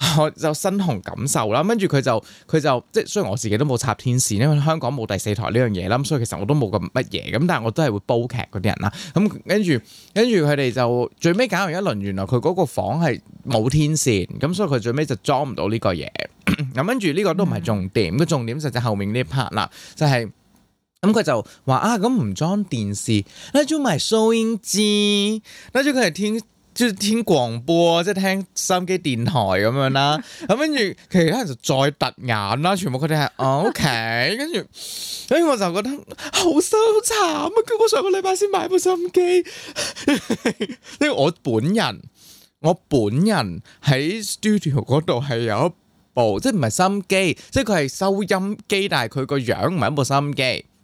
我就身同感受啦，跟住佢就佢就即係雖然我自己都冇插天線咧，因為香港冇第四台呢樣嘢啦，咁所以其實我都冇咁乜嘢，咁但係我都係會煲劇嗰啲人啦。咁跟住跟住佢哋就最尾搞完一輪，原來佢嗰個房係冇天線，咁所以佢最尾就裝唔到呢個嘢。咁跟住呢個都唔係重點，個重點就係後面呢一 part 啦，就係咁佢就話啊，咁唔裝電視，那就埋收音機，那就佢以天。」天係廣播，即係聽收音機、電台咁樣啦。咁跟住其他人就再突眼啦，全部佢哋係，哦，OK。跟住，所以我就覺得 好心慘啊！跟住我上個禮拜先買部收音機。因 為 我本人，我本人喺 studio 嗰度係有一部，即係唔係收音機，即係佢係收音機，但係佢個樣唔係一部收音機，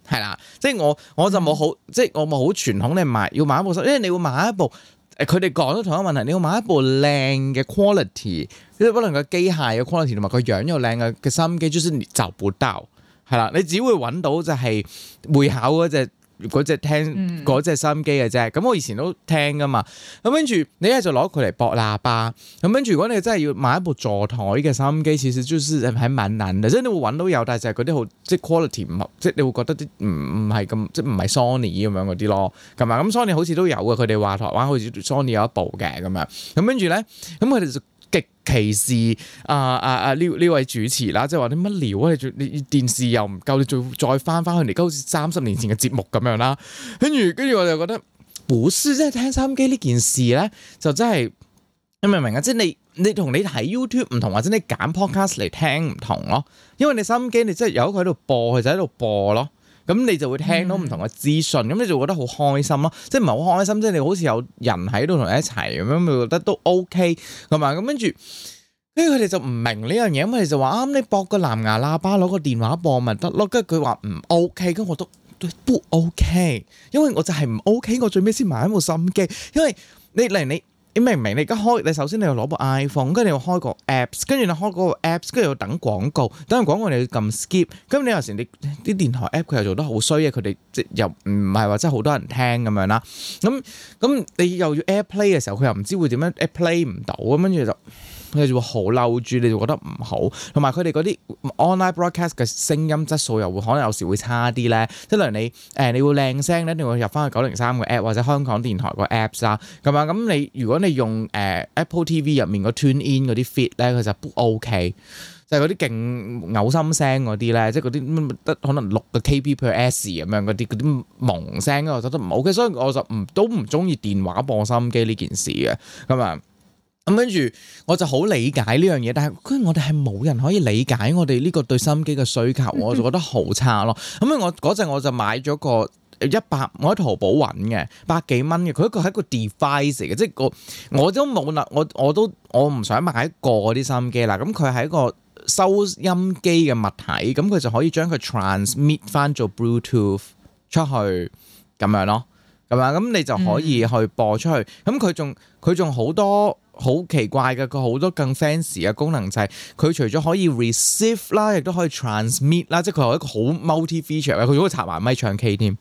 係啦。即係我 我就冇好，即係我冇好傳統你買要買一部，因為你會買一部。誒，佢哋講咗同一個問題，你要買一部靚嘅 quality，即係不論個機械嘅 quality 同埋個樣又靚嘅嘅新機，就算、是、你找不到，係啦，你只會揾到就係會考嗰隻。嗰隻聽嗰隻收音機嘅啫，咁我以前都聽㗎嘛。咁跟住你一係就攞佢嚟駁喇叭，咁跟住如果你真係要買一部座台嘅收音機，其實就是喺係蠻難嘅，即係你會揾到有，但係就係嗰啲好即係 quality 唔合，即係你會覺得啲唔唔係咁，即係唔係 Sony 咁樣嗰啲咯。咁啊咁 Sony 好似都有嘅，佢哋話台灣好似 Sony 有一部嘅咁樣，咁跟住咧，咁佢哋就。極歧視、呃、啊啊啊呢呢位主持啦，即係話啲乜聊啊？你做你，你電視又唔夠，你再再翻翻佢嚟，好似三十年前嘅節目咁樣啦。跟住跟住我就覺得，唔係即係聽收音機呢件事咧，就真係你明唔明啊？即係你你同你睇 YouTube 唔同，或者你揀 Podcast 嚟聽唔同咯。因為你收音機，你真係有佢喺度播，佢就喺度播咯。咁你就會聽到唔同嘅資訊，咁、嗯、你就覺得好開心咯，即係唔係好開心？即係你好似有人喺度同你一齊咁樣，咪覺得都 OK 㗎嘛？咁跟住，跟住佢哋就唔明呢樣嘢，咁佢哋就話啱、啊，你駁個藍牙喇叭攞個電話播咪得咯。跟住佢話唔 OK，咁我都都，都 OK，因為我就係唔 OK。我最尾先買一部心機，因為你例你。你你明明你明唔明？你而家開，你首先你要攞部 iPhone，跟住你要開個 Apps，跟住你開嗰個 Apps，跟住又等廣告，等完廣告你又要撳 skip。咁你有時你啲電台 App 佢又做得好衰嘅，佢哋即又唔係話真係好多人聽咁樣啦。咁咁你又要 AirPlay 嘅時候，佢又唔知會點樣 AirPlay 唔到，咁跟住就～佢就會好嬲住，你就覺得唔好，同埋佢哋嗰啲 online broadcast 嘅聲音質素又會可能有時會差啲咧。即係例如你誒、呃，你要靚聲咧，你會入翻去九零三個 app 或者香港電台個 apps 啦。咁啊，咁你如果你用誒、呃、Apple TV 入面個 tune in 嗰啲 fit 咧，佢就 ok，就係嗰啲勁嘔心聲嗰啲咧，即係嗰啲得可能六個 kb per s 咁樣嗰啲，嗰啲萌聲咧，我覺得唔好嘅，所以我就唔都唔中意電話播收音機呢件事嘅。咁啊。咁跟住，我就好理解呢樣嘢，但係，跟住我哋係冇人可以理解我哋呢個對心機嘅需求，我就覺得好差咯。咁 我嗰陣我就買咗個一百，我喺淘寶揾嘅百幾蚊嘅，佢一個係一個 device 嘅，即係個我都冇諗，我我都我唔想買個啲心機啦。咁佢係一個收音機嘅物體，咁佢就可以將佢 transmit 翻做 Bluetooth 出去咁樣咯，咁樣咁你就可以去播出去。咁佢仲佢仲好多。好奇怪嘅，佢好多更 fancy 嘅功能就係佢除咗可以 receive 啦，亦都可以 transmit 啦，即係佢係一個好 multi feature，佢如果插埋咪唱 K 添，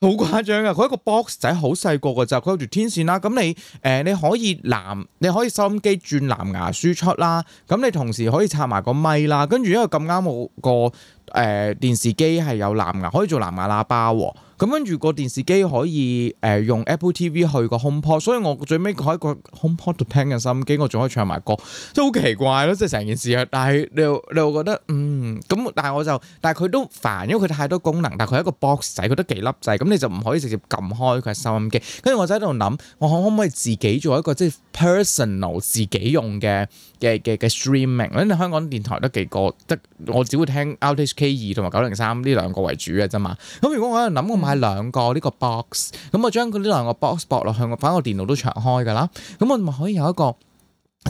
好誇張啊！佢一個 box 仔好細個嘅就，佢有住天線啦。咁你誒，你可以藍，你可以收音機轉藍牙輸出啦。咁你同時可以插埋個咪啦，跟住因為咁啱我個誒、呃、電視機係有藍牙，可以做藍牙喇叭。咁樣如果電視機可以誒、呃、用 Apple TV 去個 HomePod，所以我最尾可以個 HomePod 度聽緊收音機，我仲可以唱埋歌，真係好奇怪咯、啊！即係成件事啊。但係你又你又覺得嗯咁，但係我就但係佢都煩，因為佢太多功能，但係佢係一個 box 仔，佢得幾粒掣，咁你就唔可以直接撳開佢收音機。跟住我就喺度諗，我可唔可以自己做一個即係 personal 自己用嘅嘅嘅嘅 streaming？因為香港電台得幾個，得我只會聽 RTHK 二同埋九零三呢兩個為主嘅啫嘛。咁如果我喺度諗買兩個呢個 box，咁我將佢呢兩個 box 駁落去，反正我電腦都長開噶啦，咁我咪可以有一個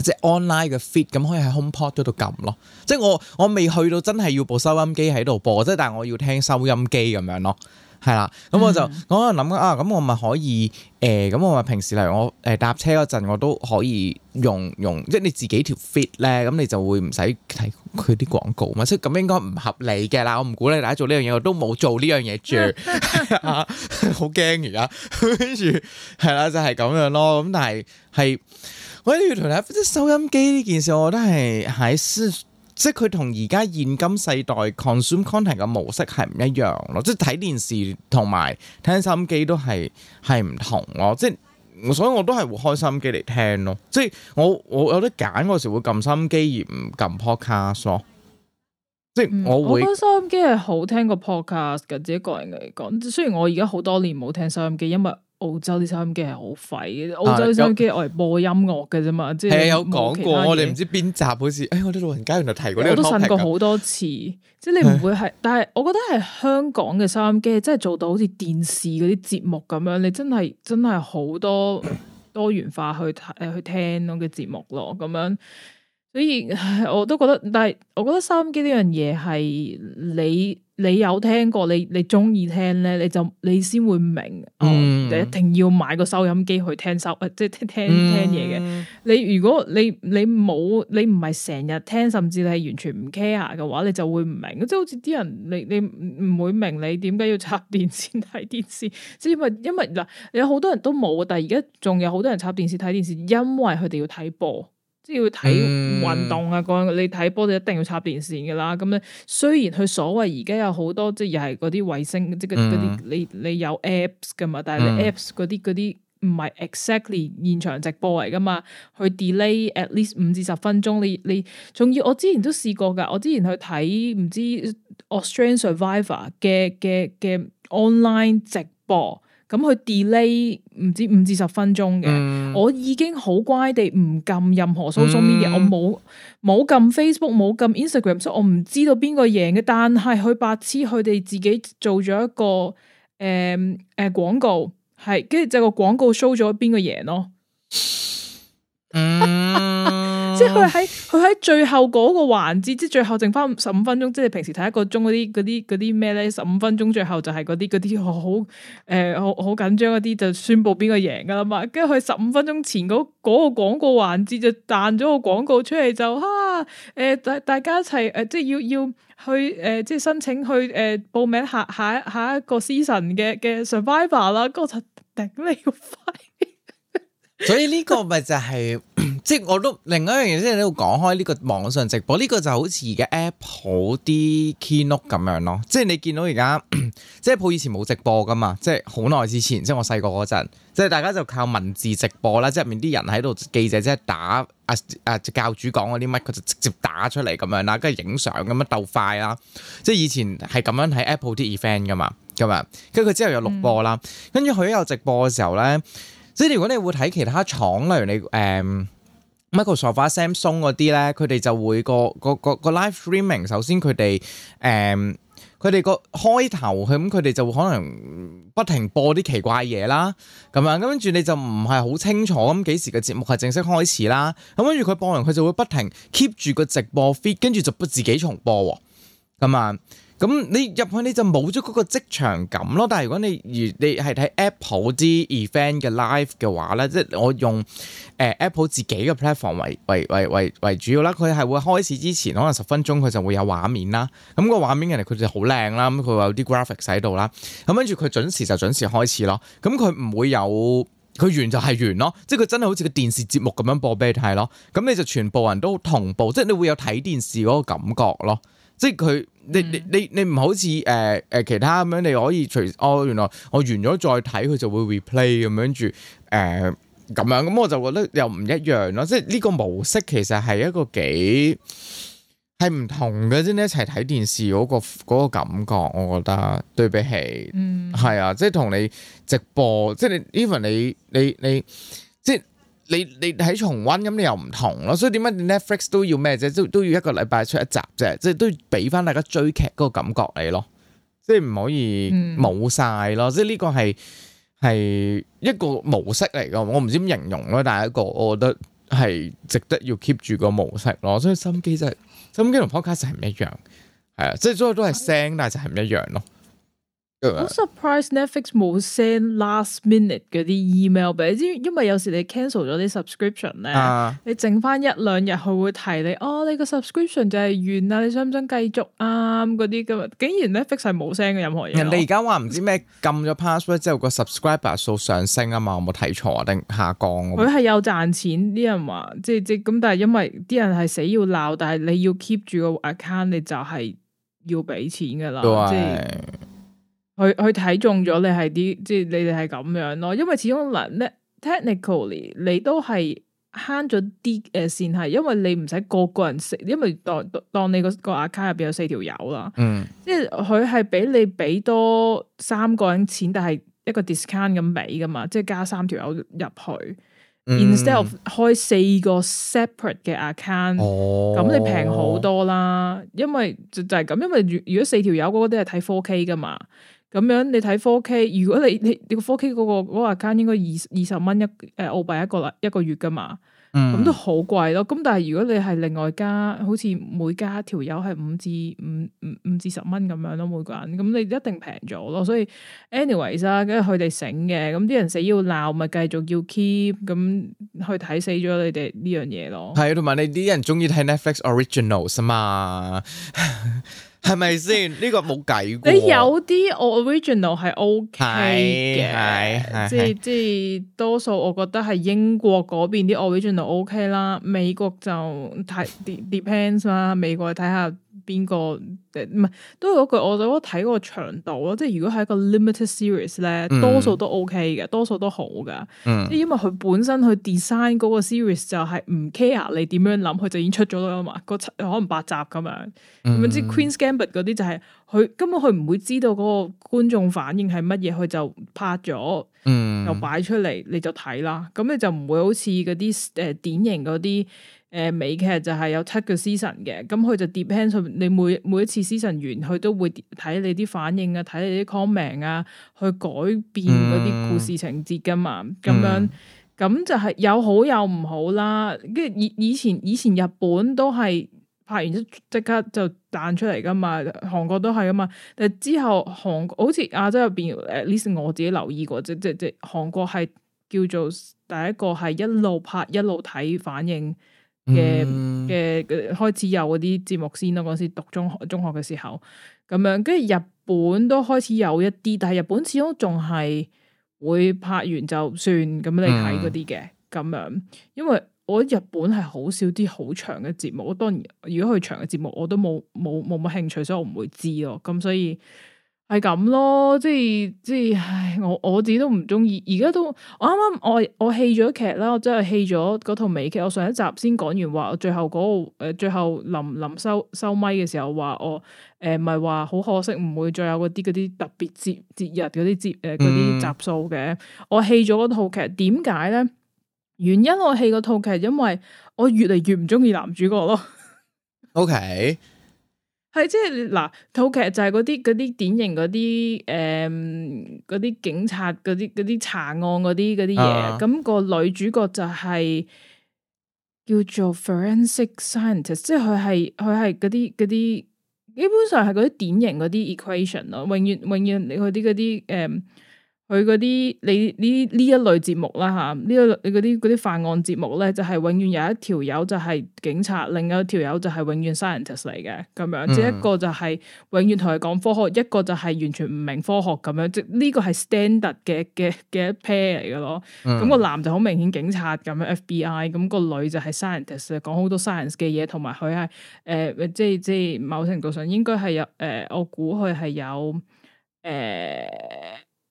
即係 online 嘅 feed 咁可以喺 homepod 嗰度撳咯，即係我我未去到真係要部收音機喺度播，即係但係我要聽收音機咁樣咯。 係啦，咁我就、嗯、我喺度諗緊啊，咁我咪可以誒，咁、呃、我咪平時嚟，我誒、呃、搭車嗰陣，我都可以用用，即係你自己條 fit 咧，咁你就會唔使睇佢啲廣告嘛，即係咁應該唔合理嘅啦。我唔鼓勵大家做呢樣嘢，我都冇做呢樣嘢住，好驚而家。跟住係啦，就係咁樣咯。咁但係係，我一定要同大家即係收音機呢件事，我覺得係喺即係佢同而家現今世代 consume content 嘅模式係唔一樣咯，即係睇電視同埋聽收音機都係係唔同咯。即係我所以我都係會開收音機嚟聽咯。即係我我有得揀嗰時會撳收音機而唔撳 podcast 咯。即係、嗯、我我覺得收音機係好聽過 podcast 嘅，自己個人嚟講。雖然我而家好多年冇聽收音機，因為，澳洲啲收音機係好廢嘅，澳洲收音機我嚟播音樂嘅啫嘛，即係、啊、有講過我哋唔知邊集好似，誒、哎、我啲老人家原來提過呢個，我都信過好多次，的即係你唔會係，但係我覺得係香港嘅收音機，即係做到好似電視嗰啲節目咁樣，你真係真係好多多元化去誒去聽咯嘅節目咯，咁樣。所以我都覺得，但係我覺得收音機呢樣嘢係你你有聽過，你你中意聽咧，你就你先會明，就、嗯哦、一定要買個收音機去聽收，呃、即係聽聽聽嘢嘅。嗯、你如果你你冇，你唔係成日聽，甚至你係完全唔 care 嘅話，你就會唔明。即係好似啲人，你你唔會明你點解要插電線睇電視，即係因為因為嗱，有好多人都冇，但係而家仲有好多人插電視睇電視，因為佢哋要睇波。即要睇運動啊，嗰樣、嗯、你睇波就一定要插電線嘅啦。咁咧，雖然佢所謂而家有好多即又係嗰啲衛星，即嗰啲你你有 Apps 嘅嘛，但係 Apps 嗰啲嗰啲唔係 exactly 現場直播嚟噶嘛，去 delay at least 五至十分鐘。你你仲要我之前都試過㗎，我之前去睇唔知 Australian Survivor 嘅嘅嘅 online 直播。咁佢 delay 唔知五至十分鐘嘅，嗯、我已經好乖地唔撳任何 social media，嗯、我冇冇撳 Facebook，冇撳 Instagram，所以我唔知道邊個贏嘅。但係佢白痴，佢哋自己做咗一個誒誒廣告，係跟住就個廣告 show 咗邊個贏咯。嗯 即係佢喺佢喺最後嗰個環節，即最後剩翻十五分鐘。即係平時睇一個鐘嗰啲嗰啲嗰啲咩咧？十五分鐘最後就係嗰啲嗰啲好誒好好緊張嗰啲，就宣布邊個贏噶啦嘛。跟住佢十五分鐘前嗰嗰、嗰個廣告環節就彈咗個廣告出嚟，就吓誒大大家一齊誒、呃，即係要要去誒、呃，即係申請去誒、呃、報名下下下一個 season 嘅嘅 survivor 啦，哥就頂你個肺。 所以呢個咪就係、是， 即係我都另外一樣嘢，即係你度講開呢個網上直播，呢、這個就好似而家 Apple 啲 Keynote 咁樣咯，即係你見到而家，Apple 以前冇直播噶嘛，即係好耐之前，即係我細個嗰陣，即係大家就靠文字直播啦，即係入面啲人喺度記者即係打，啊啊教主講嗰啲乜，佢就直接打出嚟咁樣啦，跟住影相咁樣鬥快啦，即係以前係咁樣喺 Apple 啲 event 噶嘛，咁啊，跟住佢之後又錄播啦，跟住佢有直播嘅時候咧。即係如果你會睇其他廠，例如你誒、嗯、Microsoft、Samsung 嗰啲咧，佢哋就會個個個,個 live streaming。首先佢哋誒佢哋個開頭佢咁，佢哋就會可能不停播啲奇怪嘢啦，咁啊，跟住你就唔係好清楚咁幾時嘅節目係正式開始啦。咁跟住佢播完，佢就會不停 keep 住個直播 fit，跟住就不自己重播喎，咁啊。咁你入去你就冇咗嗰個職場感咯。但係如果你如你係睇 Apple 啲 event 嘅 live 嘅話咧，即係我用誒、呃、Apple 自己嘅 platform 為為為為為主要啦，佢係會開始之前可能十分鐘佢就會有畫面啦。咁、嗯、嗰個畫面其實佢就好靚啦，咁佢有啲 graphics 喺度啦。咁跟住佢準時就準時開始咯。咁佢唔會有佢完就係完咯，即係佢真係好似個電視節目咁樣播俾你睇咯。咁、嗯、你就全部人都同步，即係你會有睇電視嗰個感覺咯。即係佢、嗯，你你你你唔好似誒誒其他咁樣，你可以隨，哦原來我完咗再睇，佢就會 replay 咁樣住誒咁樣，咁我就覺得又唔一樣咯。即係呢個模式其實係一個幾係唔同嘅啫，一齊睇電視嗰個嗰個感覺，我覺得對比起，係、嗯、啊，即係同你直播，即係你 even 你你你。你你你你喺重溫咁你又唔同咯，所以點解 Netflix 都要咩啫？都都要一個禮拜出一集啫，即係都要俾翻大家追劇嗰個感覺你咯，即係唔可以冇曬咯。即係呢個係係一個模式嚟嘅，我唔知點形容咯。但係一個，我覺得係值得要 keep 住個模式咯。所以心機真係心機同 podcast 係唔一樣，係啊，即係所有都係聲，但係就係唔一樣咯。好 surprise，Netflix 冇 send last minute 嗰啲 email 俾你，知因為有時你 cancel 咗啲 subscription 咧，啊、你剩翻一兩日佢會提你，哦，你個 subscription 就係完啦，你想唔想繼續啊？嗰啲咁，竟然 Netflix 係冇 send 任何嘢。人哋而家話唔知咩，撳咗 password 之後個 subscriber 數上升啊嘛，我冇睇錯定下降。佢係 有賺錢，啲人話即即咁，但係因為啲人係死要鬧，但係你要 keep 住個 account，你就係要俾錢噶啦，即係、就是。佢佢睇中咗你係啲即係你哋係咁樣咯，因為始終嗱咧 technically 你都係慳咗啲誒線係，因為你唔使個個人食，因為當當你個 account 入邊有四條友啦，嗯、即係佢係俾你俾多三個人錢，但係一個 discount 咁俾噶嘛，即係加三條友入去、嗯、，instead of 開四個 separate 嘅 account，咁、哦、你平好多啦，因為就就係咁，因為如果四條友嗰啲係睇 4K 噶嘛。咁樣你睇 Four K，如果你你你、個 Four K 嗰個嗰個 account 應該二二十蚊一誒澳幣一個啦一個月噶嘛，咁、嗯、都好貴咯。咁但係如果你係另外加，好似每加條友係五至五五五至十蚊咁樣咯，每個人咁你一定平咗咯。所以 anyways 啊，跟住佢哋醒嘅，咁啲人死要鬧，咪繼續叫 keep 咁去睇死咗你哋呢樣嘢咯。係，同埋你啲人中意睇 Netflix Originals 啊嘛。 係咪先？呢個冇計嘅。你有啲 original 係 O K 嘅，即係即係多數我覺得係英國嗰邊啲 original OK 啦，美國就睇 depends 啦，美國睇下。邊個誒，唔係都係嗰句，我就得睇嗰個長度咯，即係如果係一個 limited series 咧，多數都 OK 嘅，多數都好噶。嗯、即係因為佢本身佢 design 嗰個 series 就係唔 care 你點樣諗，佢就已經出咗啦嘛。個可能八集咁樣，咁、嗯、知 Queen's Gambit 嗰啲就係佢根本佢唔會知道嗰個觀眾反應係乜嘢，佢就拍咗，嗯、又擺出嚟，你就睇啦。咁你就唔會好似嗰啲誒典型嗰啲。誒、呃，美劇就係有七個 season 嘅，咁佢就 depends on 你每每一次 season 完，佢都會睇你啲反應啊，睇你啲 comment 啊，去改變嗰啲故事情節噶嘛，咁、嗯、樣，咁就係有好有唔好啦。跟住以以前以前日本都係拍完即即刻就彈出嚟噶嘛，韓國都係噶嘛。但之後韓國好似亞洲入邊，誒，呢是我自己留意過，即即即韓國係叫做第一個係一路拍一路睇反應。嘅嘅開始有嗰啲節目先咯，嗰時讀中學中學嘅時候咁樣，跟住日本都開始有一啲，但係日本始終仲係會拍完就算，咁你睇嗰啲嘅咁樣，因為我日本係好少啲好長嘅節，節目，我當然如果佢長嘅節目我都冇冇冇乜興趣，所以我唔會知咯，咁所以。係咁咯，即係即係，我我自己都唔中意。而家都我啱啱我我棄咗劇啦，我真係棄咗套美劇。我上一集先講完話，我最後嗰個誒，最後臨臨收收咪嘅時候話我誒，咪話好可惜，唔會再有嗰啲啲特別節節日嗰啲節誒啲集數嘅。我棄咗套劇，點解咧？原因我棄嗰套劇，因為我越嚟越唔中意男主角咯。O K。係即係嗱，套劇、啊、就係嗰啲啲典型嗰啲誒，啲、嗯、警察嗰啲啲查案嗰啲啲嘢，咁、那個女主角就係、是、叫做 forensic scientist，即係佢係佢係嗰啲啲，基本上係嗰啲典型嗰啲 equation 咯，永遠永遠你佢啲嗰啲誒。佢嗰啲你呢呢一類節目啦吓，呢、啊、一類你嗰啲嗰啲犯案節目咧，就係、是、永遠有一條友就係警察，另一條友就係永遠 scientist 嚟嘅咁樣，即一個就係永遠同佢講科學，一個就係完全唔明科學咁樣，即呢、這個係 standard 嘅嘅嘅一 pair 嚟嘅咯。咁、嗯、個男就好明顯警察咁樣 FBI，咁個女就係 scientist，講好多 science 嘅嘢，同埋佢係誒即即，即某程度上應該係有誒、呃，我估佢係有誒。呃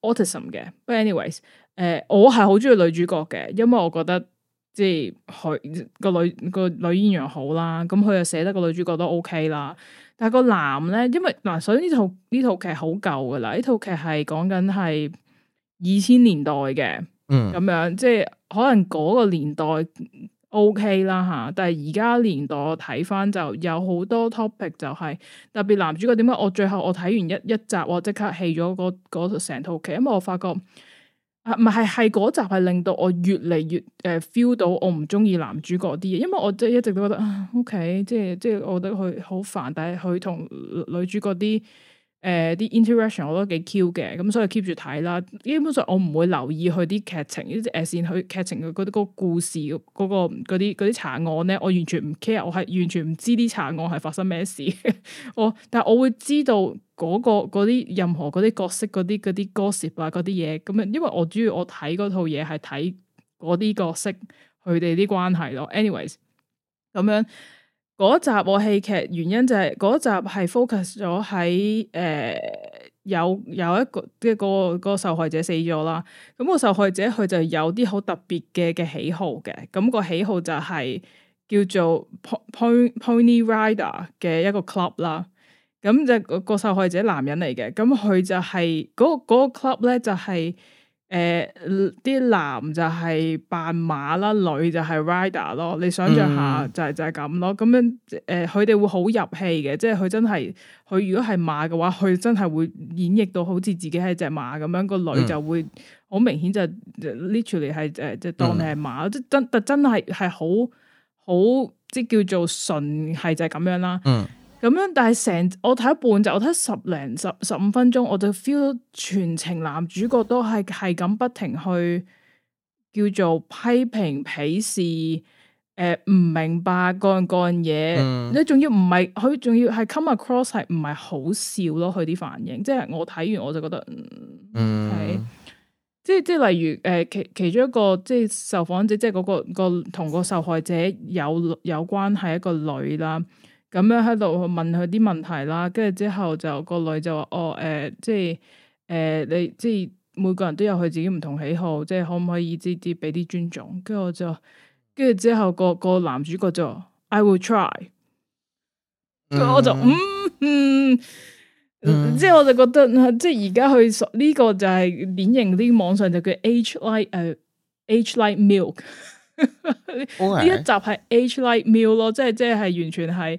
autism 嘅，but anyways，誒、呃，我係好中意女主角嘅，因為我覺得即係佢個女個女演員好啦，咁佢又寫得個女主角都 OK 啦，但係個男咧，因為嗱、啊，所以呢套呢套劇好舊噶啦，呢套劇係講緊係二千年代嘅，樣嗯，咁樣即係可能嗰個年代。O K 啦嚇，但係而家年代我睇翻就有好多 topic 就係、是、特別男主角點解我最後我睇完一一集我即刻棄咗嗰成套劇，因為我發覺啊唔係係嗰集係令到我越嚟越誒、呃、feel 到我唔中意男主角啲嘢，因為我即係一直都覺得啊 O、okay, K 即係即係我覺得佢好煩，但係佢同女主角啲。誒啲、呃、interaction 我都幾 cute 嘅，咁、嗯、所以 keep 住睇啦。基本上我唔會留意佢啲劇情，誒線佢劇情佢嗰啲個故事嗰、嗰個嗰啲嗰啲查案咧，我完全唔 care，我係完全唔知啲查案係發生咩事。 我但係我會知道嗰、嗰個嗰啲任何嗰啲角色嗰啲嗰啲 gossip 啊嗰啲嘢，咁樣，因為我主要我睇嗰套嘢係睇嗰啲角色佢哋啲關係咯。anyways，咁樣。嗰集我棄劇原因就係、是、嗰集係 focus 咗喺誒、呃、有有一個即係、那個、那個受害者死咗啦，咁、那個受害者佢就有啲好特別嘅嘅喜好嘅，咁、那個喜好就係叫做 Pony Rider 嘅一個 club 啦，咁就個受害者男人嚟嘅，咁佢就係嗰個、那個 club 咧就係、是。那個那個誒，啲、呃、男就係扮馬啦，女就係 rider 咯。你想象下、就係，嗯、就就係咁咯。咁樣誒，佢、呃、哋會好入戲嘅，即係佢真係，佢如果係馬嘅話，佢真係會演繹到好似自己係隻馬咁樣。那個女就會好、嗯、明顯就 literally 係誒，即、嗯、當你係馬，即、嗯、真但真係係好好即叫做純係就係咁樣啦。嗯嗯咁樣，但係成我睇一半就睇十零十十五分鐘，我就 feel 全程男主角都係係咁不停去叫做批評鄙視，誒、呃、唔明白各樣各樣嘢。你仲、嗯、要唔係佢仲要係 come across 係唔係好笑咯？佢啲反應，即係我睇完我就覺得，嗯，係、嗯，即係即係例如誒、呃、其其中一個即係受訪者，即係嗰、嗰個、嗰個同、嗰個、個受害者有有關係一個女啦。咁樣喺度問佢啲問題啦，跟住之後就個女就話：哦，誒、呃，即係誒、呃，你即係每個人都有佢自己唔同喜好，即係可唔可以啲啲俾啲尊重？跟住我就，跟住之後個個男主角就 I will try，我就嗯嗯，嗯嗯嗯即係我就覺得，嗯、即係而家去呢、這個就係典型啲網上就叫 age like 誒、uh, age like milk，呢 Okay. 一集係 age like milk 咯，即係即係完全係。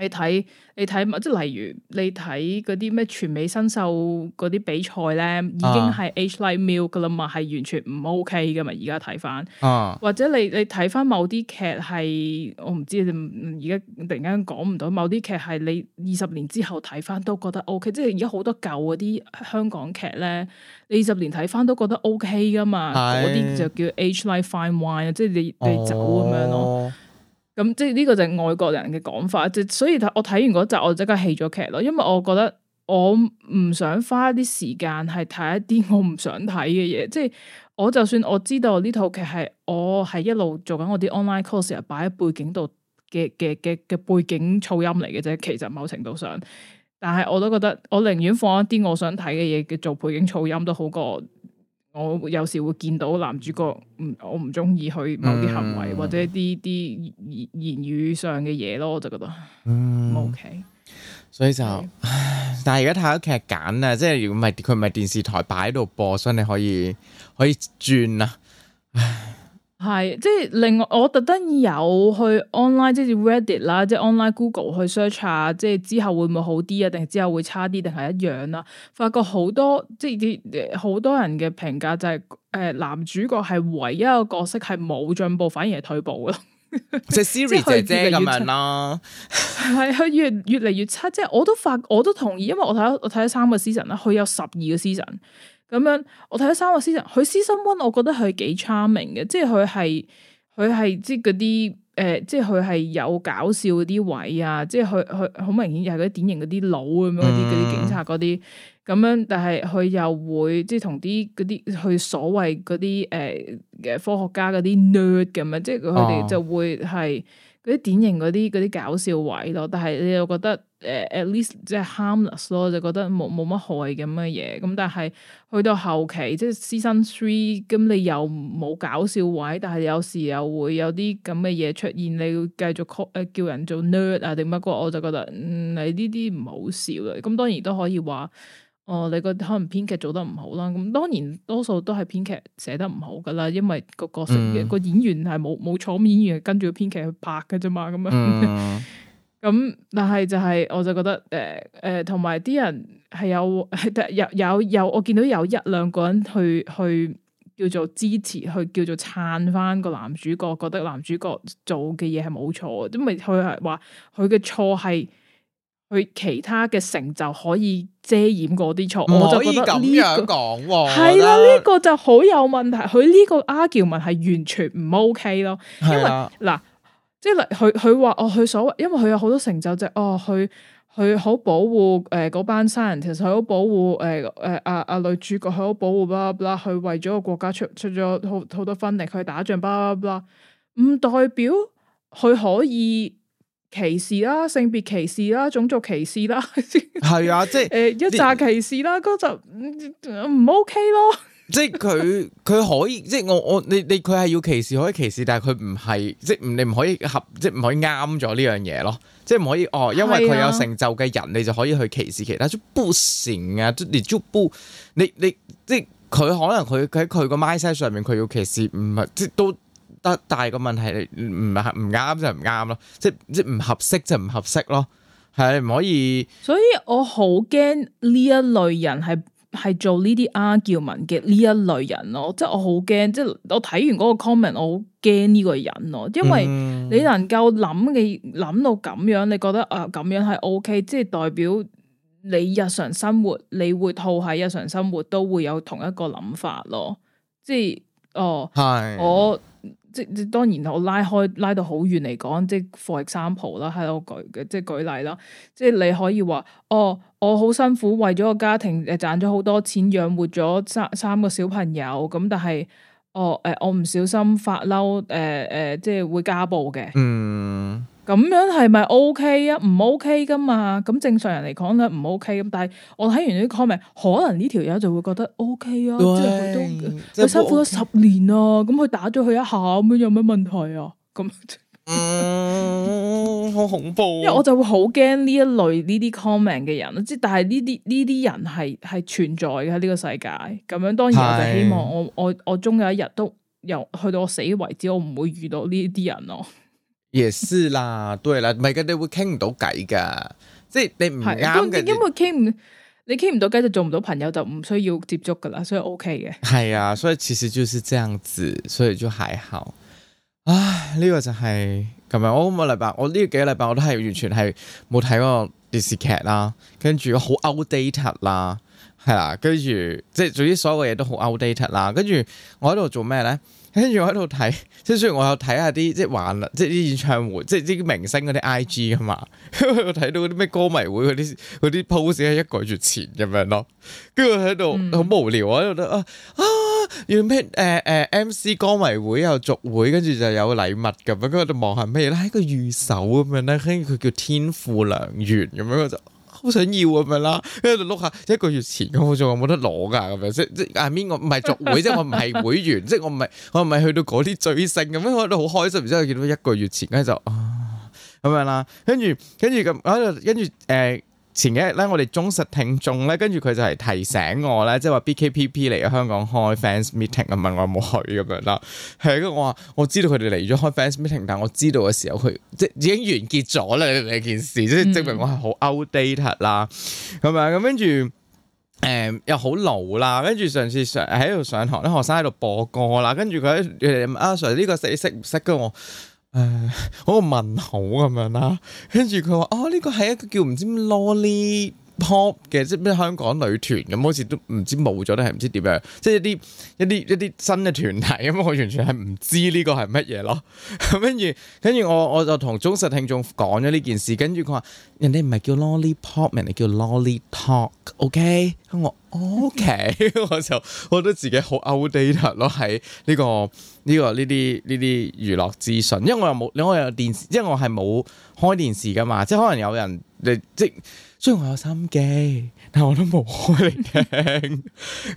你睇你睇，即例如你睇嗰啲咩全美新秀嗰啲比賽咧，已經係 age like milk 噶啦嘛，係完全唔 OK 噶嘛。而家睇翻，或者你你睇翻某啲劇係，我唔知你而家突然間講唔到。某啲劇係你二十年之後睇翻都覺得 OK，即係而家好多舊嗰啲香港劇咧，你二十年睇翻都覺得 OK 噶嘛。嗰啲是就叫 age like fine wine，即係你你走咁樣咯。哦咁即係呢個就係外國人嘅講法，即所以睇我睇完嗰集，我即刻棄咗劇咯，因為我覺得我唔想花啲時間係睇一啲我唔想睇嘅嘢，即係我就算我知道呢套劇係我係一路做緊我啲 online course 又擺喺背景度嘅嘅嘅嘅背景噪音嚟嘅啫，其實某程度上，但係我都覺得我寧願放一啲我想睇嘅嘢嘅做背景噪音都好過。我有時會見到男主角，嗯，我唔中意去某啲行為或者啲啲言語上嘅嘢咯，我就覺得，OK 嗯。Okay，所以就，okay. 但係而家太多劇簡啦，即係如果唔係佢唔係電視台擺喺度播，所以你可以可以轉啊。唉。係，即係另外，我特登有去 online，即係 Reddit 啦，即係 online Google 去 search 下，即係之後會唔會好啲啊？定係之後會差啲？定係一樣啦？發覺好多即係好多人嘅評價就係、是，誒、呃、男主角係唯一,一個角色係冇進步，反而係退步咯， 即係 Siri 姐姐咁樣咯、啊，係佢 越越嚟越差。即係我都發，我都同意，因為我睇我睇咗三個 season 啦，佢有十二個 season。咁樣，我睇咗三個 season，佢 season one，我覺得佢幾 charming 嘅，即係佢係佢係即嗰啲誒，即係佢係有搞笑嗰啲位啊，即係佢佢好明顯又係嗰啲典型嗰啲佬咁樣，嗰啲嗰啲警察嗰啲咁樣，但係佢又會即係同啲嗰啲佢所謂嗰啲誒嘅科學家嗰啲 nerd 咁樣，即係佢哋就會係嗰啲典型嗰啲嗰啲搞笑位咯，但係你又覺得。誒，at least 即係 harmless 咯，就覺得冇冇乜害咁嘅嘢。咁但係去到後期即係 season three，咁你又冇搞笑位，但係有時又會有啲咁嘅嘢出現，你要繼續 call 誒叫人做 nerd 啊定乜？個我就覺得嗯，你呢啲唔好笑啦。咁當然都可以話，哦，你個可能編劇做得唔好啦。咁當然多數都係編劇寫得唔好噶啦，因為個角色、mm. 個演員係冇冇坐，演員跟住個編劇去拍噶啫嘛，咁啊。咁、嗯，但係就係、是，我就覺得誒誒，同埋啲人係有，有有有，我見到有一兩個人去去叫做支持，去叫做撐翻個男主角，覺得男主角做嘅嘢係冇錯，因為佢係話佢嘅錯係佢其他嘅成就可以遮掩嗰啲錯，我就覺得呢、這個、樣講係啦，呢個就好有問題，佢呢個 argument 係完全唔 OK 咯，因為嗱。即係佢佢話哦，佢所謂，因為佢有好多成就啫。哦，佢佢好保護誒嗰班新人，其實佢好保護誒誒阿阿女主角，佢好保護巴啦巴啦，佢為咗個國家出出咗好好多分力，佢打仗巴啦巴啦，唔代表佢可以歧視啦，性別歧視啦，種族歧視啦，係啊，即係誒一紮歧視啦，嗰就唔 OK 咯。 即係佢，佢可以，即係我我你你佢係要歧視可以歧視，但係佢唔係，即係你唔可以合，即係唔可以啱咗呢樣嘢咯。即係唔可以哦，因為佢有成就嘅人，你就可以去歧視其他。即係 b o 啊，你你你即係佢可能佢喺佢個 mindset 上面，佢要歧視，唔係即係都得，但係個問題你唔合唔啱就唔啱咯，即係即係唔合適就唔合適咯，係你唔可以。 所以我好驚呢一類人係。係做呢啲 argument 嘅呢一類人咯，即係我好驚，即係我睇完嗰個 comment，我好驚呢個人咯，因為你能夠諗嘅諗到咁樣，你覺得啊咁、呃、樣係 OK，即係代表你日常生活，你會套喺日常生活都會有同一個諗法咯，即係哦，的我。即係當然，我拉開拉到好遠嚟講，即係 for example 啦，喺我舉即係舉例啦。即係你可以話，哦，我好辛苦，為咗個家庭誒賺咗好多錢，養活咗三三個小朋友咁，但係，哦誒、呃，我唔小心發嬲，誒、呃、誒、呃，即係會家暴嘅。嗯。咁樣係咪 OK 啊？唔 OK 噶嘛？咁正常人嚟講咧，唔 OK 咁，但係我睇完呢啲 comment，可能呢條友就會覺得 OK 啊，喂即係佢都，佢辛苦咗十年啊，咁佢、嗯、打咗佢一下咁樣有咩問題啊？咁， 嗯，好恐怖，啊，因為我就會好驚呢一類呢啲 comment 嘅人，即但係呢啲呢啲人係係存在嘅喺呢個世界。咁樣當然我就希望我是我我終有一日都由去到我死為止，我唔會遇到呢啲人咯。也是啦，對啦，唔係嘅，你會傾唔到偈噶，即係你唔啱嘅，根本傾唔，你傾唔到偈就做唔到朋友，就唔需要接觸噶啦，所以 OK 嘅。係啊，所以其實就是這樣子，所以就還好。唉，呢個就係咁樣。我冇禮拜，我呢幾個禮拜我都係完全係冇睇嗰個電視劇啦，跟住好 outdated 啦，係啦，跟住即係總之所有嘅嘢都好 outdated 啦，跟住我喺度做咩咧？跟住我喺度睇，即係雖然我有睇下啲即係玩，即係啲演唱會，即係啲明星嗰啲 I G 啊嘛，睇到啲咩歌迷會嗰啲啲 pose 係一個月前咁樣咯，跟住喺度好無聊，啊，喺度得啊、呃、原來咩誒誒 M C 歌迷會又續會，跟住就有禮物咁，跟住我望下咩咧，喺個御守咁樣咧，跟住佢叫天父良緣咁樣，我就。好想要咁樣啦，跟住就碌下一個月前咁，啊，我仲有冇得攞噶咁樣？即即阿 Min 我唔係續會，即我唔係會員， 即我唔係我唔係去到嗰啲最星。咁樣，我覺得好開心。然之後見到一個月前，跟住就啊咁樣啦，跟住跟住咁，跟住誒。前幾日咧，我哋忠實聽眾咧，跟住佢就係提醒我咧，即係話 BKPP 嚟嘅香港開 fans meeting 啊，問我有冇去咁樣啦。係咁，我話我知道佢哋嚟咗開 fans meeting，但我知道嘅時候，佢即係已經完結咗啦呢件事，即係證明我係好 outdated 啦。咁啊，咁跟住誒又好老啦。跟住上次上喺度上堂咧，學生喺度播歌啦，跟住佢阿 Sir 呢個識識唔識，識，識我？誒，嗰個問號咁樣啦，跟住佢話：哦，呢、這個係一個叫唔知咩 Lolly。pop 嘅即咩香港女團咁，好似都唔知冇咗定係唔知點樣？即一啲一啲一啲新嘅團體咁，我完全係唔知呢個係乜嘢咯。跟住跟住我我就同忠實聽眾講咗呢件事，跟住佢話人哋唔係叫 Lolly Pop，人哋叫 Lolly Talk，okay？O K，我 O K，我就覺得自己好 outdate 咯，喺呢個呢個呢啲呢啲娛樂資訊，因為我又冇，因為我有電視，因為我係冇開電視噶嘛，即可能有人你即。即雖然我有心機，但係我都冇開嚟聽，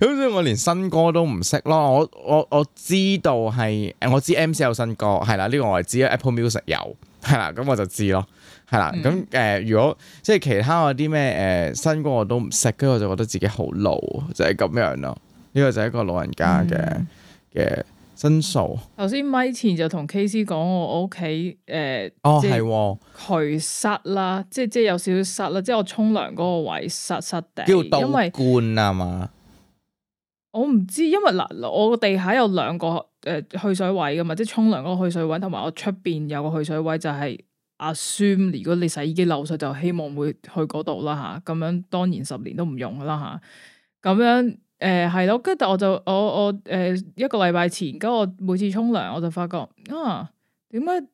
咁 所以我連新歌都唔識咯。我我我知道係，我知 MC 有新歌，係啦，呢、這個我係知 Apple Music 有，係啦，咁我就知咯，係啦。咁誒、呃，如果即係其他嗰啲咩誒新歌我都唔識，跟住我就覺得自己好老，就係、是、咁樣咯。呢、這個就係一個老人家嘅嘅。嗯真傻。頭先，米前就同 Casey 講我屋企誒，呃、哦係，渠塞啦，嗯、即係即係有少少塞啦，即係我沖涼嗰個位塞塞地，啊、因為罐啊嘛。我唔知，因為嗱，我個地下有兩個誒、呃、去水位噶嘛，即係沖涼嗰個去水位，同埋我出邊有個去水位、就是，就係阿 s 孫。如果你洗衣機漏水，就希望會去嗰度啦吓。咁、啊、樣當然十年都唔用啦吓，咁、啊、樣。誒係咯，跟住、呃、我就我我誒、呃、一個禮拜前，跟住我每次沖涼我就發覺啊，點解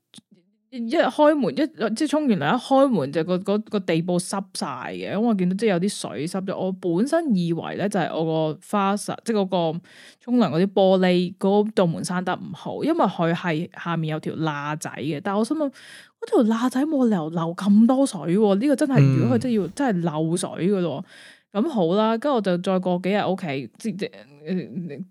一開門一即係沖完涼一開門就個嗰地步濕晒嘅，因為我見到即係有啲水濕咗。我本身以為咧就係、是、我個花灑，即係嗰個沖涼嗰啲玻璃嗰、那個門閂得唔好，因為佢係下面有條罅仔嘅。但係我心諗，嗰條罅仔冇理由流咁多水喎、啊，呢、這個真係、嗯、如果佢真係要真係漏水嘅咯。咁好啦，跟住我就再過幾日，O K，之之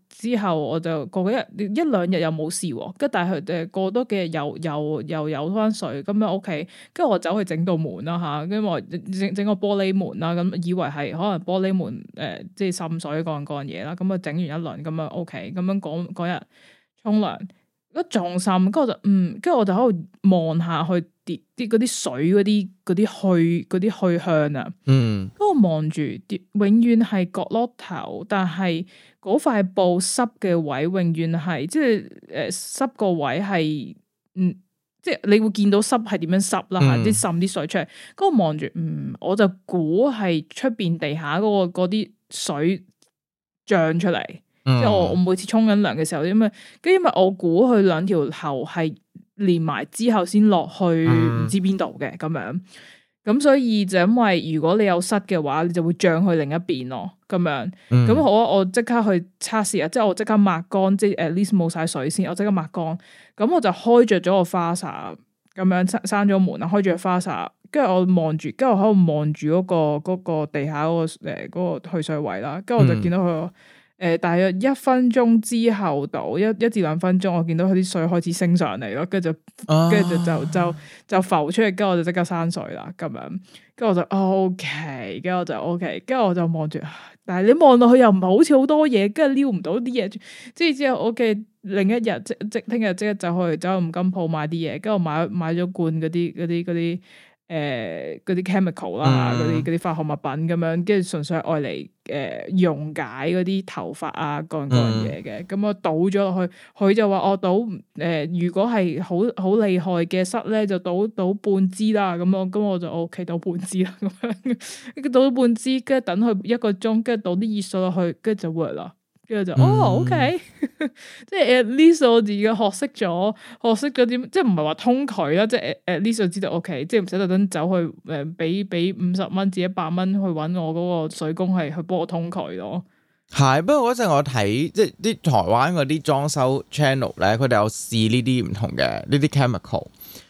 之後我就過幾日，一兩日又冇事，喎，跟住但係佢誒過多幾日又又又有翻水，咁樣屋企。跟、OK, 住我走去整道門啦吓，跟、啊、住我整整個玻璃門啦，咁、啊、以為係可能玻璃門誒、呃，即係滲水干干嘢啦，咁啊整完一輪咁啊 O K，咁樣嗰嗰、OK, 日沖涼。我撞心，跟住我就嗯，跟住我就喺度望下去跌啲嗰啲水嗰啲嗰啲去嗰啲去向啊，嗯，跟住望住跌，永遠係角落頭，但係嗰塊布濕嘅位，永遠係即係誒濕個位係，嗯，即係你會見到濕係點樣濕啦，吓即係滲啲水出嚟，跟住望住，嗯，我就估係出邊地下嗰個嗰啲水漲出嚟。嗯、即係我我每次沖緊涼嘅時候，啲咩？跟因為我估佢兩條喉係連埋之後先落去唔知邊度嘅咁樣，咁所以就因為如果你有塞嘅話，你就會脹去另一邊咯，咁樣。咁、嗯、好啊，我即刻去測試啊，即係我即刻抹乾，即係 at least 冇晒水先，我即刻抹乾。咁我就開着咗個花灑，咁樣閂閂咗門啊，開著花灑，跟住我望住，跟住我喺度望住嗰個、嗰個地下嗰、嗰個誒、嗰個去水位啦，跟住我就見到佢。嗯誒、呃，大約一分鐘之後到一一至兩分鐘，我見到佢啲水開始升上嚟咯，跟住就，跟住、啊、就就就浮出嚟，跟住我就即刻閂水啦，咁樣，跟住我就 O K，跟住我就 O K，跟住我就望住、OK，但係你望落去又唔係好似好多嘢，跟住撩唔到啲嘢、OK，即之之後 O K，另一日即即聽日即刻就去走去五金鋪買啲嘢，跟住買買咗罐嗰啲嗰啲嗰啲。誒，嗰啲、呃、chemical 啦、啊，嗰啲嗰啲化學物品咁樣，跟住純粹係愛嚟誒溶解嗰啲頭髮啊，各樣各樣嘢嘅，咁我倒咗落去，佢就話我倒誒、呃，如果係好好厲害嘅塞咧，就倒倒半支啦，咁我，咁我就 O K 倒半支啦，咁樣，倒半支，跟住等佢一個鐘，跟住倒啲熱水落去，跟住就 work 啦。跟住就、嗯、哦，OK， 即係 at least 我自己學識咗，學識咗啲即係唔係話通渠啦，即係誒誒，at least 就知道 OK，即係唔使特登走去誒俾俾五十蚊至一百蚊去搵我嗰個水工係去幫我通渠咯。係，不過嗰陣我睇即係啲台灣嗰啲裝修 channel 咧，佢哋有試呢啲唔同嘅呢啲 chemical，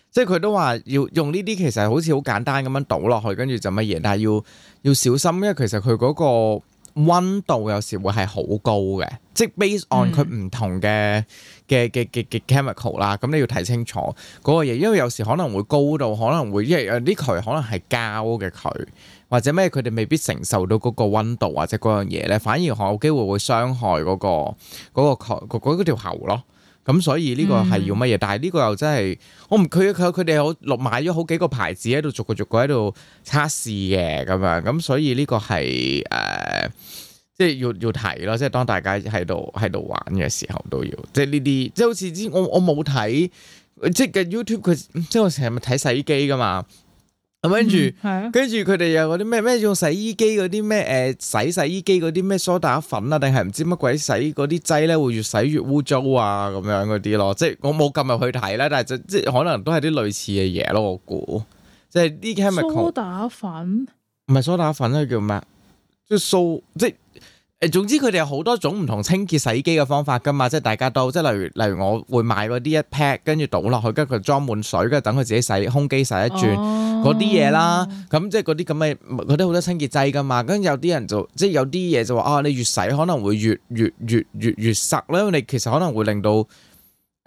即係佢都話要用呢啲，其實好似好簡單咁樣倒落去，跟住就乜嘢，但係要要小心，因為其實佢嗰個。溫度有時會係好高嘅，即係 base on 佢唔同嘅嘅嘅嘅嘅 chemical 啦。咁你要睇清楚嗰個嘢，因為有時可能會高到，可能會因為有啲渠可能係膠嘅渠，或者咩佢哋未必承受到嗰個溫度或者嗰樣嘢咧，反而可能有機會會傷害嗰個嗰個嗰條喉咯。咁所以呢個係要乜嘢？嗯、但係呢個又真係我唔佢佢佢哋有落買咗好幾個牌子喺度逐個逐個喺度測試嘅咁樣。咁所以呢個係誒、呃，即係要要提咯。即係當大家喺度喺度玩嘅時候都要，即係呢啲即係好似之我我冇睇，即係 YouTube 佢即係我成日咪睇洗衣機㗎嘛。咁跟住，跟住佢哋有嗰啲咩咩用洗衣機嗰啲咩，誒，洗洗衣機嗰啲咩梳打粉啊，定係唔知乜鬼洗嗰啲劑咧，會越洗越污糟啊，咁樣嗰啲咯，即係我冇撳入去睇啦，但係就即即可能都係啲類似嘅嘢咯，我估即係呢啲 chemical 梳打粉，唔係梳打粉咧叫咩？即蘇即。誒，總之佢哋有好多種唔同清潔洗衣機嘅方法噶嘛，即係大家都即係例如例如我會買嗰啲一 pack，跟住倒落去，跟住佢裝滿水，跟住等佢自己洗，空機洗一轉嗰啲嘢啦。咁即係嗰啲咁嘅，嗰啲好多清潔劑噶嘛。跟住有啲人就即係有啲嘢就話啊，你越洗可能會越越越越越塞咧。實你其實可能會令到。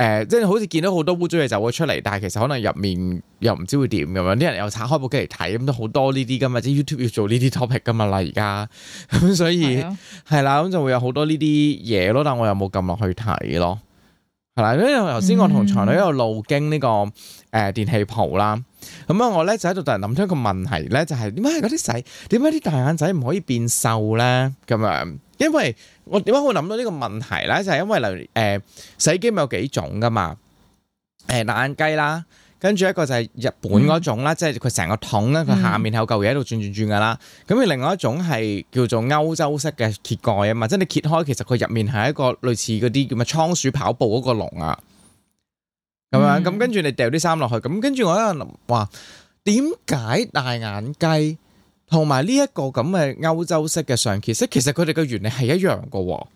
誒、呃，即係好似見到好多污糟嘢就會出嚟，但係其實可能入面又唔知會點咁樣。啲人又拆開部機嚟睇，咁都好多呢啲㗎嘛。即係 YouTube 要做呢啲 topic 㗎嘛啦，而家咁所以係啦，咁的就會有好多呢啲嘢咯。但我又冇撳落去睇咯，係、嗯、啦。因為頭先我同財女一路路經呢、這個誒、呃、電器鋪啦，咁啊我咧就喺度突然諗出一個問題咧、就是，就係點解嗰啲仔點解啲大眼仔唔可以變瘦咧？咁樣因為。我點解會諗到呢個問題咧？就係因為例如誒洗衣機咪有幾種噶嘛，誒大眼雞啦，跟住一個就係日本嗰種啦，即係佢成個桶咧，佢下面係有嚿嘢喺度轉轉轉噶啦。咁而另外一種係叫做歐洲式嘅揭蓋啊嘛，即係你揭開，其實佢入面係一個類似嗰啲叫咩倉鼠跑步嗰個籠啊，咁樣咁跟住你掉啲衫落去，咁跟住我喺度諗話點解大眼雞？同埋呢一個咁嘅歐洲式嘅上鉸式，其實佢哋嘅原理係一樣嘅喎。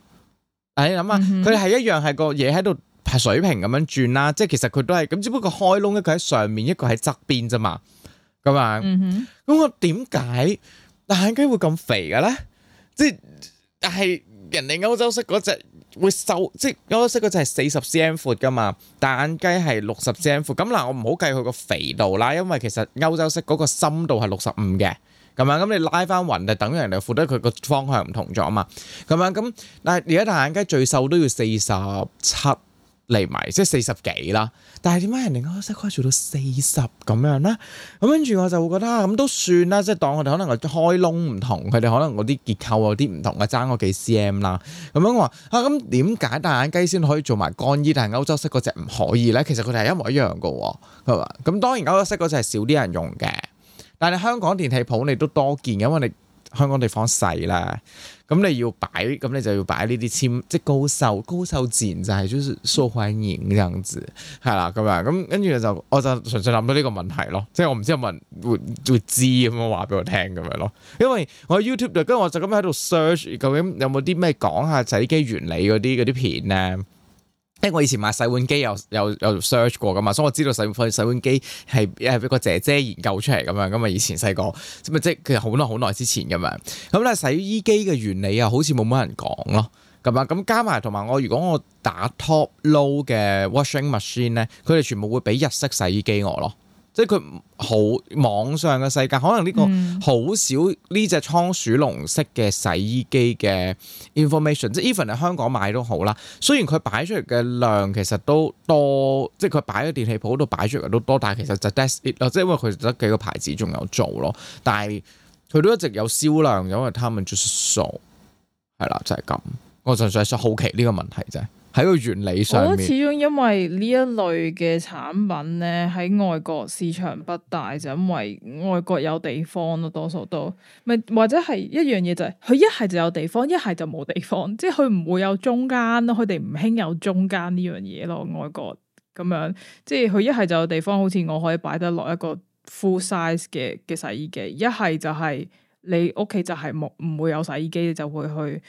啊，諗下、mm，佢哋係一樣係個嘢喺度水平咁樣轉啦。即係其實佢都係咁，只不過開窿一個喺上面，一個喺側邊啫嘛。咁、mm hmm. 啊，咁我點解大眼雞會咁肥嘅咧？即係但係人哋歐洲式嗰隻會瘦，即係歐洲式嗰隻係四十 cm 闊嘅嘛，但係大眼雞係六十 cm 闊。咁嗱，我唔好計佢個肥度啦，因為其實歐洲式嗰個深度係六十五嘅。咁啊，咁你拉翻雲就等於人哋負得佢個方向唔同咗啊嘛，咁啊咁，但係而家大眼雞最瘦都要四十七厘米，即係四十幾啦。但係點解人哋歐洲式可以做到四十咁樣咧？咁跟住我就會覺得咁、啊、都算啦，即係當我哋可能開窿唔同，佢哋可能嗰啲結構有啲唔同我啊，爭嗰幾 CM 啦。咁樣話啊，咁點解大眼雞先可以做埋乾衣，但係歐洲式嗰隻唔可以咧？其實佢哋係一模一樣噶喎，咁當然歐洲式嗰隻係少啲人用嘅。但係香港電器鋪你都多見因為你香港地方細啦，咁你要擺，咁你就要擺呢啲籤，即係高瘦高瘦自然就係就係受歡迎咁樣子，係啦咁樣，咁跟住就我就純粹諗到呢個問題咯，即係我唔知有冇人會會,會知咁樣話俾我聽咁樣咯，因為我喺 YouTube 度，跟住我就咁喺度 search 究竟有冇啲咩講下洗機原理嗰啲嗰啲片咧。即、欸、我以前買洗碗機有有有 search 過噶嘛，所以我知道洗洗碗機係一個姐姐研究出嚟咁樣，咁啊以前細個，咁咪即係其實好耐好耐之前咁樣。咁咧洗衣機嘅原理啊，好似冇乜人講咯，咁啊咁加埋同埋我如果我打 top low 嘅 washing machine 咧，佢哋全部會俾日式洗衣機我咯。即係佢好網上嘅世界，可能呢、這個好、嗯、少呢隻倉鼠籠式嘅洗衣機嘅 information，即係 even 喺香港買都好啦。雖然佢擺出嚟嘅量其實都多，即係佢擺喺電器鋪度擺出嚟都多，但係其實就 desk it 咯，即係因為佢得幾個牌子仲有做咯，但係佢都一直有銷量，因為他們 just so 係啦，就係、是、咁。我純粹想好奇呢個問題啫。喺個原理上，我覺得始終因為呢一類嘅產品咧，喺外國市場不大，就因為外國有地方咯，多數都，咪或者係一樣嘢就係、是，佢一係就有地方，一係就冇地方，即係佢唔會有中間咯，佢哋唔興有中間呢樣嘢咯，外國咁樣，即係佢一係就有地方，好似我可以擺得落一個 full size 嘅嘅洗衣機，一係就係你屋企就係冇，唔會有洗衣機，你就會去。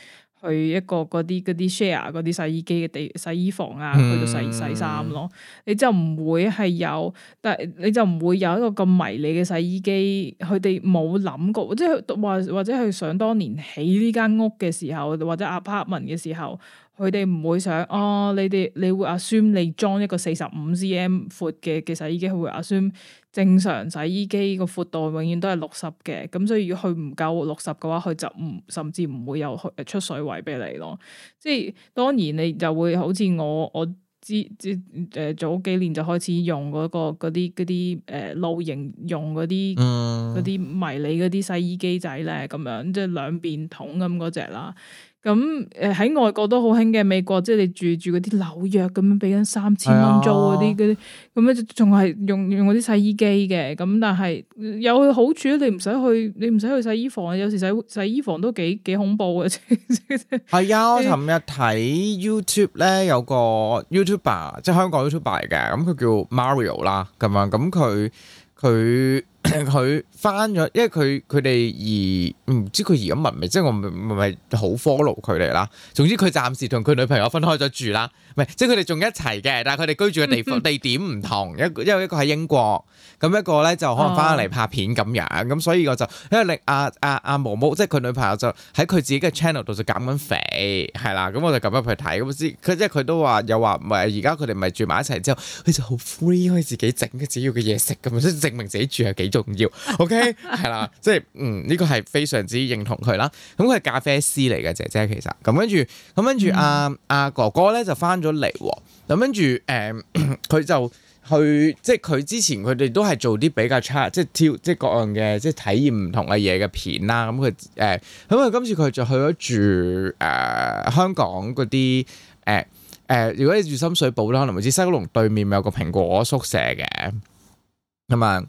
去一個嗰啲嗰啲 share 嗰啲洗衣機嘅地洗衣房啊，去到洗洗衫咯，你就唔會係有，但係你就唔會有一個咁迷你嘅洗衣機，佢哋冇諗過，即係或或者係想當年起呢間屋嘅時候，或者 apartment 嘅時候。佢哋唔會想啊、哦！你哋你會 assume，你裝一個四十五 cm 闊嘅嘅洗衣機，佢會 assume 正常洗衣機個闊度永遠都係六十嘅。咁所以如果佢唔夠六十嘅話，佢就唔甚至唔會有、呃、出水位俾你咯。即、就、係、是、當然你就會好似我我之之誒早幾年就開始用嗰、那個嗰啲嗰啲誒露營用嗰啲嗰啲迷你嗰啲洗衣機仔咧，咁、嗯、樣即係兩邊桶咁嗰隻啦。咁誒喺外國都好興嘅，美國即係你住住嗰啲紐約咁樣俾緊三千蚊租嗰啲啲，咁咧仲係用用嗰啲洗衣機嘅，咁但係有好處，你唔使去你唔使去洗衣房，有時洗洗衣房都幾幾恐怖嘅。係 啊，我尋日睇 YouTube 咧有個 YouTuber，即係香港 YouTuber 嚟嘅，咁佢叫 Mario 啦，咁樣咁佢佢。佢翻咗，因為佢佢哋而唔知佢而家問未，即係我唔係好 follow 佢哋啦。總之佢暫時同佢女朋友分開咗住啦，唔係即係佢哋仲一齊嘅，但係佢哋居住嘅地方地點唔同一，因為一個喺英國，咁一個咧就可能翻嚟拍片咁樣，咁所以我就因為令阿阿阿毛毛即係佢女朋友就喺佢自己嘅 channel 度就減緊肥，係啦，咁我就撳入去睇咁佢即係佢都話又話唔係而家佢哋唔係住埋一齊之後，佢就好 free 可以自己整佢自己要嘅嘢食咁，即係證明自己住係幾重要，OK，係啦，即係嗯，呢、這個係非常之認同佢啦。咁佢係咖啡師嚟嘅姐姐，其實咁跟住，咁跟住阿阿哥哥咧就翻咗嚟，咁跟住誒，佢、呃、就去，即係佢之前佢哋都係做啲比較差，即係挑，即係各樣嘅，即係體驗唔同嘅嘢嘅片啦。咁佢誒，咁佢今次佢就去咗住誒、呃、香港嗰啲誒誒，如果你住深水埗啦，可能會知西九龍對面咪有個蘋果宿舍嘅。咁啊，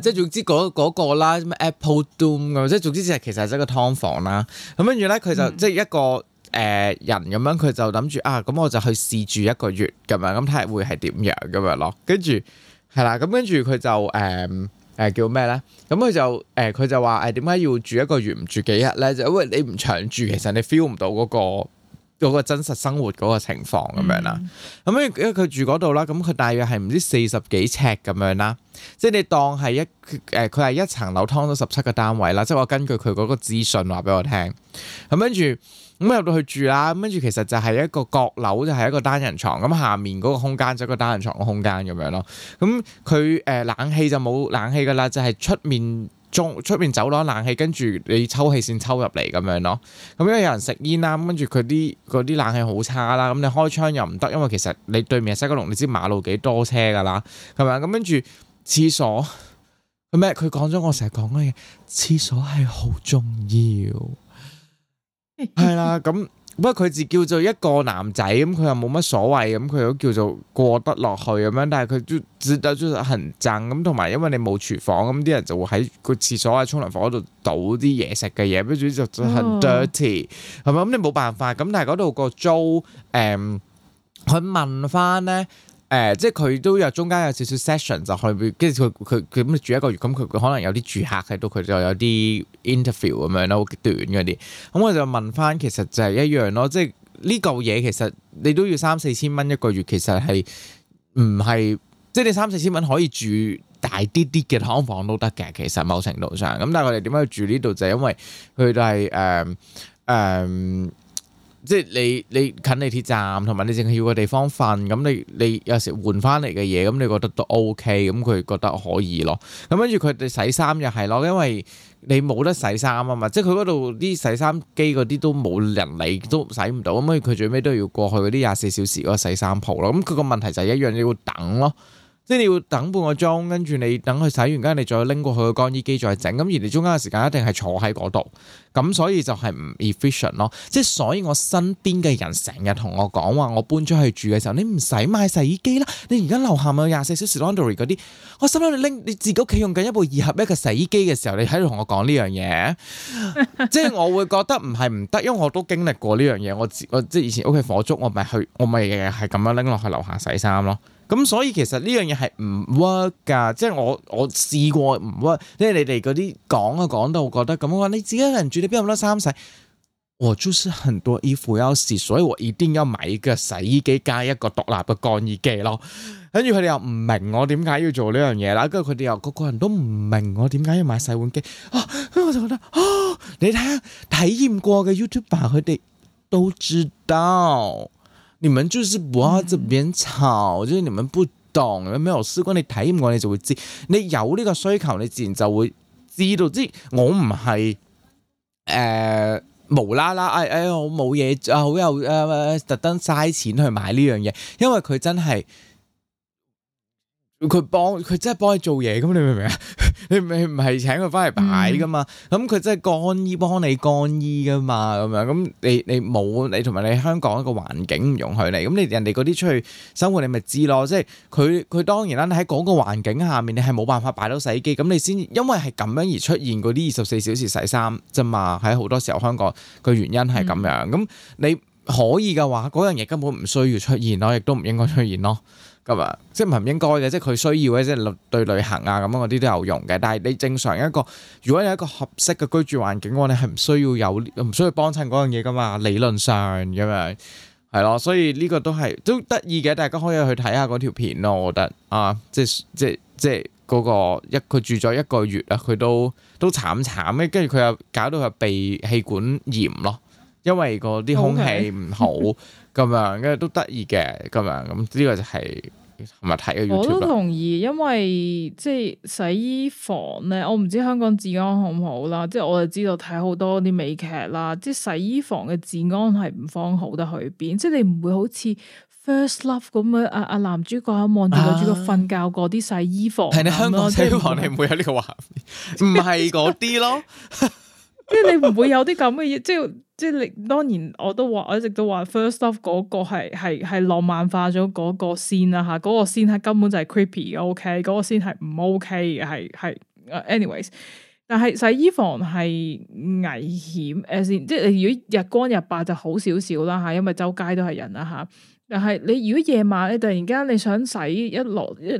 誒，即係總之嗰、那、嗰、個嗰個啦，Apple Doom 咁，即係總之就其實係一個劏房啦。咁跟住咧，佢就、嗯、即係一個誒、呃、人咁樣，佢就諗住啊，咁、嗯、我就去試住一個月咁樣，咁睇下會係點樣咁樣咯。跟住係啦，咁跟住佢就誒誒叫咩咧？咁、呃、佢就誒佢就話誒點解要住一個月唔住幾日咧？就因為你唔長住，其實你 feel 唔到嗰、嗰個。嗰個真實生活嗰個情況咁樣啦，咁跟、嗯、住因為佢住嗰度啦，咁佢大約係唔知四十幾尺咁樣啦，即、就、係、是、你當係一誒，佢、呃、係一層樓劏到十七個單位啦，即係我根據佢嗰個資訊話俾我聽，咁跟住咁入到去住啦，咁跟住其實就係一個閣樓就係、是、一個單人床。咁下面嗰個空間就一個單人床嘅空間咁樣咯，咁佢誒冷氣就冇冷氣㗎啦，就係、是、出面。出面走廊冷氣跟住你抽氣扇抽入嚟咁樣咯，咁因為有人食煙啦，咁跟住佢啲啲冷氣好差啦，咁你開窗又唔得，因為其實你對面西九龍你知馬路幾多車噶啦，係咪啊？咁跟住廁所咩？佢講咗我成日講嘅嘢：廁所係好重要，係啦咁。不過佢只叫做一個男仔，咁佢又冇乜所謂，咁佢又叫做過得落去咁樣。但係佢做只就叫做行政咁，同埋因為你冇廚房，咁啲人就會喺個廁所啊、沖涼房嗰度倒啲嘢食嘅嘢，跟住就很 dirty 係咪、嗯？咁你冇辦法。咁但係嗰度個租誒，佢、嗯、問翻咧。誒、呃，即係佢都有中間有少少 session 就去，跟住佢佢佢咁住一個月，咁佢佢可能有啲住客喺度，佢就有啲 interview 咁樣咯，好短嗰啲。咁我就問翻，其實就係一樣咯，即係呢嚿嘢其實你都要三四千蚊一個月，其實係唔係即係你三四千蚊可以住大啲啲嘅劏房都得嘅，其實某程度上。咁但係我哋點解要住呢度就係、是、因為佢就係誒誒。呃呃即係你你近地鐵站，同埋你淨係要個地方瞓，咁你你有時換翻嚟嘅嘢，咁你覺得都 OK，咁佢覺得可以咯。咁跟住佢哋洗衫又係咯，因為你冇得洗衫啊嘛，即係佢嗰度啲洗衫機嗰啲都冇人理，都洗唔到，咁佢最尾都要過去嗰啲廿四小時嗰個洗衫鋪咯。咁佢個問題就係一樣你要等咯。即係你要等半個鐘，跟住你等佢洗完，跟住你再拎過去個乾衣機再整。咁而你中間嘅時間一定係坐喺嗰度，咁所以就係唔 efficient 咯。即係所以我身邊嘅人成日同我講話，我搬出去住嘅時候，你唔使買洗衣機啦。你而家樓下咪有廿四小時 laundry 嗰啲，我心諗你拎，你自己屋企用緊一部二合一嘅洗衣機嘅時候，你喺度同我講呢樣嘢。 即係我會覺得唔係唔得，因為我都經歷過呢樣嘢。我我即係以前屋企火燭，我咪去，我咪日日係咁樣拎落去樓下洗衫咯。咁所以其實呢樣嘢係唔 work 㗎，即係我我試過唔 work，即係你哋嗰啲講啊講到覺得咁，我話，你自己一個人住你邊有咁多衫洗？我就是很多衣服要洗，所以我一定要買一個洗衣機加一個獨立嘅乾衣機咯。跟住佢哋又唔明我點解要做呢樣嘢啦，跟住佢哋又個個人都唔明我點解要買洗碗機。啊，跟住我就覺得啊，你睇下體驗過嘅 YouTuber 佢哋都知道。你們就是唔好喺度邊吵，即係你們不懂，沒有你冇試過，你體驗過你就會知，你有呢個需求，你自然就會知道。即我唔係誒無啦啦誒誒，我冇嘢啊，好有誒特登嘥錢去買呢樣嘢，因為佢真係。佢幫佢真係幫你做嘢，咁你明唔明啊？你唔係請佢翻嚟擺噶嘛？咁佢真係乾衣幫你乾衣噶嘛？咁樣，咁你你冇你同埋你香港一個環境唔容許你，咁你人哋嗰啲出去生活你咪知咯。即係佢佢當然啦，你喺嗰個環境下面，你係冇辦法擺到洗衣機，咁你先因為係咁樣而出現嗰啲二十四小時洗衫啫嘛。喺好多時候香港個原因係咁樣，咁、嗯、你可以嘅話，嗰樣嘢根本唔需要出現咯，亦都唔應該出現咯。嗯咁啊，即係唔係唔應該嘅，即係佢需要咧，即係旅對旅行啊咁樣嗰啲都有用嘅。但係你正常一個，如果你有一個合適嘅居住環境嘅話，你係唔需要有唔需要幫襯嗰樣嘢噶嘛。理論上咁樣係咯，所以呢個都係都得意嘅。大家可以去睇下嗰條片咯，我覺得啊，即係即係即係嗰個一佢住咗一個月啊，佢都都慘慘嘅，跟住佢又搞到佢鼻氣管炎咯，因為個啲空氣唔好。Okay. 咁樣是是，跟住都得意嘅，咁樣咁呢個就係同埋睇嘅 YouTube 我都同意，因為即係洗衣房咧，我唔知香港治安好唔好啦。即係我就知道睇好多啲美劇啦，即係洗衣房嘅治安係唔方好得去邊。即係你唔會好似 First Love 咁樣，阿、啊、阿男主角望住女主角瞓覺嗰啲洗衣房。係、啊、你香港洗衣房，你唔會有呢個畫面？唔係嗰啲咯， 即係你唔會有啲咁嘅嘢，即係。即係你當然，我都話，我一直都話 first off 嗰個係係係浪漫化咗嗰個先啦下，嗰個先係根本就係 creepy 嘅，OK，嗰個先係唔 OK 嘅，係係 anyways 但係洗衣房係危險，誒先，即係如果日光日白就好少少啦下，因為周街都係人啦下。啊但係你如果夜晚你突然間你想洗一落，例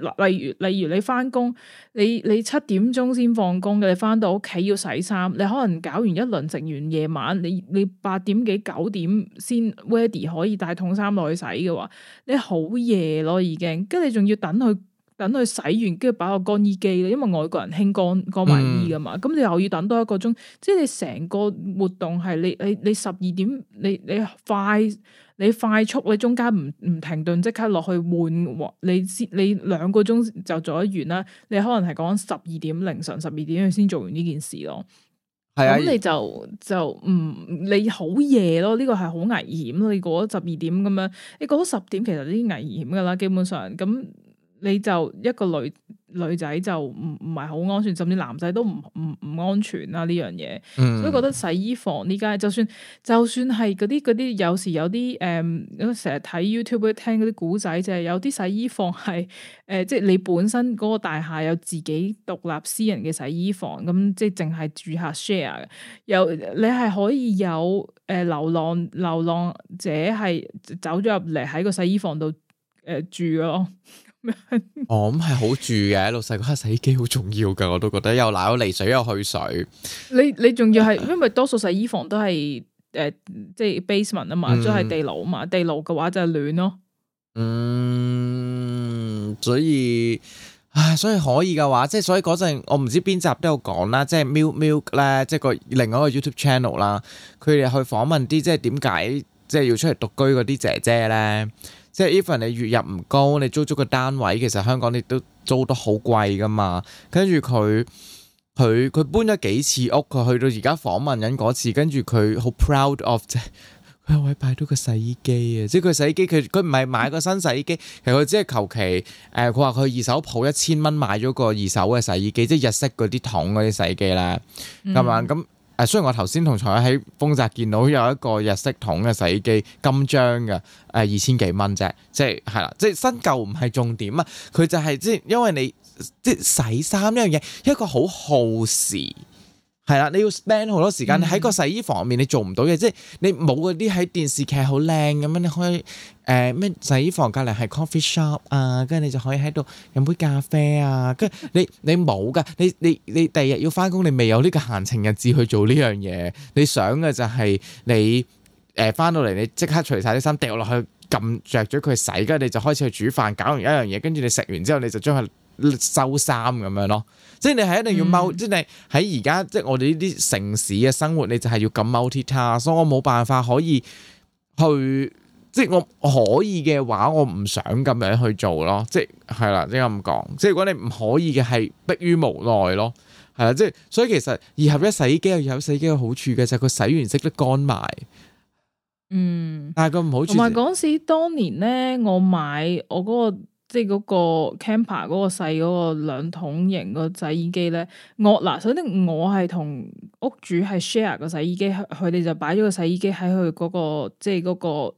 如例如你翻工，你你七點鐘先放工，嘅，你翻到屋企要洗衫，你可能搞完一輪，食完夜晚，你你八點幾九點先 ready 可以帶桶衫落去洗嘅話，你好夜咯已經，跟住你仲要等佢等佢洗完，跟住擺個乾衣機咧，因為外國人興乾乾埋衣噶嘛，咁、嗯、你又要等多一個鐘，即係你成個活動係你你你十二點你你,你,你快。你快速，你中間唔唔停頓，即刻落去換，你先你兩個鐘就做咗完啦。你可能係講十二點凌晨十二點的你、嗯，你先做完呢件事咯。係咁，你就就唔你好夜咯。呢個係好危險。你過咗十二點咁樣，你過咗十點，其實呢啲危險噶啦，基本上咁。你就一個女女仔就唔唔係好安全，甚至男仔都唔唔唔安全啦呢樣嘢。嗯、所以覺得洗衣房呢家就算就算係嗰啲嗰啲，有時有啲誒，成、嗯、日睇 YouTube 聽嗰啲古仔就係、是、有啲洗衣房係誒、呃，即係你本身嗰個大廈有自己獨立私人嘅洗衣房，咁、嗯、即係淨係住客 share 嘅。又你係可以有誒、呃、流浪流浪者係走咗入嚟喺個洗衣房度誒、呃、住咯。 哦咁係好住嘅，老細嗰下洗衣機好重要噶，我都覺得又攋嚟水又去水， 你你仲要係因為多數洗衣房都係誒即、呃、係、就是、basement 啊嘛，即係、嗯、地牢啊嘛，嗯、地牢嘅話就係暖咯。嗯，所以唉，所以可以嘅話，即係所以嗰陣我唔知邊集都有講啦，即係 Milk Milk 咧，即係個另外一個 YouTube channel 啦，佢哋去訪問啲即係點解即係要出嚟獨居嗰啲姐姐咧。即係 even 你月入唔高，你租租個單位其實香港你都租得好貴噶嘛。跟住佢佢佢搬咗幾次屋，佢去到而家訪問緊嗰次，跟住佢好 proud of 啫、 哎。佢喺度擺到個洗衣機啊！即係佢洗衣機，佢佢唔係買個新洗衣機，其實佢只係求其誒。佢話佢二手鋪一千蚊買咗個二手嘅洗衣機，即係日式嗰啲桶嗰啲洗衣機啦，咁嘛咁。誒，雖然我頭先同財委喺豐澤見到有一個日式桶嘅洗衣機，金章嘅誒、呃、二千幾蚊啫，即係係啦，即係新舊唔係重點啊，佢就係、係、即係因為你即係洗衫呢樣嘢一個好耗時。係啦，你要 spend 好多時間。你喺個洗衣房入面，你做唔到嘅，嗯、即係你冇嗰啲喺電視劇好靚咁樣，你可以咩、呃、洗衣房隔離係 coffee shop 啊，跟住你就可以喺度飲杯咖啡啊。跟住你你冇噶，你你你第二日，日要翻工，你未有呢個閒情逸致去做呢樣嘢。你想嘅就係你誒翻、呃、到嚟，你即刻除晒啲衫，掉落去撳着咗佢洗，跟住你就開始去煮飯，搞完一樣嘢，跟住你食完之後，你就將佢。收衫咁樣咯，即係你係一定要踎、嗯，即係你喺而家即係我哋呢啲城市嘅生活，你就係要咁 multitask, 所以我冇辦法可以去，即係我可以嘅話，我唔想咁樣去做咯。即係係啦，即係咁講。即係如果你唔可以嘅，係迫於無奈咯。係啦，即係所以其實二合一洗衣機又有洗衣機嘅好處嘅就係、是、佢洗完即刻乾埋。嗯，但係佢唔好處同埋嗰時當年咧，我買我嗰、嗰個。即係嗰個 camper 嗰個細嗰個兩桶型個洗衣機咧，我嗱，首先我係同屋主係 share 個洗衣機，佢哋就擺咗個洗衣機喺佢嗰個即係、那、嗰個誒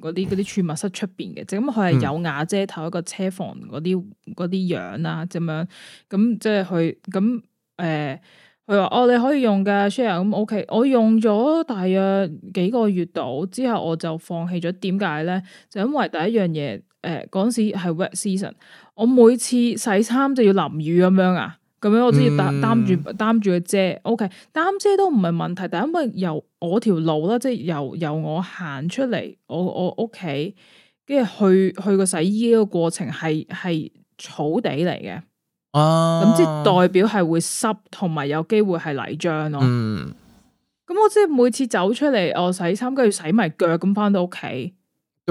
嗰啲嗰啲儲物室出邊嘅。咁佢係有瓦遮頭一個車房嗰啲嗰啲樣啦，咁樣咁、嗯、即係佢咁誒，佢話、呃、哦你可以用㗎 share，咁、嗯、OK，我用咗大約幾個月度之後，我就放棄咗。點解咧？就因為第一樣嘢。誒，嗰陣、欸、時係 wet season，我每次洗衫就要淋雨咁樣啊，咁樣我都要擔擔住擔住個遮，OK，擔遮都唔係問題，但係因為由我條路啦，即、就、係、是、由由我行出嚟，我我屋企，跟住去去，去個洗衣個過程係係草地嚟嘅，咁即係代表係會濕，同埋有機會係泥漿咯。咁、嗯、我即係每次走出嚟，我洗衫，跟住洗埋腳咁返到屋企。跟住之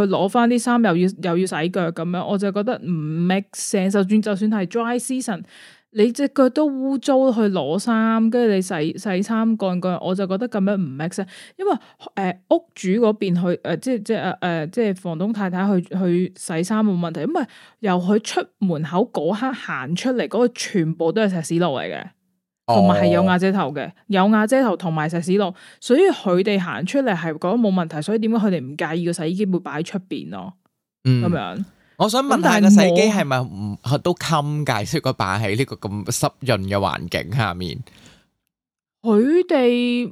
後去攞返啲衫，又要又要洗腳咁樣，我就覺得唔 make sense。就算就算係 dry season，你隻腳都污糟，去攞衫，跟住你洗洗衫幹腳，我就覺得咁樣唔 make sense。因為誒、呃、屋主嗰邊去誒、呃、即、呃、即誒誒、呃、即房東太太去去洗衫冇問題，因為由佢出門口嗰刻行出嚟嗰個全部都係石屎路嚟嘅。同埋係有瓦遮頭嘅，有瓦遮頭同埋石屎路，所以佢哋行出嚟係覺得冇問題，所以點解佢哋唔介意個洗衣機會擺喺出邊咯？嗯，咁樣，我想問下個洗衣機係咪唔都襟介，即係個擺喺呢個咁濕潤嘅環境下面？佢哋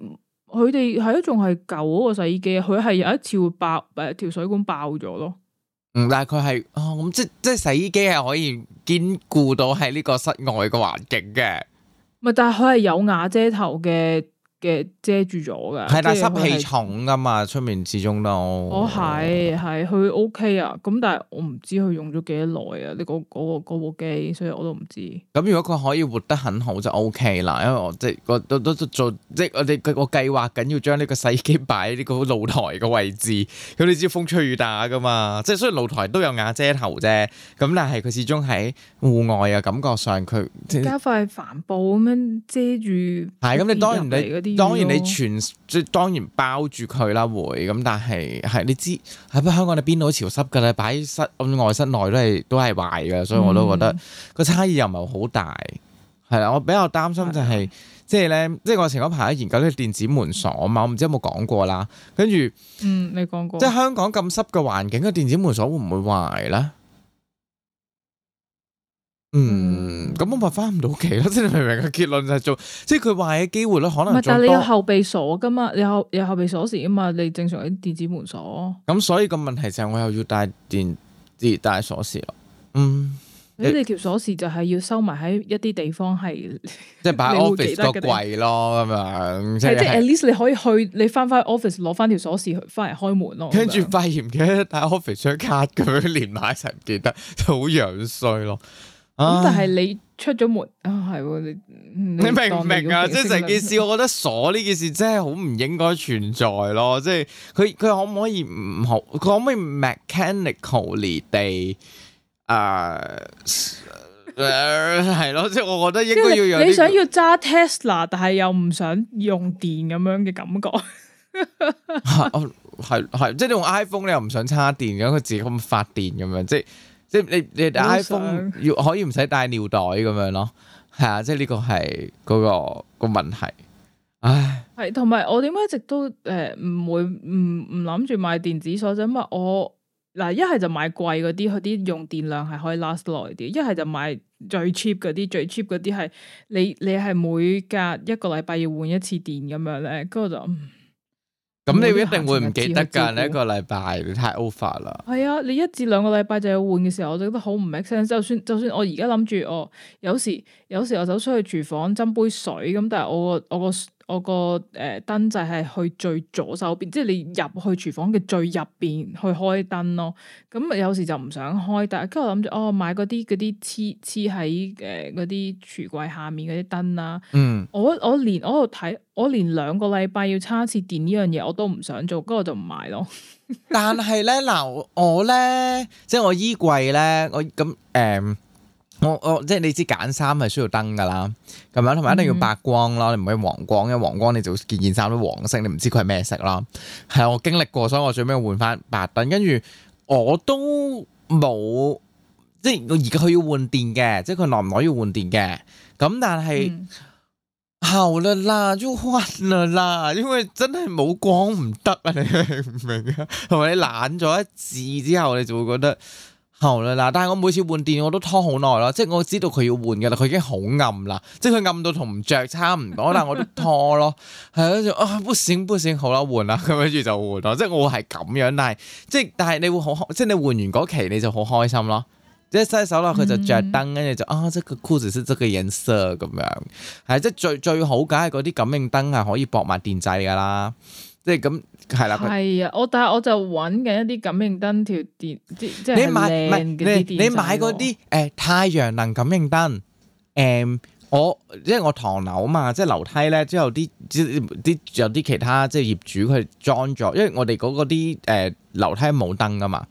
佢哋係仲係舊嗰個洗衣機，佢係有一次會爆誒條水管爆咗咯。嗯，但係佢係啊咁，即即係洗衣機係可以兼顧到喺呢個室外嘅環境嘅。咪但係佢係有瓦遮頭嘅。嘅遮住咗噶，係但係濕氣重噶嘛，出面始終都，哦係係佢 O K 啊，咁但係我唔知佢用咗幾耐啊，呢個嗰部機，所以我都唔知。咁如果佢可以活得很好就 OK 啦，因為我即係我都都做即係我哋個計劃緊要將呢個洗衣機擺喺呢個露台嘅位置，咁你知風吹雨打噶嘛，即係雖然露台都有瓦遮頭啫，咁但係佢始終喺戶外啊，感覺上佢加塊帆布咁樣遮住，係咁、嗯、你當然當然你全即當然包住佢啦，會咁，但係係你知係不香港你邊度都潮濕，噶啦，擺喺室外室內都係都係壞噶，所以我都覺得個差異又唔係好大。係啦、嗯，我比較擔心就係、是、是的 即係咧，即係我前嗰排研究啲電子門鎖嘛，我唔知有冇講過啦，跟住嗯，你講過，嗯、過即係香港咁濕嘅環境，個電子門鎖會唔會壞咧？嗯，咁、嗯、我咪翻唔到屋企咯，即係明唔明嘅結論就係做，即係佢壞嘅機會咯，可能。唔係，但係你有後備鎖噶嘛？你後你有後備鎖匙噶嘛？你正常啲電子門鎖。咁所以個問題就係我又要帶電，帶帶鎖匙咯。嗯，你條鎖匙就係要收埋喺一啲地方係，即係擺 office 個櫃咯咁樣。係即係 at least 你可以去，你翻翻 office 攞翻條鎖匙翻嚟開門咯。跟住發現嘅帶 office 張卡咁樣連埋一齊唔記得， 就好樣衰咯。咁但係你出咗門啊，係、哦、你你明唔明啊？即係成件事，我覺得鎖呢件事真係好唔應該存在咯。即係佢佢可唔可以唔好？佢可唔可以 mechanically 地誒係、呃、咯、 呃？即係我覺得應該要、這個，你想要揸 Tesla，但係又唔想用電咁樣嘅感覺 、啊。係、哦、係即係你用 iPhone，你又唔想叉電，咁佢自己咁發電咁樣，即係。即係你你帶 iPhone 要可以唔使帶尿袋咁樣咯，係啊，即係呢個係嗰個個問題。唉，係同埋我點解一直都誒唔會唔唔諗住買電子鎖啫？因為我嗱一係就買貴嗰啲，佢啲用電量係可以 last 耐啲；一係就買最 cheap 嗰啲，最 cheap 嗰啲係你你係每隔一個禮拜要換一次電咁樣咧，跟住就嗯。咁你一定會唔記得噶，你一個禮拜你太 over 啦。係啊，你一至兩個禮拜就要換嘅時候，我就覺得好唔 exciting。就算就算我而家諗住，我、哦、有時有時我走出去廚房斟杯水咁，但係我個我個。我個誒燈就係去最左手邊，即係你入去廚房嘅最入邊去開燈咯。咁有時就唔想開，但係跟住我諗住哦，買嗰啲嗰啲黐黐喺誒嗰啲櫥櫃下面嗰啲燈啦。嗯，我我連我喺度睇，我連兩個禮拜要叉一次電呢樣嘢我都唔想做，跟住我就唔買咯。但係咧，嗱我我咧，即係我衣櫃咧，我咁誒。我我即係你知揀衫係需要燈噶啦，咁樣同埋一定要白光囉，你唔可以黃光，因為黃光你就件件衫都黃色，你唔知佢係咩色囉。係啊，我經歷過，所以我最尾換翻白燈，跟住我都冇即係我而家佢要換電嘅，即係佢耐唔耐要換電嘅。咁但係後嘞啦，都昏嘞啦，因為真係冇光唔得啊！你明噶？同 埋你懶咗一次之後，你就會覺得。但係我每次換電我都拖好耐咯，即係我知道佢要換㗎啦，佢已經好暗啦，即係佢暗到同唔着差唔多，但我都拖咯，係跟住啊，不閃不閃好啦，換啦，跟住就換啦，即係我係咁樣，但係即係但係你會好即係你換完嗰期你就好開心咯，即係嘥手啦，佢就着燈，跟住、嗯、就啊，即係個 cool 色，即係個顏色咁樣，係即係最最好梗係嗰啲感應燈係可以駁埋電掣㗎啦，即係咁。係啦，係啊，我但係我就揾緊一啲感應燈條電，即係你買你，你買嗰啲誒太陽能感應燈，誒、嗯、我因為我唐樓嘛，即係樓梯咧之後啲啲有啲其他即係業主佢裝咗，因為我哋嗰啲誒樓梯冇燈噶嘛，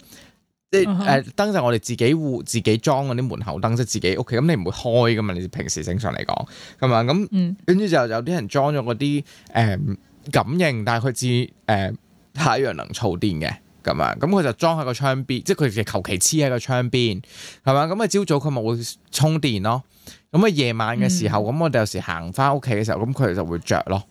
即係誒燈就我哋自己戶自己裝嗰啲門口燈即係自己屋企，咁你唔會開噶嘛，你平時正常嚟講，咁啊咁，跟住、mm. 就有，有啲人裝咗嗰啲誒。感應，但係佢至誒、呃、太陽能儲電嘅咁樣，咁佢就裝喺個窗邊，即係佢求其黐喺個窗邊，係嘛？咁啊朝早佢咪會充電咯，咁啊夜晚嘅時候，咁、嗯、我哋有時行翻屋企嘅時候，咁佢哋就會着咯。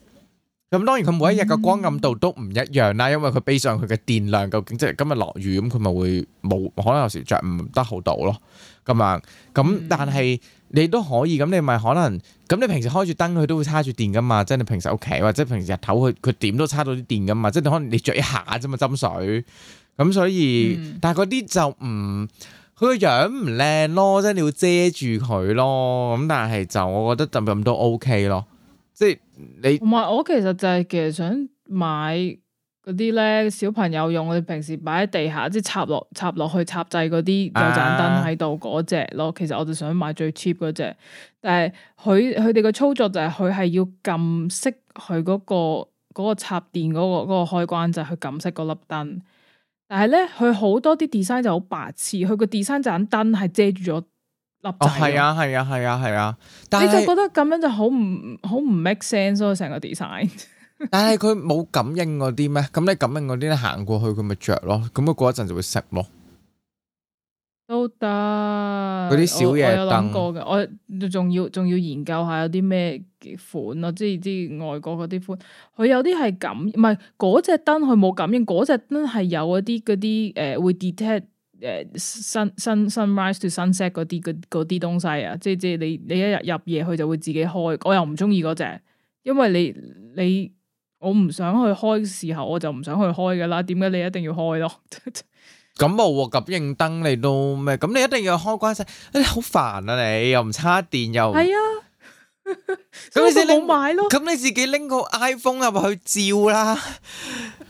咁當然佢每一日嘅光暗度都唔一樣啦，嗯、因為佢備上佢嘅電量究竟即係今日落雨，咁佢咪會冇可能有時着唔得好到咯，咁樣咁但係。你都可以咁，你咪可能咁。你平時開住燈，佢都會叉住電噶嘛。即係你平時屋企或者平時日頭，佢佢點都叉到啲電噶嘛。即係你可能你著一下啫嘛，斟水。咁所以，嗯、但係嗰啲就唔，佢個樣唔靚咯。即係你要遮住佢咯。咁但係就我覺得特別咁都 OK 咯。即係你唔係我，我其實就係其實想買。嗰啲咧小朋友用，我哋平時擺喺地下，即係插落插落去插掣嗰啲有盞燈喺度嗰隻咯。啊、其實我就想買最 cheap 嗰隻，但係佢佢哋嘅操作就係佢係要撳熄佢嗰個個插電嗰、嗰個嗰、嗰個開關，就去撳熄嗰粒燈。但係咧，佢好多啲 design 就好白痴，佢個 design 盞燈係遮住咗粒。係、哦、啊係啊係啊係啊,啊！但係你就覺得咁樣就好唔好唔 make sense 咯，成個 design。 但係佢冇感應嗰啲咩？咁你感應嗰啲咧行過去佢咪着咯？咁佢過一陣就會熄咯，都得。嗰啲小嘢燈，我仲要仲要研究下有啲咩款啊？即係即係啲外國嗰啲款，佢有啲係感唔係嗰隻燈佢冇感應，嗰隻燈係有嗰啲嗰啲誒會 detect 誒、呃、sun sun sunrise to sunset 嗰啲嗰啲東西啊！即係即係你你一入夜佢就會自己開，我又唔中意嗰隻，因為你你。你你我唔想去開嘅時候，我就唔想去開㗎喇。點解你一定要開咯？咁冇喎，感應燈你都咩？咁你一定要開關聲、哎，你好煩啊！你又唔差電又係是啊？咁你冇買咯？咁你自己拎個 iPhone 入去照啦。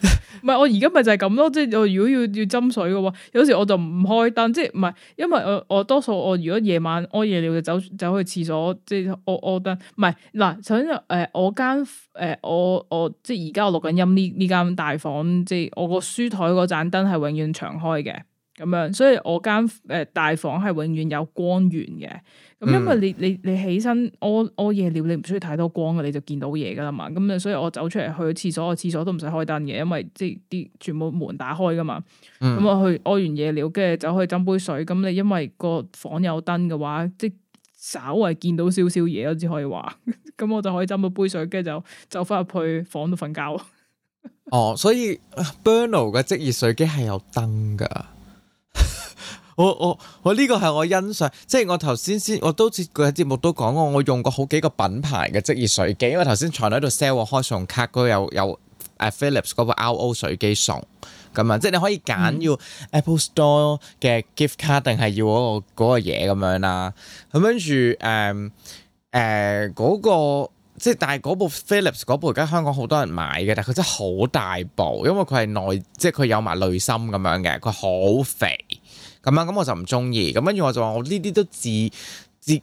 唔係我而家咪就係咁咯，即係我如果要要斟水嘅話，有時我就唔開燈，即係唔係，因為我我多數我如果晚我夜晚屙夜尿就走走去廁所，即係我我燈唔係嗱，首先就誒、呃、我間誒、呃、我我即係而家我錄緊音呢呢間大房，即係我個書台嗰盞燈係永遠長開嘅，咁樣，所以我間誒、呃、大房係永遠有光源嘅。咁、嗯、因為你你你起身屙屙夜尿，你唔需要太多光嘅，你就見到嘢噶啦嘛。咁啊，所以我走出嚟去廁所，我廁所都唔使開燈嘅，因為即係啲全部門打開噶嘛。咁、嗯、我去屙完夜尿，跟住走去斟杯水。咁你因為個房有燈嘅話，即稍微見到少少嘢，我只可以話，咁 我就可以斟咗杯水，跟住就走翻入去房度瞓覺。 哦，所以 Bernard 嘅即熱水機係有燈噶。我我我呢個係我欣賞，即係我頭先先我都喺個節目都講過，我用過好幾個品牌嘅即熱水機，因為頭先財喺度 sell 開送卡，嗰有有誒、啊、Philips 嗰部 RO 水機送咁樣，即係你可以揀要 Apple Store 嘅 gift card 定係要嗰、嗰個嘢咁、嗰個、樣啦。咁跟住誒誒嗰個即係，但係嗰部 Philips 嗰部而家香港好多人買嘅，但係佢真係好大部，因為佢係內即係佢有埋內心咁樣嘅，佢好肥。咁樣，咁我就唔中意，咁跟住我就話我呢啲都自。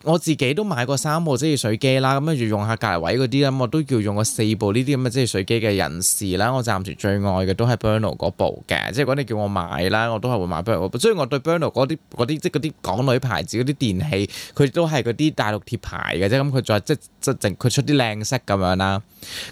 我自己都買過三部即熱水機啦，咁跟住用下隔離位嗰啲啦，我都叫用過四部呢啲咁嘅即熱水機嘅人士啦。我暫時最愛嘅都係 Bruno 嗰部嘅，即係如果你叫我買啦，我都係會買 Bruno 嗰部。雖然我對 Bruno 嗰啲啲即係嗰啲港女牌子嗰啲電器，佢都係嗰啲大陸貼牌嘅啫，咁佢再即係即係佢出啲靚色咁樣啦。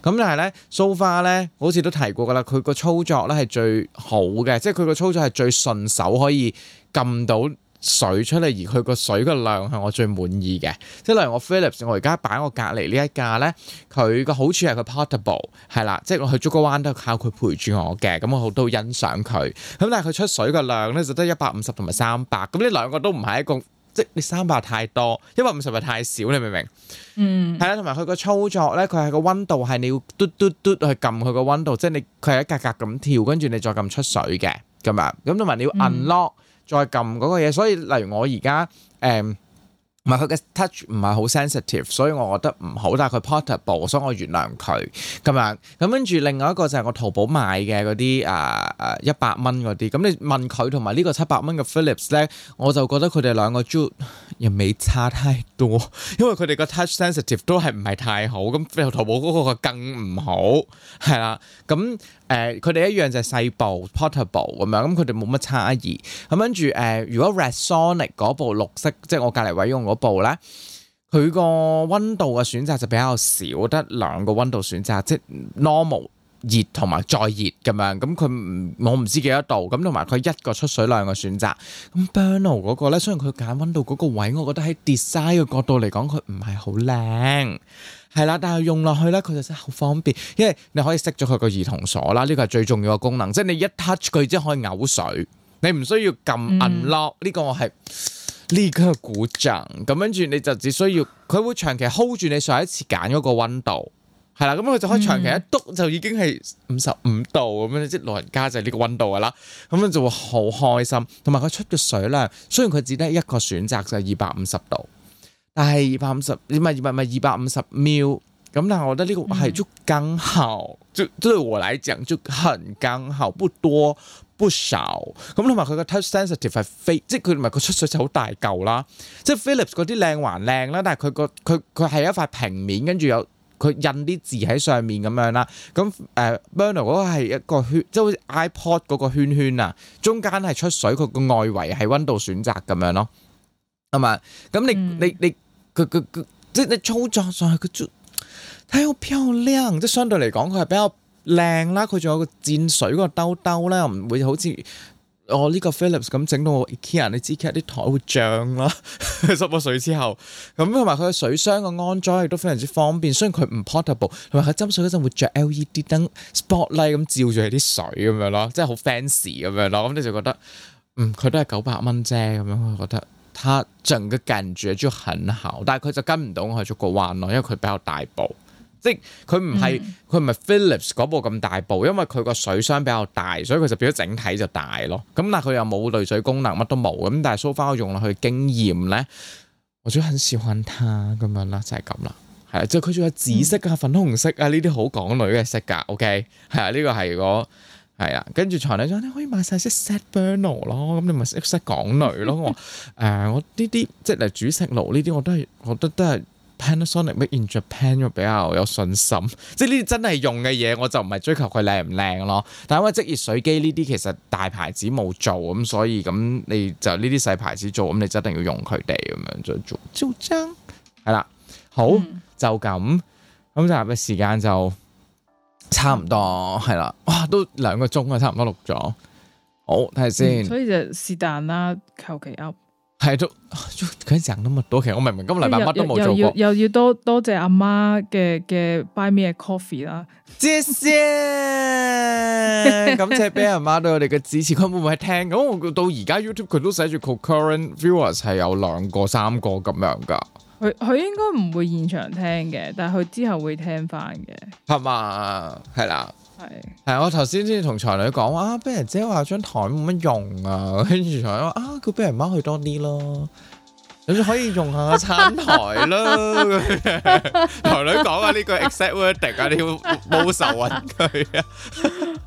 咁但係咧 so far 咧，好似都提過噶啦，佢個操作咧係最好嘅，即係佢個操作係最順手可以撳到。水出嚟，而佢個水嘅量係我最滿意嘅。即係例如我 Philips，我而家擺我隔離呢一架咧，佢個好處係佢 portable，係啦。即係我去竹篙灣都靠佢陪住我嘅，咁我好都欣賞佢。咁但係佢出水嘅量咧，就得一百五十同埋三百，咁呢兩個都唔係一個。即你三百太多，一百五十咪太少，你明唔明？嗯，係啦，同埋佢個操作咧，佢係個温度係你要嘟嘟嘟去撳佢個温度，即係你佢係一格格咁跳，跟住你再撳出水嘅咁啊。咁同埋你要按 lock。再撳嗰個嘢，所以例如我而家誒，唔係佢嘅 touch 唔係好 sensitive，所以我覺得唔好，但係佢 portable，所以我原諒佢咁樣。咁跟住另外一個就係我淘寶買嘅嗰啲啊啊一百蚊嗰啲，咁你問佢同埋呢個七百蚊嘅 Philips 咧，我就覺得佢哋兩個仲又未差太多，因為佢哋個 touch sensitive 都係唔係太好，咁淘寶嗰個更唔好，係啦，咁。誒，佢哋一樣就係細部 portable 咁樣，咁佢哋冇乜差異。咁跟住誒，如果 Rasonic 嗰部綠色，即係我隔離位用嗰部咧，佢個溫度嘅選擇就比較少，得兩個溫度選擇，即係 normal 熱同埋再熱咁樣。咁佢唔我唔知幾多度，咁同埋佢一個出水量嘅選擇。咁 b e r n o l 嗰個咧，雖然佢揀溫度嗰個位，我覺得喺 design 嘅角度嚟講，佢唔係好靚。係啦，但係用落去咧，佢就真係好方便，因為你可以熄咗佢個兒童鎖啦，呢個係最重要嘅功能，即係你一 touch 佢即可以嘔水，你唔需要撳 unlock 呢個我係呢、這個係故障，咁跟住你就只需要佢會長期 hold 住你上一次揀嗰個温度，係啦，咁佢就可以長期一督、嗯、就已經係五十五度咁樣，即係老人家就係呢個温度噶啦，咁樣就會好開心，同埋佢出嘅水量，雖然佢只得一個選擇就係二百五十度。係二百五十，唔係二百，唔係二百五十 mill，咁啦，但我覺得呢個係足剛好，嗯、就對我來講足很剛好，不多不少，咁同埋佢個 touch sensitive 係飛，即係佢唔係佢出水就好、是、大嚿啦，即係 Philips 嗰啲靚還靚啦，但係佢個佢佢係一塊平面，跟住有佢印啲字喺上面咁樣啦，咁誒、呃、Berner 嗰個係一個圈，即、就、係、是、好似 iPod 嗰個圈圈啊，中間係出水，佢個外圍係温度選擇咁樣咯，係嘛？咁你你你。嗯你你佢佢佢即係操作上去，佢就睇好漂亮，即係相對嚟講佢係比較靚啦。佢仲有個濺水嗰個兜兜啦，唔會好似我呢個 Philips 咁整到我 IKEA 啲支架啲台會漲啦，濕咗水之後。咁同埋佢嘅水箱個安裝亦都非常之方便，雖然佢唔 portable，同埋佢斟水嗰陣會著 LED 燈 spotlight 咁照住佢啲水咁樣咯，即係好 fancy 咁樣咯。咁你就覺得嗯佢都係九百蚊啫咁樣，我覺得。它整個感覺就很好，但係佢就跟唔到我去做個玩樂，因為佢比較大部，即係佢唔係佢唔係 Philips 嗰部咁大部，因為佢個水箱比較大，所以佢就變咗整體就大咯。咁但係佢又冇濾水功能，乜都冇。咁但係 so far 我用落去經驗咧，我就很喜歡它咁樣啦，就係咁啦，係啊，即係佢仲有紫色啊、嗯、粉紅色啊呢啲好港女嘅色噶，OK，係啊，呢個係如果。係啊，跟住財你講，你可以買曬啲 set burner 咯，咁你咪 set 港女咯。我誒、呃，我呢啲即係煮食爐呢啲，我都係覺得都係 Panasonic make in Japan，比較有信心。即係呢啲真係用嘅嘢，我就唔係追求佢靚唔靚咯。但係因為即熱水機呢啲，其實大牌子冇做咁、嗯，所以咁、嗯、你就呢啲細牌子做咁、嗯，你就一定要用佢哋咁樣做做。係啦、嗯，好、嗯、就咁咁，就入嘅時間就。差唔多係啦，哇都兩個鐘啊，差唔多錄咗。好睇下先、嗯，所以就是但啦，求其噏。係都佢成日都咁到。其實我明明今個禮拜乜都冇做過，又要多多謝阿媽嘅嘅 Buy Me a Coffee 啦，謝謝，感謝俾阿媽對我哋嘅支持，佢會唔會聽？咁我到而家 YouTube 佢都寫住 Concurrent Viewers 係有兩個三個咁樣噶。佢佢應該唔會現場聽嘅，但係佢之後會聽翻嘅。係嘛？係啦。係係是，我頭先先同才，才女講話，俾、啊、人姐話張台冇乜用啊，跟住才女話啊，佢俾人踎佢多啲咯，有冇可以用下餐台啦？才 女講啊，呢句 exact wording 啊， 你要冇仇問佢啊。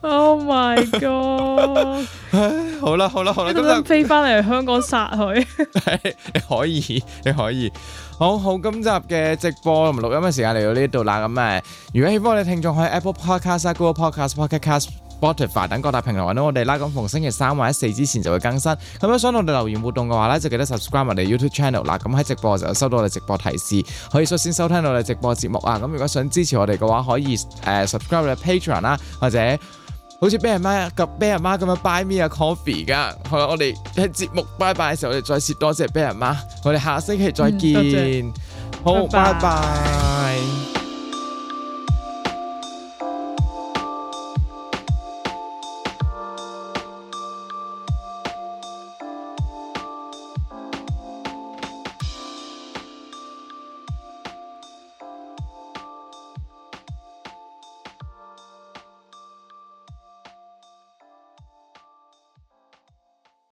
Oh my god！唉，好啦好啦好啦，咁樣天飛翻嚟香港殺佢。 你可以，你可以。好好，今集嘅直播同錄音嘅時間嚟到呢度啦。咁、嗯、誒，如果喜歡我哋聽眾，喺 Apple Podcast、Google Podcast、Podcast、Spotify 等各大平台揾到我哋啦。咁逢星期三或者四之前就會更新。咁、嗯、樣想到我哋留言活動嘅話咧，就記得 subscribe 我哋 YouTube Channel 啦。咁、嗯、喺直播就有收到我哋直播提示，可以率先收聽到我哋直播節目啊。咁、嗯、如果想支持我哋嘅話，可以誒 subscribe 我哋 Patreon 啦，或者。好似 bear 媽咁 bear 媽咁樣 buy me a coffee 噶，好啦，我哋喺節目拜拜嘅時候，我哋再說謝多謝 bear 媽，我哋下星期再見，嗯、謝謝好，拜拜 bye。Bye bye